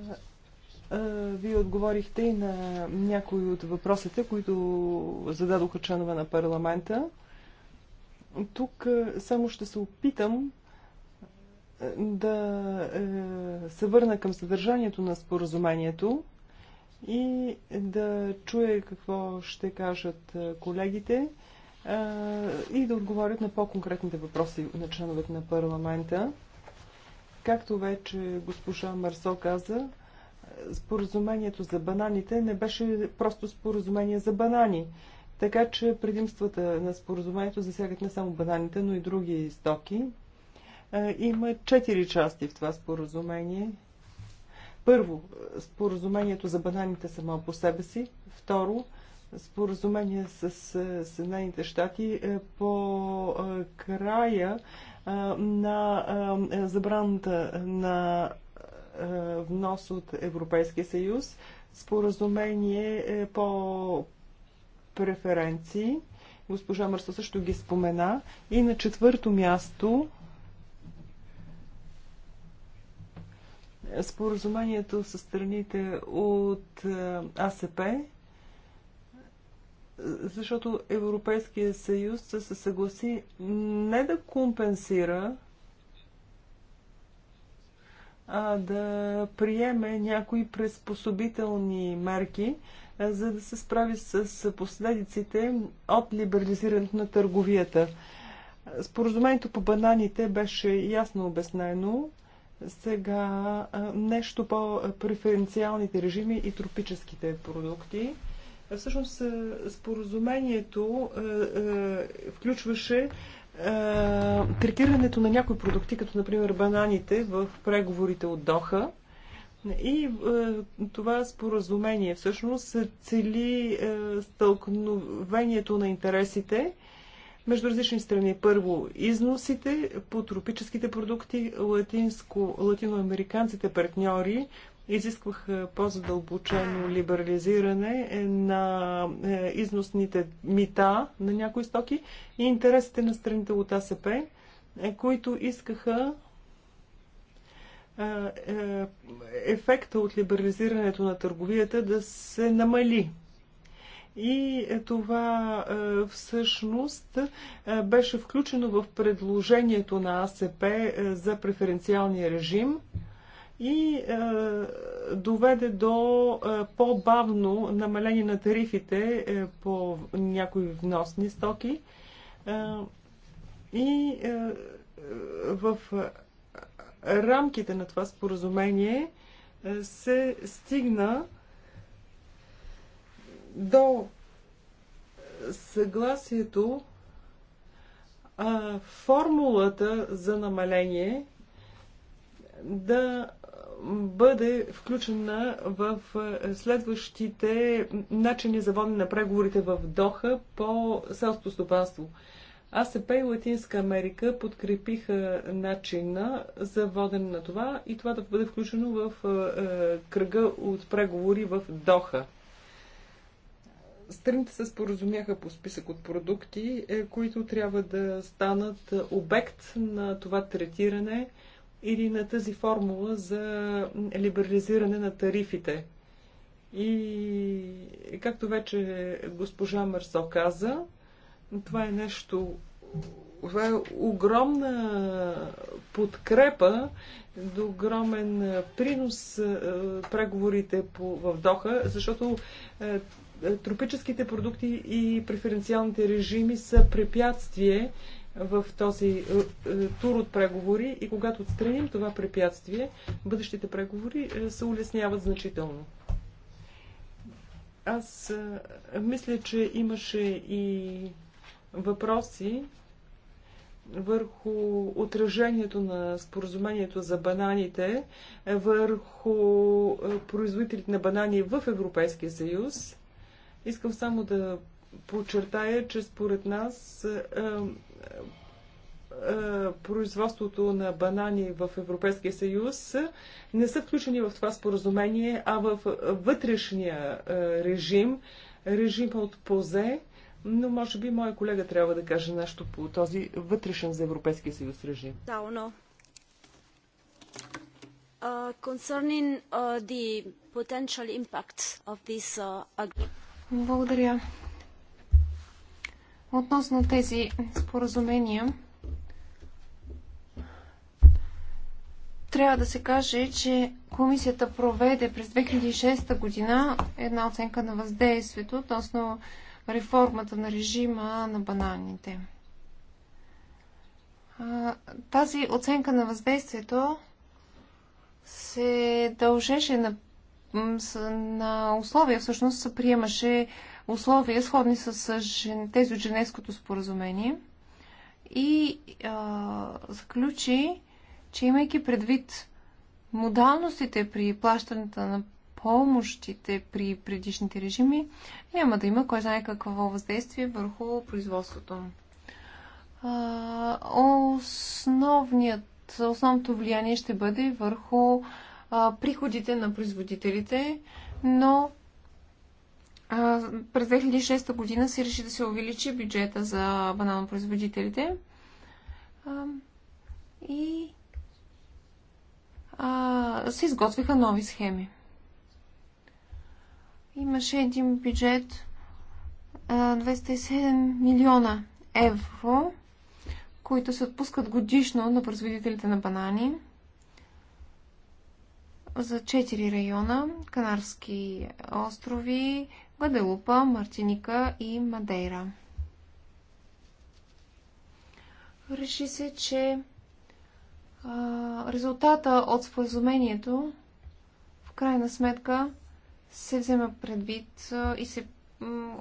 вие отговорихте и на някои от въпросите, които зададоха членове на парламента. Тук само ще се опитам да е, се върна към съдържанието на споразумението и да чуя какво ще кажат е, колегите е, и да отговорят на по-конкретните въпроси на членовете на парламента. Както вече госпожа Марсо каза, споразумението за бананите не беше просто споразумение за банани. Така че предимствата на споразумението засягат не само бананите, но и други стоки. Е, има четири части в това споразумение. Първо, споразумението за бананите само по себе си. Второ, споразумение с е, Съединените щати е, по края на забраната на внос от Европейския съюз, споразумение по преференции. Госпожа Мърсо също ги спомена. И на четвърто място споразумението с страните от е, АСП, защото Европейския съюз се съгласи не да компенсира, а да приеме някои приспособителни мерки, е, за да се справи с последиците от либерализирането на търговията. Споразумението по бананите беше ясно обяснено. Сега нещо по преференциалните режими и тропическите продукти. Всъщност споразумението включваше третирането на някои продукти, като например бананите в преговорите от Доха. И е, това споразумение всъщност цели е, стълкновението на интересите между различни страни. Първо, износите по тропическите продукти, латинско, латиноамериканците партньори изискваха по-задълбочено либерализиране на е, износните мита на някои стоки и интересите на страните от АСП, е, които искаха е, ефекта от либерализирането на търговията да се намали. И това е, всъщност е, беше включено в предложението на АСП е, за преференциалния режим и доведе до по-бавно намаление на тарифите по някои вносни стоки. и в рамките на това споразумение се стигна до съгласието, а, формулата за намаление да бъде включена в следващите начини за водене на преговорите в Доха по селско стопанство. АСП и Латинска Америка подкрепиха начина за водене на това и това да бъде включено в кръга от преговори в Доха. Страните се споразумяха по списък от продукти, е, които трябва да станат обект на това третиране или на тази формула за либерализиране на тарифите. И както вече госпожа Марсо каза, това е нещо, това е огромна подкрепа до огромен принос е, преговорите по, в Доха, защото е, тропическите продукти и преференциалните режими са препятствие в този е, е, тур от преговори и когато отстраним това препятствие, бъдещите преговори е, се улесняват значително. Аз мисля, че имаше и въпроси върху отражението на споразумението за бананите върху производителите на банани в Европейския съюз. Искам само да подчертая, че според нас е, е, е, производството на банани в Европейския съюз не са включени в това споразумение, а в вътрешния е, режим, режим от ПОЗЕ, но може би моя колега трябва да каже нещо по този вътрешен за Европейския съюз режим. Да, но. Uh, е, concerning uh, the potential impact of this uh, agreement. Благодаря. Относно тези споразумения, трябва да се каже, че комисията проведе през 2006 година една оценка на въздействието относно реформата на режима на бананите. Тази оценка на въздействието се дължеше на на условия, всъщност приемаше условия, сходни с тези от Женевското споразумение и а, заключи, че имайки предвид модалностите при плащането на помощите при предишните режими, няма да има кой знае какво въздействие върху производството. А, основният, основното влияние ще бъде върху а, приходите на производителите, но а, през 2006 година се реши да се увеличи бюджета за бананопроизводителите. А, и а, се изготвиха нови схеми. Имаше един бюджет а, 207 милиона евро, които се отпускат годишно на производителите на банани – за четири района Канарски острови, Гаделупа, Мартиника и Мадейра. Реши се, че а, резултата от споразумението в крайна сметка се взема предвид и се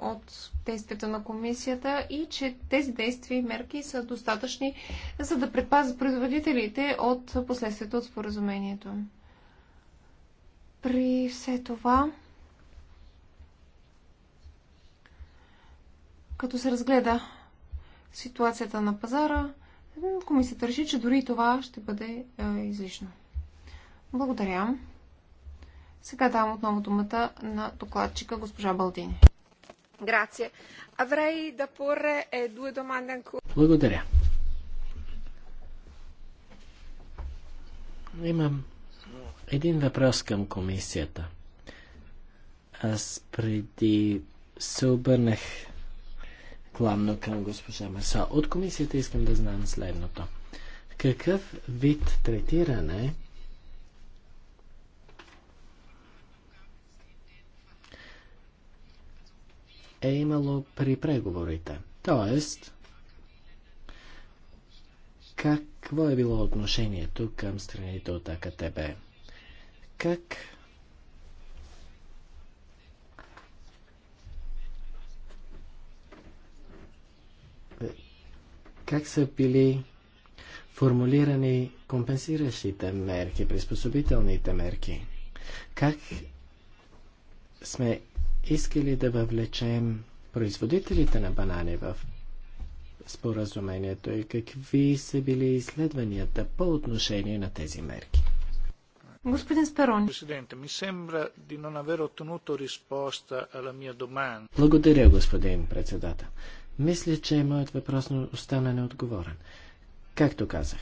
от действията на комисията и че тези действия и мерки са достатъчни, за да предпазят производителите от последствията от споразумението. При все това, като се разгледа ситуацията на пазара, комисията реши, че дори това ще бъде е, излишно. Благодаря. Сега давам отново думата на докладчика госпожа Балдини. Грация. Аврей да поре е due domande Благодаря. Имам един въпрос към комисията. Аз преди се обърнах главно към госпожа Марса. От комисията искам да знам следното. Какъв вид третиране е имало при преговорите? Тоест, какво е било отношението към страните от АКТБ? как как са били формулирани компенсиращите мерки, приспособителните мерки? Как сме искали да въвлечем производителите на банани в споразумението и какви са били изследванията по отношение на тези мерки? Господин Сперони. Благодаря, господин председател. Мисля, че моят въпрос остана неотговорен. Както казах,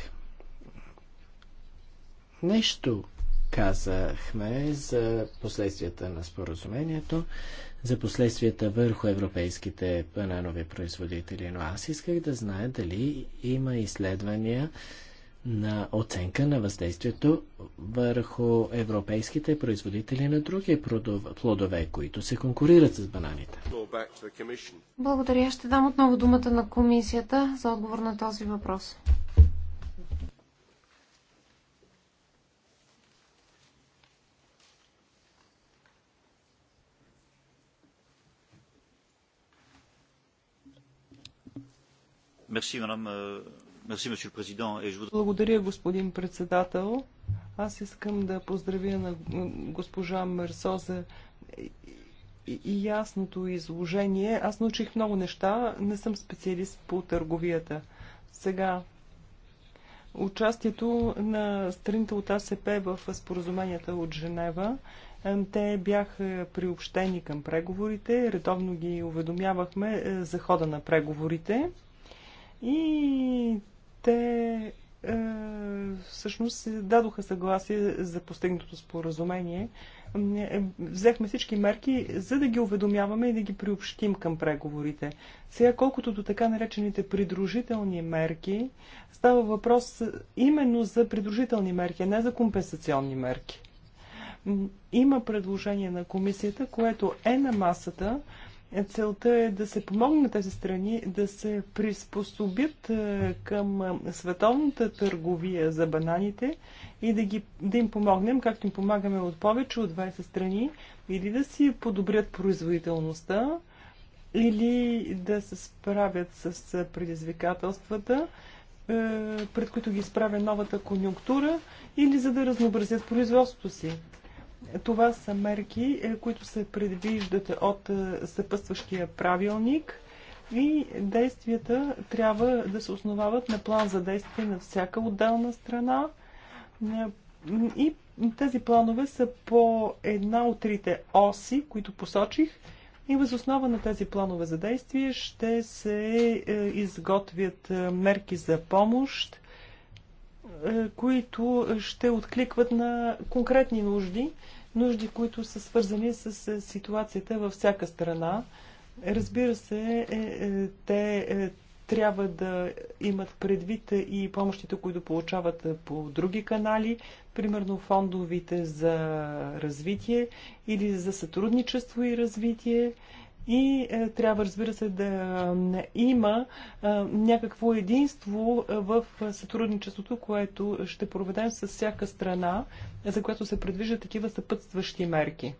нещо казахме за последствията на споразумението, за последствията върху европейските бананови производители, но аз исках да зная дали има изследвания на оценка на въздействието върху европейските производители на други плодове, които се конкурират с бананите. Благодаря. Ще дам отново думата на комисията за отговор на този въпрос. Merci, madame euh, благодаря, господин председател. Аз искам да поздравя на госпожа Мерсо за и ясното изложение. Аз научих много неща. Не съм специалист по търговията. Сега, участието на страните от АСП в споразуменията от Женева е, те бяха приобщени към преговорите, редовно ги уведомявахме е, за хода на преговорите. И те е, всъщност дадоха съгласие за постигнатото споразумение. Е, взехме всички мерки, за да ги уведомяваме и да ги приобщим към преговорите. Сега, колкото до така наречените придружителни мерки, става въпрос именно за придружителни мерки, а не за компенсационни мерки. Има предложение на комисията, което е на масата, Целта е да се помогне на тези страни да се приспособят е, към е, световната търговия за бананите и да, ги, да им помогнем, както им помагаме от повече от 20 страни, или да си подобрят производителността, или да се справят с предизвикателствата, е, пред които ги справя новата конюнктура, или за да разнообразят производството си. Това са мерки, е, които се предвиждат от е, съпътстващия правилник и действията трябва да се основават на план за действие на всяка отделна страна е, и тези планове са по една от трите оси, които посочих. И въз основа на тези планове за действие ще се изготвят мерки за помощ е, които ще откликват на конкретни нужди, нужди, които са свързани с е, ситуацията във всяка страна. Разбира се, е, те трябва да имат предвид и помощите, които получават по други канали, примерно фондовите за развитие или за сътрудничество и развитие и е, трябва, разбира се, да има е, някакво единство е, в сътрудничеството, което ще проведем с всяка страна, за която се предвиждат такива съпътстващи мерки.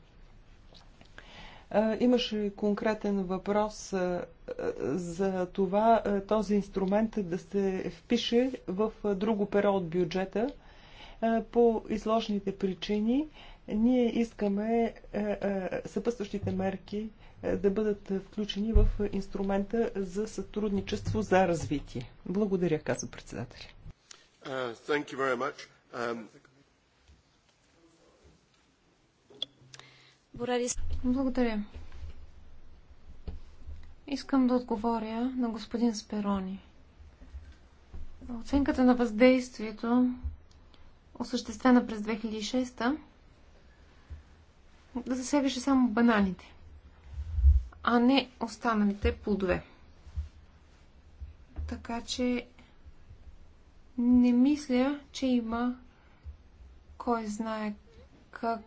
Е, имаше конкретен въпрос е, за това този инструмент да се впише в друго перо от бюджета. По изложните причини ние искаме съпътстващите мерки да бъдат включени в инструмента за сътрудничество за развитие. Благодаря, каза председателя. Uh, um, Благодаря. Искам да отговоря на господин Сперони. Оценката на въздействието, осъществена през 2006 да засягаше само бананите а не останалите плодове. Така че не мисля, че има кой знае как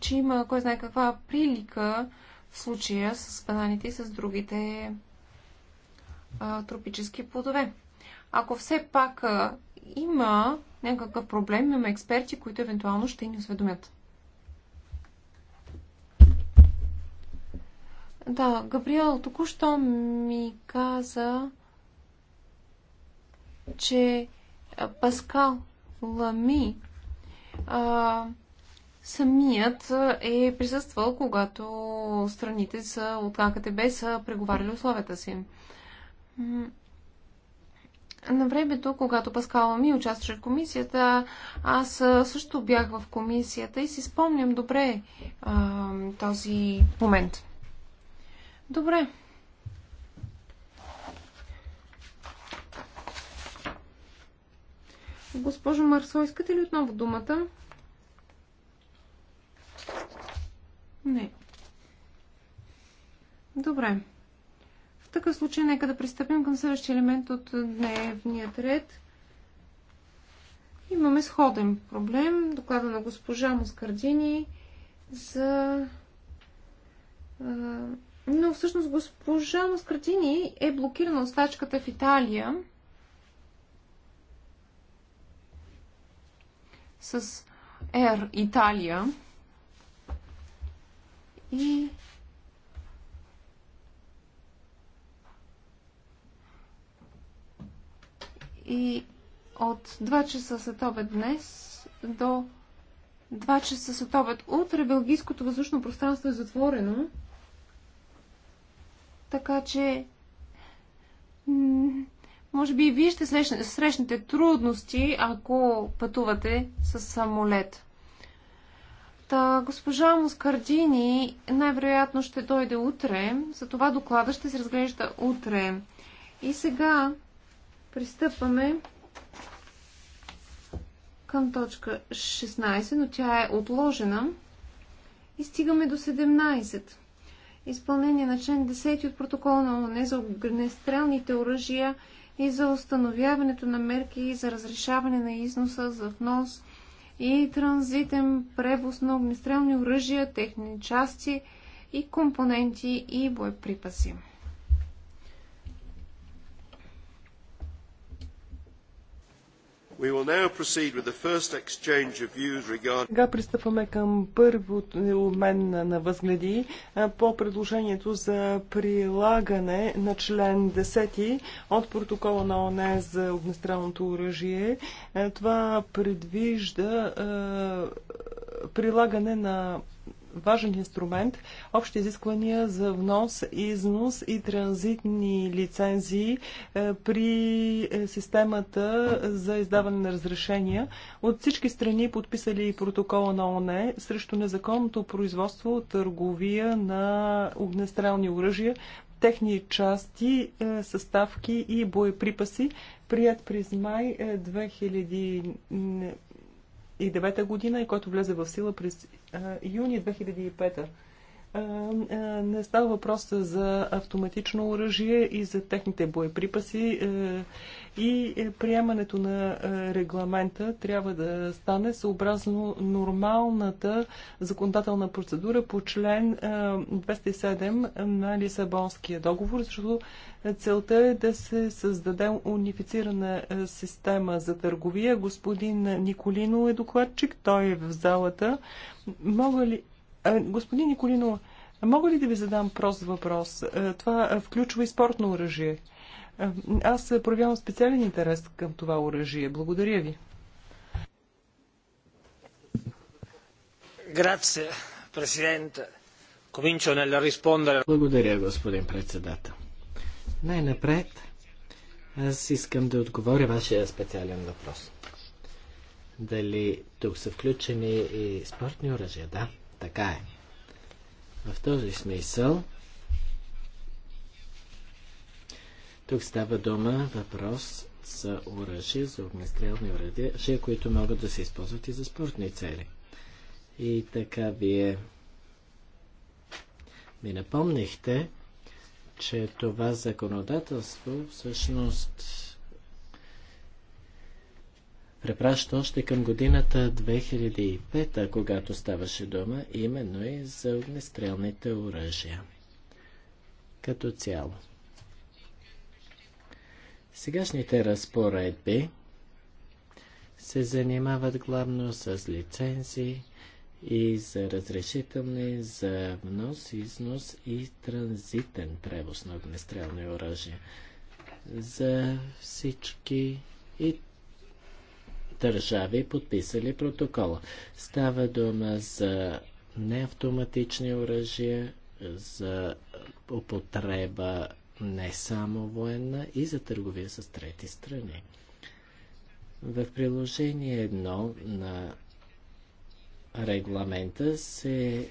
че има кой знае каква прилика в случая с бананите и с другите а, тропически плодове. Ако все пак а, има някакъв проблем, имаме експерти, които евентуално ще ни осведомят. Да, Габриел току-що ми каза, че Паскал Лами а, самият е присъствал, когато страните са, от АКТБ са преговаряли условията си. На времето, когато Паскала ми участваше в комисията, аз също бях в комисията и си спомням добре а, този момент. Добре. Госпожо Марсо, искате ли отново думата? Не. Добре. В такъв случай нека да пристъпим към следващия елемент от дневният ред. Имаме сходен проблем. Доклада на госпожа Москардини за но всъщност госпожа Маскратини е блокирана от стачката в Италия с Air Италия и и от 2 часа след обед днес до 2 часа след обед утре белгийското въздушно пространство е затворено. Така че, може би и вие ще срещнете трудности, ако пътувате с самолет. Та, госпожа Москардини най-вероятно ще дойде утре, за това доклада ще се разглежда утре. И сега пристъпваме към точка 16, но тя е отложена. И стигаме до 17 изпълнение на член 10 от протокола на ОНЕ за огнестрелните оръжия и за установяването на мерки за разрешаване на износа за внос и транзитен превоз на огнестрелни оръжия, техни части и компоненти и боеприпаси. Сега пристъпваме към от обмен на възгледи по предложението за прилагане на член 10 от протокола на ОНЕ за огнестрелното оръжие. Това предвижда прилагане на важен инструмент. Общи изисквания за внос, износ и транзитни лицензии е, при е, системата за издаване на разрешения от всички страни, подписали протокола на ОНЕ срещу незаконното производство, търговия на огнестрелни оръжия, техни части, е, съставки и боеприпаси, прият през май 2000 2009 година и който влезе в сила през юни 2005. Не става въпрос за автоматично оръжие и за техните боеприпаси и е, приемането на е, регламента трябва да стане съобразно нормалната законодателна процедура по член 207 е, на Лисабонския договор, защото целта е да се създаде унифицирана система за търговия. Господин Николино е докладчик, той е в залата. Мога ли... Господин Николино, мога ли да ви задам прост въпрос? Това включва и спортно оръжие. Е, аз проявявам специален интерес към това оръжие. Благодаря ви. Грация, президент. Comincio nel rispondere. Благодаря, господин председател. Най-напред, аз искам да отговоря вашия специален въпрос. Дали тук са включени и спортни оръжия? Да, така е. В този смисъл, Тук става дума въпрос за оръжие, за огнестрелни оръжия, които могат да се използват и за спортни цели. И така вие ми напомнихте, че това законодателство всъщност препраща още към годината 2005, когато ставаше дума именно и за огнестрелните оръжия. Като цяло. Сегашните разпоредби се занимават главно с лицензии и за разрешителни за внос, износ и транзитен превоз на огнестрелни оръжия. За всички и държави, подписали протокола. Става дума за неавтоматични оръжия, за употреба не само военна, и за търговия с трети страни. В приложение 1 на регламента се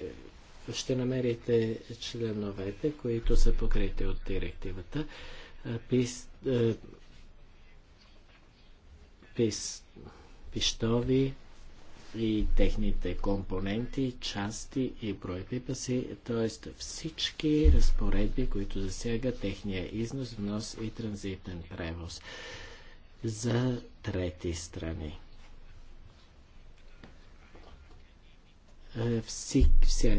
ще намерите членовете, които са покрити от директивата. Пис, пис, пиштови, и техните компоненти, части и боеприпаси, т.е. всички разпоредби, които засягат техния износ, внос и транзитен превоз за трети страни. Е,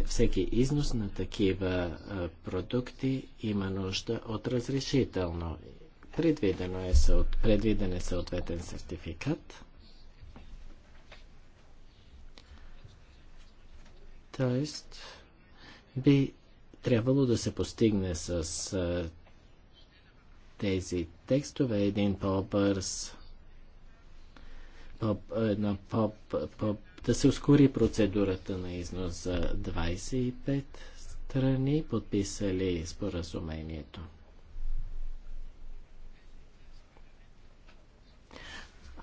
всеки износ на такива е, продукти има нужда от разрешително. Предвидено е, предвиден е съответен сертификат. Тоест, би трябвало да се постигне с тези текстове един по-бърз по, една, по, по, да се ускори процедурата на износ за 25 страни, подписали споразумението.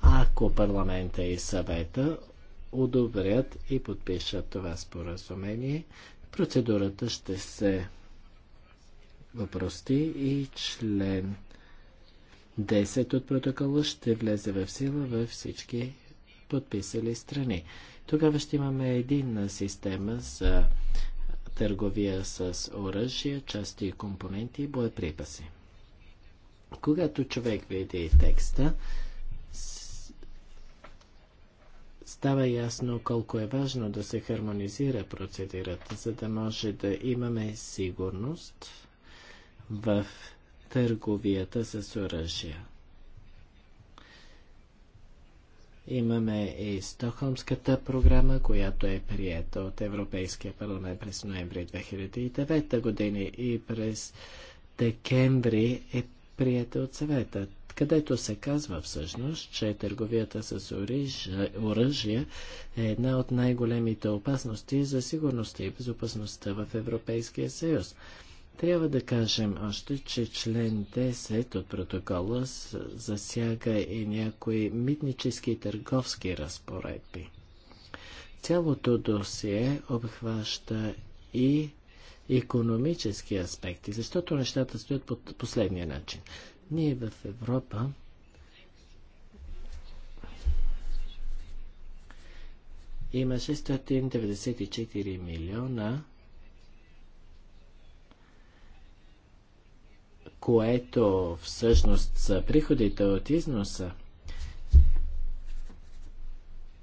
Ако парламента и съвета одобрят и подпишат това споразумение. Процедурата ще се въпрости и член 10 от протокола ще влезе в сила във всички подписали страни. Тогава ще имаме единна система за търговия с оръжия, части и компоненти и боеприпаси. Когато човек види текста, става ясно колко е важно да се хармонизира процедурата, за да може да имаме сигурност в търговията с оръжия. Имаме и Стокхолмската програма, която е приета от Европейския парламент през ноември 2009 години и през декември е приета от съвета където се казва всъщност, че търговията с оръжие е една от най-големите опасности за сигурността и безопасността в Европейския съюз. Трябва да кажем още, че член 10 от протокола засяга и някои митнически и търговски разпоредби. Цялото досие обхваща и економически аспекти, защото нещата стоят по последния начин. Ние в Европа има 694 милиона, което всъщност са приходите от износа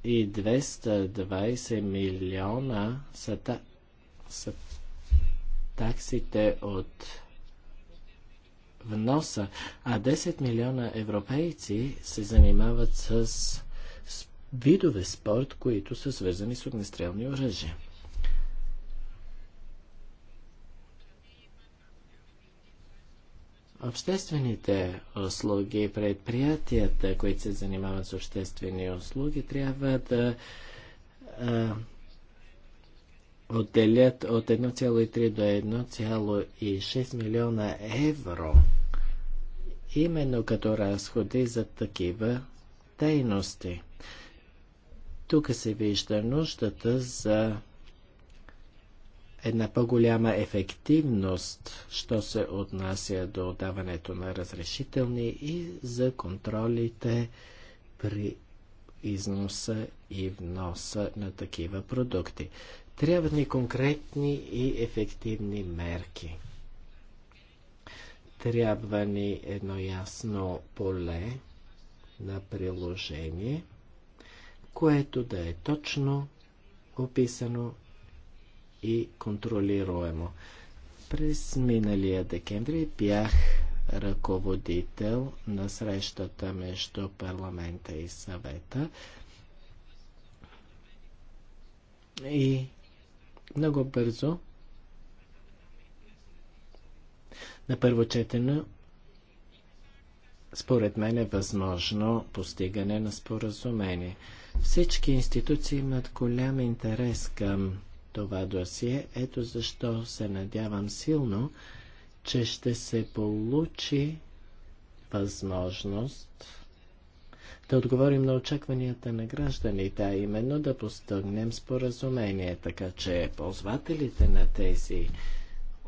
и 220 милиона са, та, са таксите от вноса, а 10 милиона европейци се занимават с видове спорт, които са свързани с огнестрелни оръжия. Обществените услуги, предприятията, които се занимават с обществени услуги, трябва да отделят от 1,3 до 1,6 милиона евро именно като разходи за такива дейности. Тук се вижда нуждата за една по-голяма ефективност, що се отнася до даването на разрешителни и за контролите при износа и вноса на такива продукти. Трябват ни конкретни и ефективни мерки. Трябва ни едно ясно поле на приложение, което да е точно описано и контролируемо. През миналия декември бях ръководител на срещата между парламента и съвета и много бързо на първо четене според мен е възможно постигане на споразумение. Всички институции имат голям интерес към това досие. Ето защо се надявам силно, че ще се получи възможност да отговорим на очакванията на гражданите, а именно да постигнем споразумение, така че ползвателите на тези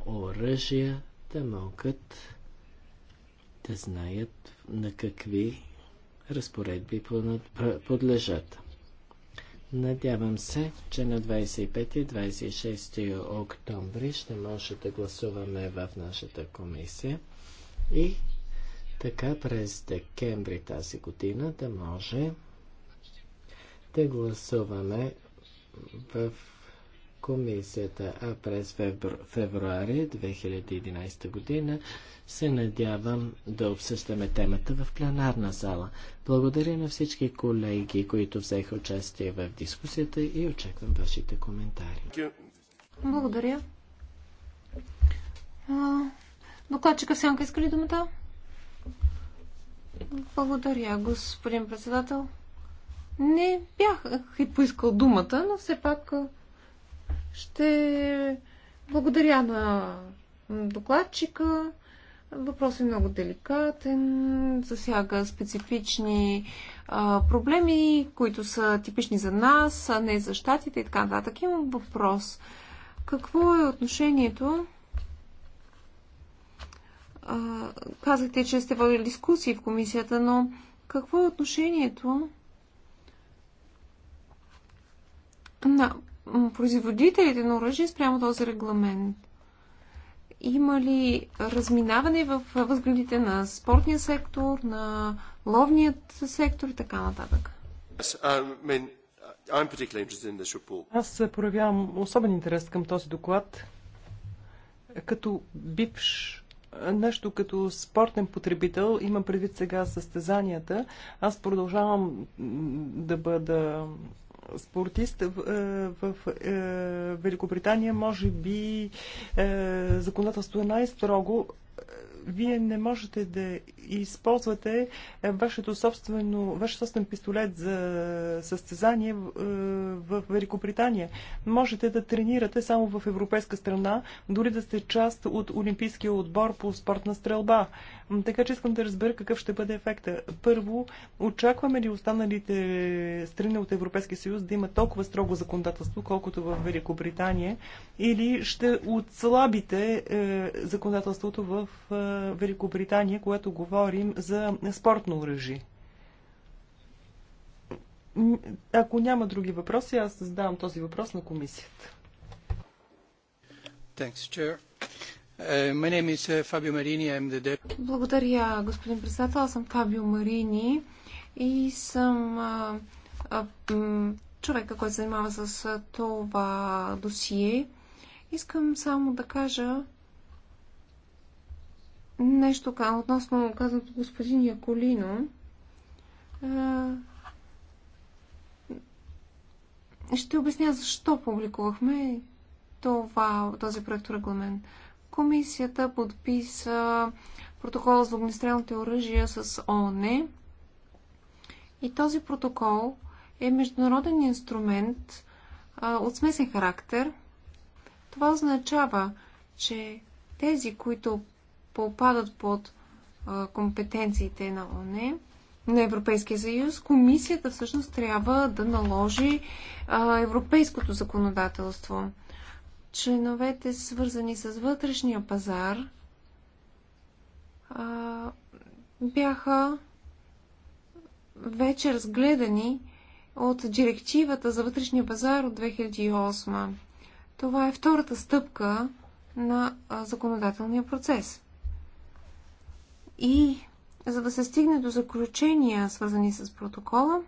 оръжия да могат да знаят на какви разпоредби подлежат. Надявам се, че на 25 и 26 октомври ще може да гласуваме в нашата комисия и така през декември тази година да може да гласуваме в комисията, а през февруари 2011 година се надявам да обсъждаме темата в пленарна зала. Благодаря на всички колеги, които взеха участие в дискусията и очаквам вашите коментари. Благодаря. Докладчика Сянка иска ли думата? Благодаря, господин председател. Не бях и поискал думата, но все пак ще благодаря на докладчика. Въпрос е много деликатен, засяга специфични а, проблеми, които са типични за нас, а не за щатите и така нататък. Имам въпрос. Какво е отношението казахте, че сте водили дискусии в комисията, но какво е отношението на производителите на оръжие спрямо този регламент? Има ли разминаване в възгледите на спортния сектор, на ловният сектор и така нататък? Аз проявявам особен интерес към този доклад. Като бивш нещо като спортен потребител, имам предвид сега състезанията, аз продължавам да бъда спортист в, е, е, Великобритания, може би е, законодателството е най-строго. Вие не можете да използвате е, вашето собствено, ваш собствен пистолет за състезание е, в Великобритания. Можете да тренирате само в европейска страна, дори да сте част от Олимпийския отбор по спортна стрелба. Така че искам да разбера какъв ще бъде ефекта. Първо, очакваме ли останалите страни от Европейския съюз да имат толкова строго законодателство, колкото в Великобритания, или ще отслабите е, законодателството в Великобритания, което говори говорим за спортно оръжие. Ако няма други въпроси, аз задавам този въпрос на комисията. Благодаря, господин председател. Аз съм Фабио Марини и съм човека, който се занимава с това досие. Искам само да кажа, нещо относно казаното господин Яколино. Ще обясня защо публикувахме това, този регламент. Комисията подписа протокол за огнестрелните оръжия с ООН и този протокол е международен инструмент а, от смесен характер. Това означава, че тези, които попадат под компетенциите на ОНЕ, на Европейския съюз, комисията всъщност трябва да наложи а, европейското законодателство. Членовете, свързани с вътрешния пазар, а, бяха вече разгледани от директивата за вътрешния пазар от 2008. Това е втората стъпка на законодателния процес. И за да се стигне до заключения, свързани с протокола,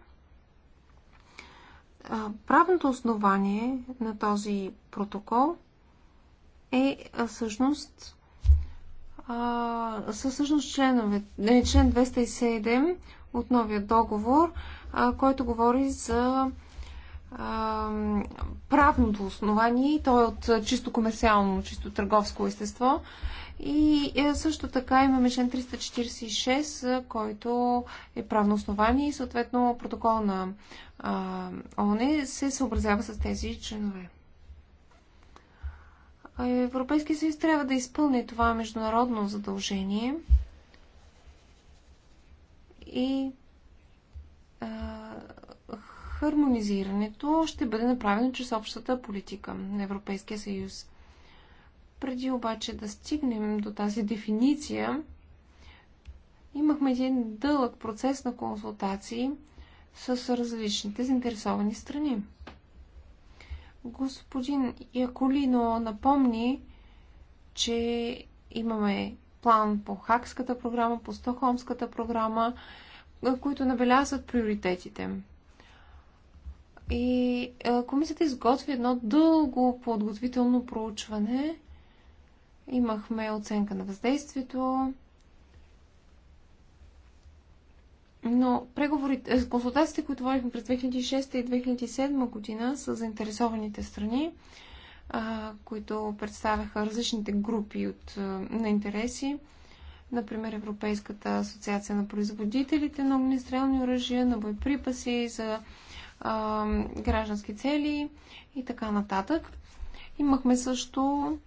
правното основание на този протокол е всъщност със всъщност членове, е, член 207 от новия договор, който говори за правното основание и то е от чисто комерциално, чисто търговско естество. И е, също така имаме член 346, е, който е правно основание и съответно протокол на ОНЕ се съобразява с тези членове. Европейския съюз трябва да изпълни това международно задължение и а, хармонизирането ще бъде направено чрез общата политика на Европейския съюз. Преди обаче да стигнем до тази дефиниция, имахме един дълъг процес на консултации с различните заинтересовани страни. Господин Яколино напомни, че имаме план по Хакската програма, по стохомската програма, които набелязват приоритетите. И комисията изготви едно дълго подготвително проучване Имахме оценка на въздействието. Но преговорите, е, консултациите, които водихме през 2006 и 2007 година с заинтересованите страни, а, които представяха различните групи от, на интереси, например Европейската асоциация на производителите на огнестрелни оръжия, на боеприпаси за а, граждански цели и така нататък. Имахме също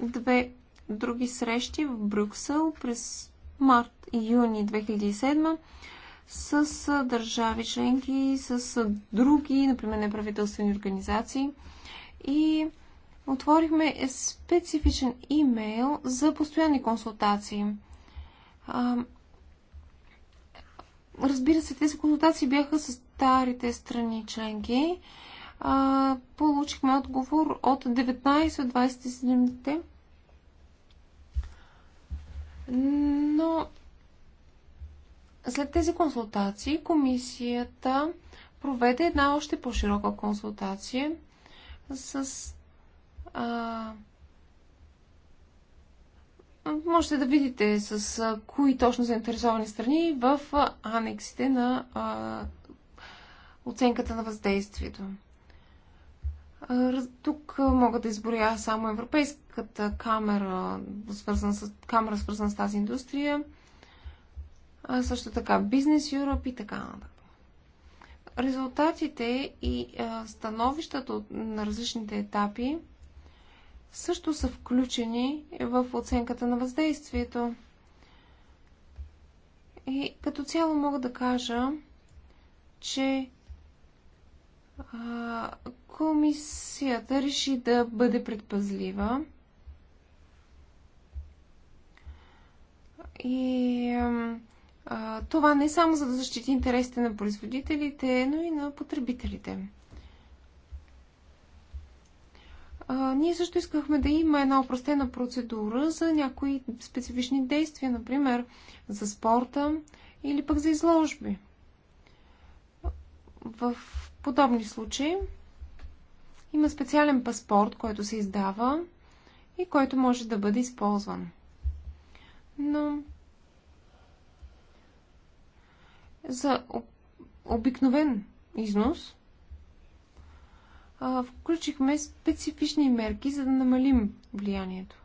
две други срещи в Брюксел през март и юни 2007 с държави членки, с други, например, неправителствени организации. И отворихме специфичен имейл за постоянни консултации. Разбира се, тези консултации бяха с старите страни членки. Получихме отговор от 19 от 27-те но след тези консултации комисията проведе една още по-широка консултация с. А, можете да видите с а, кои точно заинтересовани страни в а, анексите на а, оценката на въздействието. Тук мога да изборя само Европейската камера, свързана с, камера, свързана с тази индустрия, а също така Бизнес Europe и така нататък. Резултатите и становищата на различните етапи също са включени в оценката на въздействието. И като цяло мога да кажа, че Комисията реши да бъде предпазлива и а, това не само за да защити интересите на производителите, но и на потребителите. А, ние също искахме да има една опростена процедура за някои специфични действия, например за спорта или пък за изложби. В подобни случаи има специален паспорт, който се издава и който може да бъде използван. Но за обикновен износ включихме специфични мерки, за да намалим влиянието.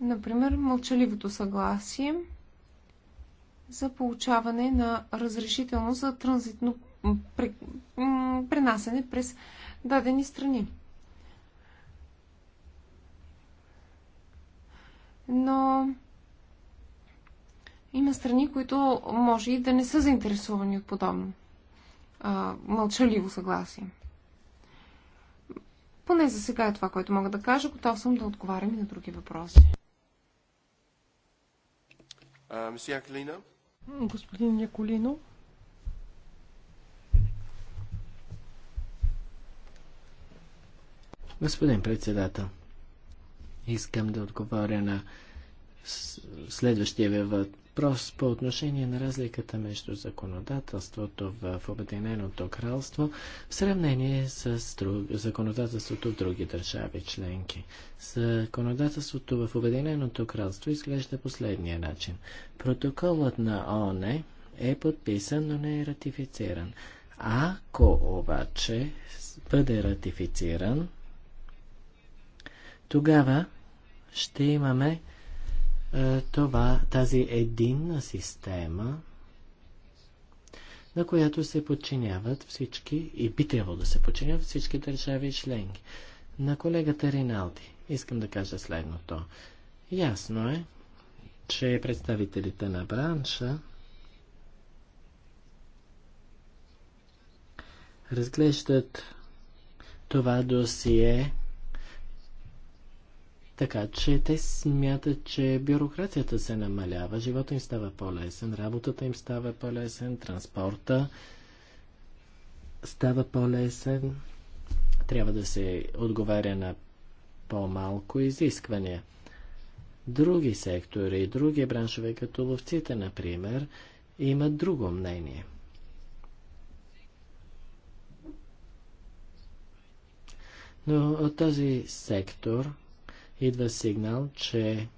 Например, мълчаливото съгласие за получаване на разрешително за транзитно пренасене през дадени страни. Но има страни, които може и да не са заинтересовани от подобно а, мълчаливо съгласие. Поне за сега е това, което мога да кажа. Готов съм да отговарям и на други въпроси. Господин Яколино. Господин председател, искам да отговоря на следващия ви въпрос по отношение на разликата между законодателството в Обединеното кралство в сравнение с друг... законодателството в други държави членки. Законодателството в Обединеното кралство изглежда последния начин. Протоколът на ОНЕ е подписан, но не е ратифициран. Ако обаче бъде ратифициран, тогава ще имаме е, това, тази единна система, на която се подчиняват всички и би трябвало да се подчиняват всички държави и членки. На колегата Риналди искам да кажа следното. Ясно е, че представителите на бранша разглеждат това досие така че те смятат, че бюрокрацията се намалява, живота им става по-лесен, работата им става по-лесен, транспорта става по-лесен, трябва да се отговаря на по-малко изисквания. Други сектори, други браншове, като ловците, например, имат друго мнение. Но от този сектор идва сигнал, че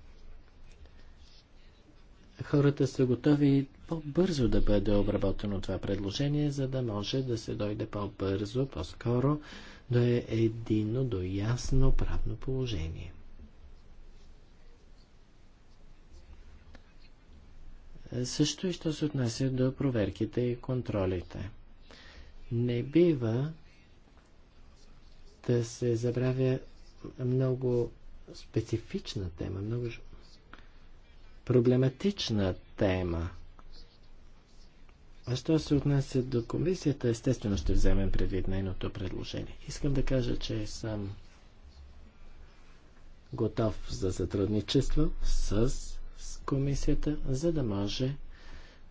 хората са готови по-бързо да бъде обработено това предложение, за да може да се дойде по-бързо, по-скоро до е едино, до ясно правно положение. Също и що се отнася до проверките и контролите. Не бива да се забравя много специфична тема, много проблематична тема. А що се отнася до комисията, естествено ще вземем предвид нейното предложение. Искам да кажа, че съм готов за сътрудничество с комисията, за да може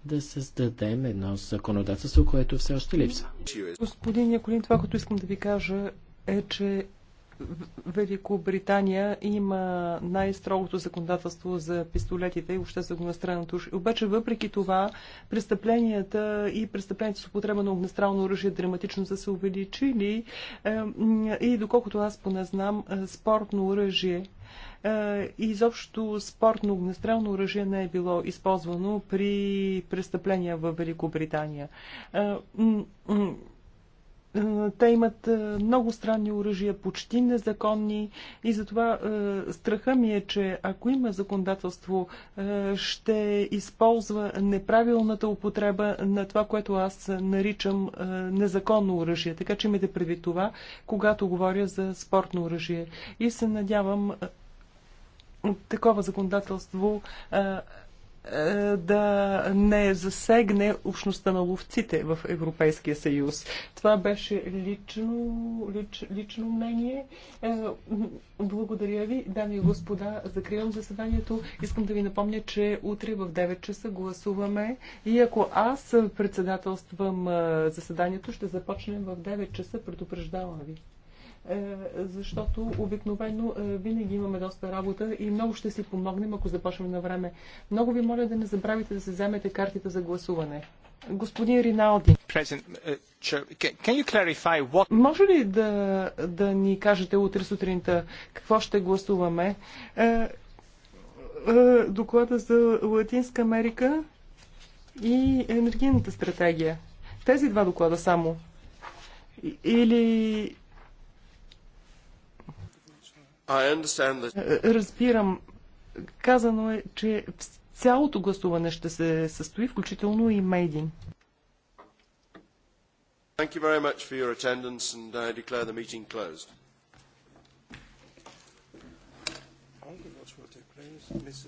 да създадем едно законодателство, което все още липсва. Господин Яколин, това, което искам да ви кажа е, че Великобритания има най-строгото законодателство за пистолетите и въобще за огнестрелното оръжие. Обаче, въпреки това, престъпленията и престъпленията с употреба на огнестрелно оръжие драматично са се увеличили и доколкото аз поне знам, е, спортно оръжие е, изобщо спортно огнестрелно оръжие не е било използвано при престъпления в Великобритания. Е, е, те имат е, много странни оръжия, почти незаконни и затова е, страха ми е, че ако има законодателство, ще използва неправилната употреба на това, което аз наричам незаконно оръжие. Така че имате преди това, когато говоря за спортно оръжие. И се надявам такова законодателство е, да не засегне общността на ловците в Европейския съюз. Това беше лично, лич, лично мнение. Е, благодаря ви, дами и господа. Закривам заседанието. Искам да ви напомня, че утре в 9 часа гласуваме и ако аз председателствам е, заседанието, ще започнем в 9 часа. Предупреждавам ви. Е, защото обикновено е, винаги имаме доста работа и много ще си помогнем, ако започнем на време. Много ви моля да не забравите да се вземете картите за гласуване. Господин Риналди. Uh, Може ли да, да ни кажете утре сутринта какво ще гласуваме? Е, доклада за Латинска Америка и енергийната стратегия. Тези два доклада само. Или е, е, разбирам. Казано е, че цялото гласуване ще се състои, включително и Мейдин. Thank you very much for your attendance and I declare the meeting closed.